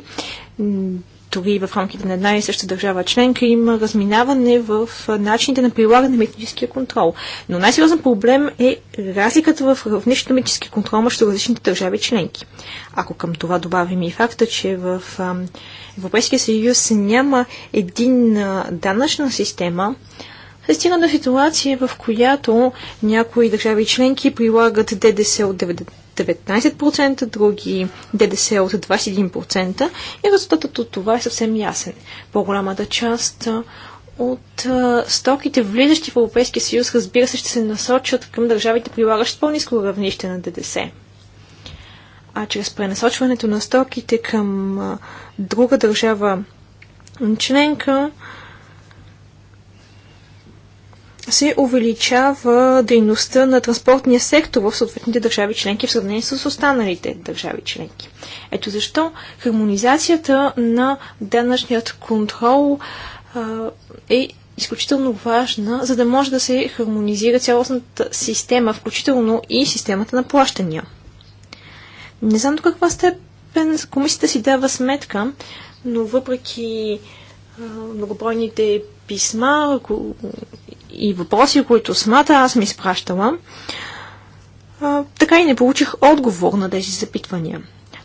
дори в рамките на една и съща държава членка има разминаване в начините на прилагане на митническия контрол. Но най-сериозен проблем е разликата в равнището митнически контрол между различните държави членки. Ако към това добавим и факта, че в Европейския съюз няма един данъчна система, се стигна до ситуация, в която някои държави членки прилагат ДДС от 90%, 19%, други ДДС от 21% и резултатът от това е съвсем ясен. По-голямата част от стоките, влизащи в Европейския съюз, разбира се, ще се насочат към държавите, прилагащи по-низко равнище на ДДС. А чрез пренасочването на стоките към друга държава членка, се увеличава дейността на транспортния сектор в съответните държави членки в сравнение с останалите държави членки. Ето защо хармонизацията на данъчният контрол а, е изключително важна, за да може да се хармонизира цялостната система, включително и системата на плащания. Не знам до каква степен комисията си дава сметка, но въпреки многобройните писма и въпроси, които самата аз ми изпращала, така и не получих отговор на тези запитвания.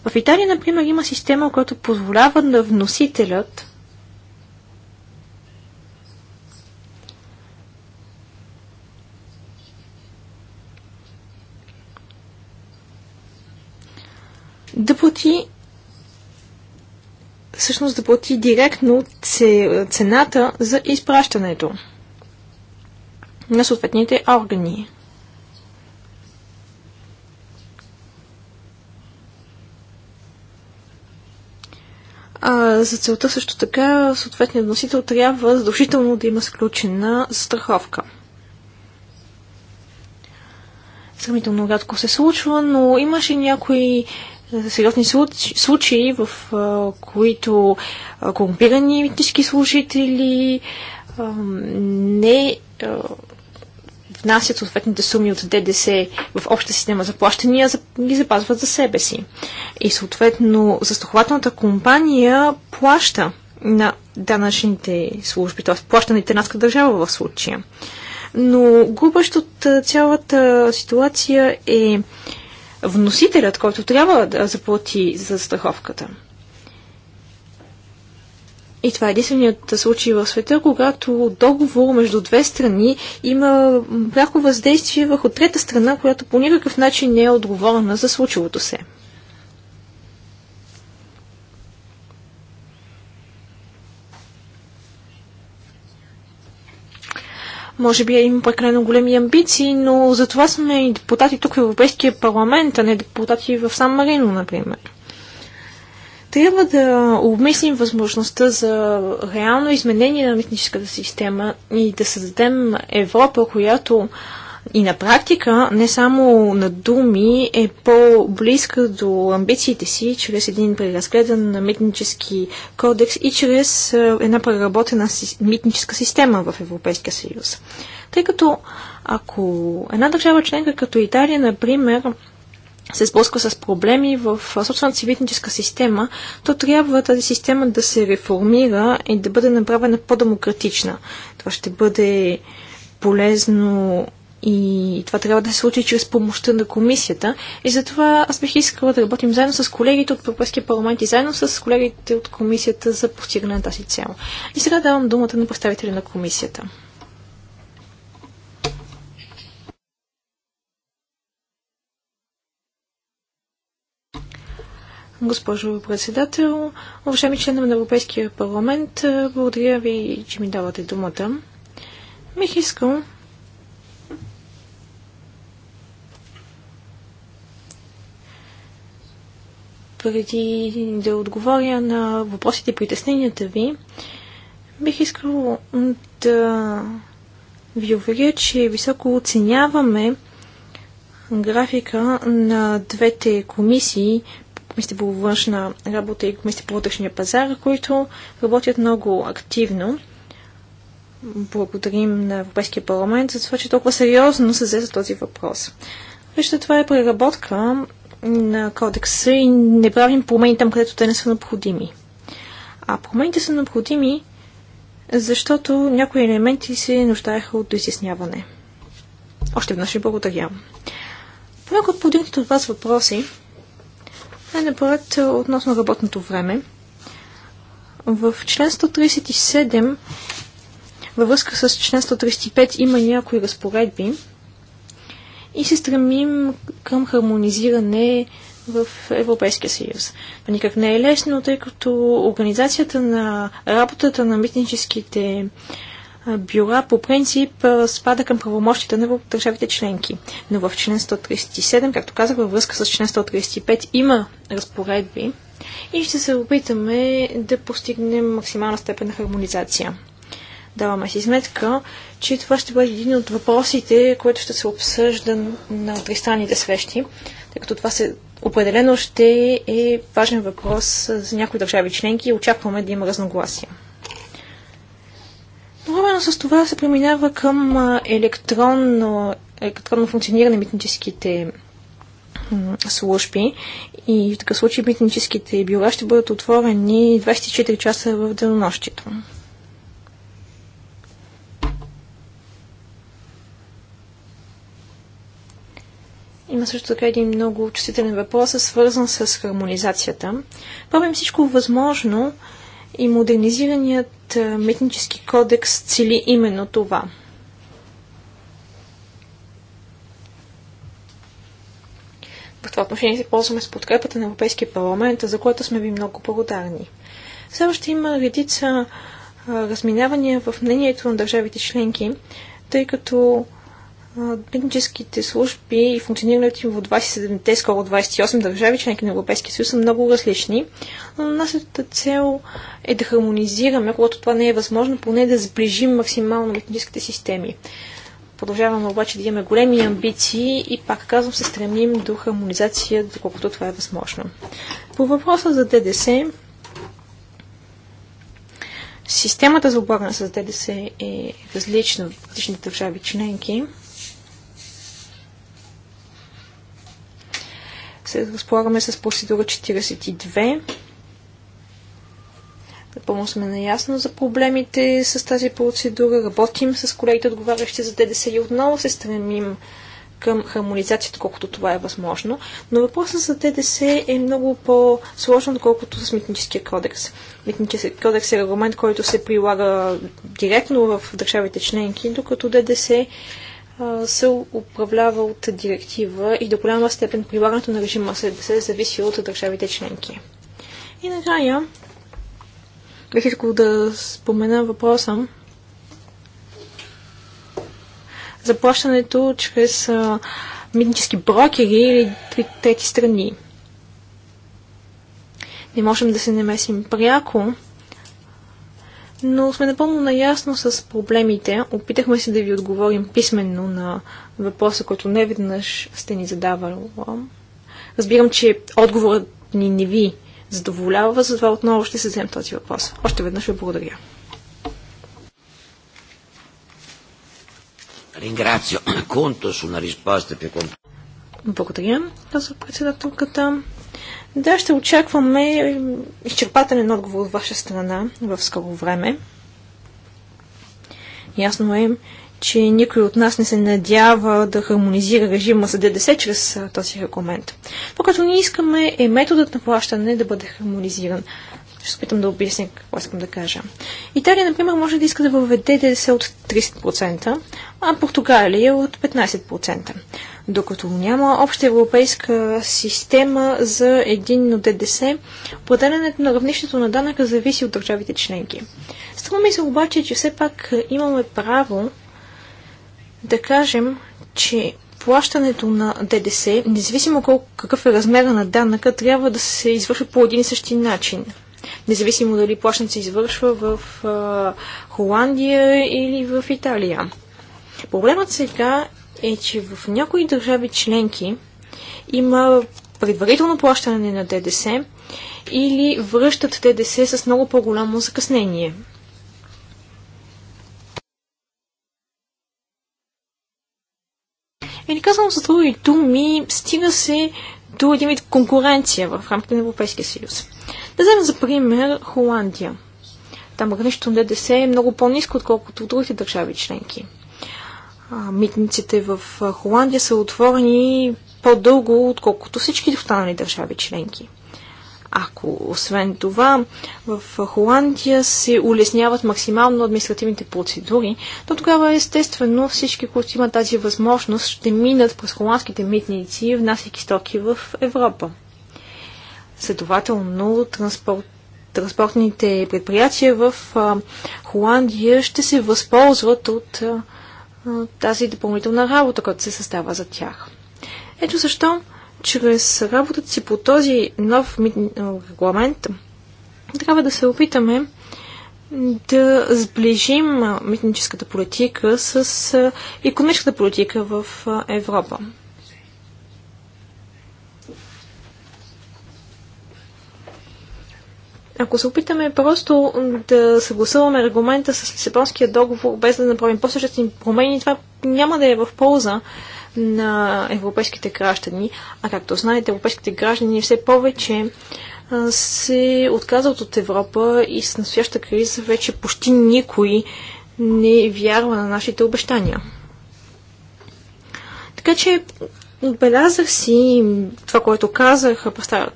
В Италия, например, има система, която позволява на вносителят да плати всъщност да плати директно цената за изпращането на съответните органи. А, за целта също така съответният носител трябва задължително да има сключена страховка. Сравнително рядко се случва, но имаше някои сериозни случаи, в които корумпирани митнически служители не внасят съответните суми от ДДС в обща система за плащания, ги запазват за себе си. И съответно застрахователната компания плаща на данъчните служби, т.е. плаща на италянска държава в случая. Но губащ от цялата ситуация е вносителят, който трябва да заплати за страховката. И това е единственият случай в света, когато договор между две страни има пряко въздействие върху трета страна, която по никакъв начин не е отговорна за случилото се. може би има прекалено големи амбиции, но затова сме и депутати тук в Европейския парламент, а не депутати в Сан Марино, например. Трябва да обмислим възможността за реално изменение на митническата система и да създадем Европа, която и на практика, не само на думи, е по-близка до амбициите си чрез един преразгледан митнически кодекс и чрез е, една преработена митническа система в Европейския съюз. Тъй като ако една държава членка като Италия, например, се сблъска с проблеми в собствената си витническа система, то трябва тази система да се реформира и да бъде направена по-демократична. Това ще бъде полезно и това трябва да се случи чрез помощта на комисията. И затова аз бих искала да работим заедно с колегите от Европейския парламент и заедно с колегите от комисията за постигане на тази цел. И сега давам думата на представители на комисията. Госпожо председател, уважаеми членове на Европейския парламент, е, благодаря ви, че ми давате думата. Бих искал преди да отговоря на въпросите и притесненията ви, бих искал да ви уверя, че високо оценяваме графика на двете комисии, Комисията по външна работа и Комисията по вътрешния пазар, които работят много активно. Благодарим на Европейския парламент за това, че толкова сериозно се взе за този въпрос. Вижте, това е преработка на кодекса и не правим промени там, където те не са необходими. А промените са необходими, защото някои елементи се нуждаеха от изясняване. Още веднъж ви благодаря. Понякога от подигнатите от вас въпроси, е Най-напред е, относно работното време. В член 137, във връзка с член 135, има някои разпоредби и се стремим към хармонизиране в Европейския съюз. Но никак не е лесно, тъй като организацията на работата на митническите бюра по принцип спада към правомощите на държавите членки. Но в член 137, както казах, във връзка с член 135 има разпоредби и ще се опитаме да постигнем максимална степен на хармонизация. Даваме си сметка, че това ще бъде един от въпросите, който ще се обсъжда на тристранните срещи, тъй като това се определено ще е важен въпрос за някои държави членки и очакваме да има разногласия. Но с това се преминава към електронно, електронно функциониране на митническите служби и в такъв случай митническите бюра ще бъдат отворени 24 часа в денонощието. Има също така един много чувствителен въпрос, свързан с хармонизацията. Правим всичко възможно и модернизираният митнически кодекс цели именно това. В това отношение се ползваме с подкрепата на Европейския парламент, за което сме ви много благодарни. Все още има редица разминавания в мнението на държавите членки, тъй като Техническите служби и функционирането им в 27-те, скоро 28 държави, членки на Европейския съюз, са много различни, но нашата цел е да хармонизираме, когато това не е възможно, поне да сближим максимално техническите системи. Продължаваме обаче да имаме големи амбиции и пак казвам се стремим до хармонизация, доколкото това е възможно. По въпроса за ДДС, системата за облагане с ДДС е различна в различните държави членки. Сега разполагаме с процедура 42. Напълно сме наясно за проблемите с тази процедура. Работим с колегите, отговарящи за ДДС и отново се стремим към хармонизацията, колкото това е възможно. Но въпросът за ДДС е много по-сложен, отколкото с митническия кодекс. Митническия кодекс е регламент, който се прилага директно в държавите членки, докато ДДС се управлява от директива и до голяма степен прилагането на режима СДС зависи от държавите членки. И накрая, бих искал да спомена въпроса заплащането чрез митнически брокери или трети страни. Не можем да се намесим пряко, но сме напълно наясно с проблемите. Опитахме се да ви отговорим писменно на въпроса, който не веднъж сте ни задавали. Разбирам, че отговорът ни не ви задоволява, затова отново ще се вземем този въпрос. Още веднъж ви благодаря. Благодаря, казва председателката. Да, ще очакваме изчерпателен отговор от ваша страна в скоро време. Ясно е, че никой от нас не се надява да хармонизира режима за ДДС чрез този регламент. Покато ние искаме е методът на плащане да бъде хармонизиран. Ще се опитам да обясня какво искам да кажа. Италия, например, може да иска да въведе ДДС от 30%, а Португалия от 15%. Докато няма обща европейска система за единно ДДС, определенето на равнището на данъка зависи от държавите членки. Струва ми се обаче, че все пак имаме право да кажем, че плащането на ДДС, независимо колко, какъв е размера на данъка, трябва да се извършва по един и същи начин. Независимо дали плащането се извършва в а, Холандия или в Италия. Проблемът сега е, че в някои държави членки има предварително плащане на ДДС или връщат ДДС с много по-голямо закъснение. Или е, казвам с други думи, стига се до един вид конкуренция в рамките на Европейския съюз. Да вземем за пример Холандия. Там на ДДС е много по-низко, отколкото в другите държави членки митниците в Холандия са отворени по-дълго, отколкото всички останали държави членки. Ако освен това в Холандия се улесняват максимално административните процедури, то тогава естествено всички, които имат тази възможност, ще минат през холандските митници, внасяйки стоки в Европа. Следователно, транспорт транспортните предприятия в Холандия ще се възползват от тази допълнителна работа, която се състава за тях. Ето защо, чрез работата си по този нов регламент, трябва да се опитаме да сближим митническата политика с економическата политика в Европа. Ако се опитаме просто да съгласуваме регламента с Лисабонския договор, без да направим по-съществени промени, това няма да е в полза на европейските граждани. А както знаете, европейските граждани все повече се отказват от Европа и с настояща криза вече почти никой не вярва на нашите обещания. Така че Отбелязах си това, което казах,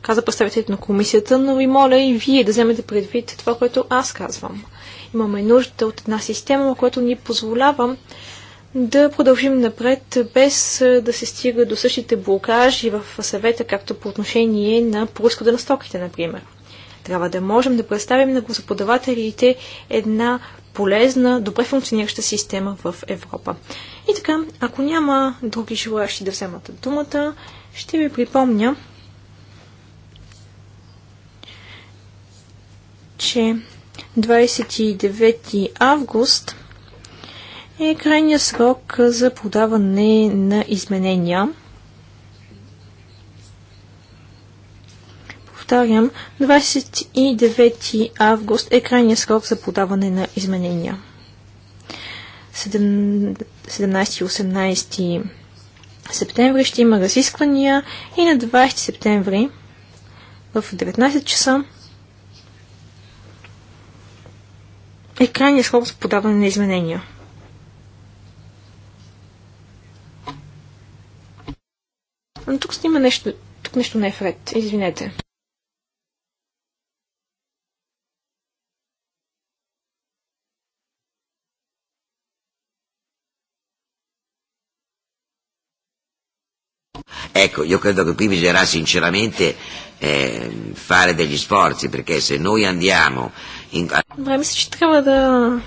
каза представителите на комисията, но ви моля и вие да вземете предвид това, което аз казвам. Имаме нужда от една система, която ни позволява да продължим напред, без да се стига до същите блокажи в съвета, както по отношение на происхода на стоките, например. Трябва да можем да представим на господавателите една полезна, добре функционираща система в Европа. И така, ако няма други желащи да вземат думата, ще ви припомня, че 29 август е крайният срок за подаване на изменения. Повтарям, 29 август е крайният срок за подаване на изменения. 17 и 18 септември ще има разисквания и на 20 септември в 19 часа е крайният срок за подаване на изменения. Но тук снима нещо, тук нещо не е вред. Извинете. Ecco, io credo che qui bisognerà sinceramente eh, fare degli sforzi, perché se noi andiamo... In... мисля, че трябва да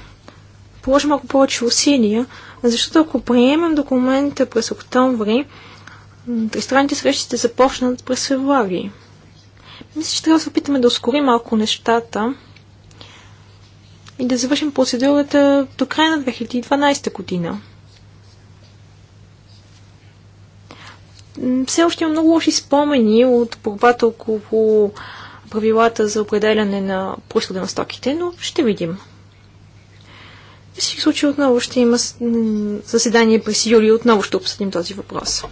положим малко повече усилия, защото ако приемем документа през октомври, тристранните срещи ще започнат през февруари. Мисля, че трябва да се опитаме да ускорим малко нещата и да завършим процедурата до края на 2012 година. все още има много лоши спомени от борбата около правилата за определяне на происхода на стоките, но ще видим. В всички случаи отново ще има заседание през юли и отново ще обсъдим този въпрос.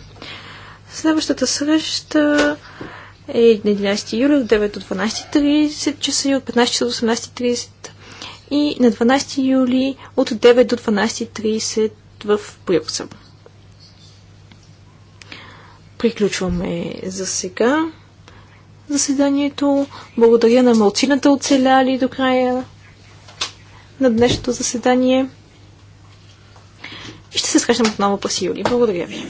Следващата среща е на 11 юли от 9 до 12.30 часа и от 15 часа до 18.30 и на 12 юли от 9 до 12.30 в Брюксел. Приключваме за сега заседанието. Благодаря на мълчината оцеляли до края на днешното заседание. И ще се срещнем отново през юли. Благодаря ви.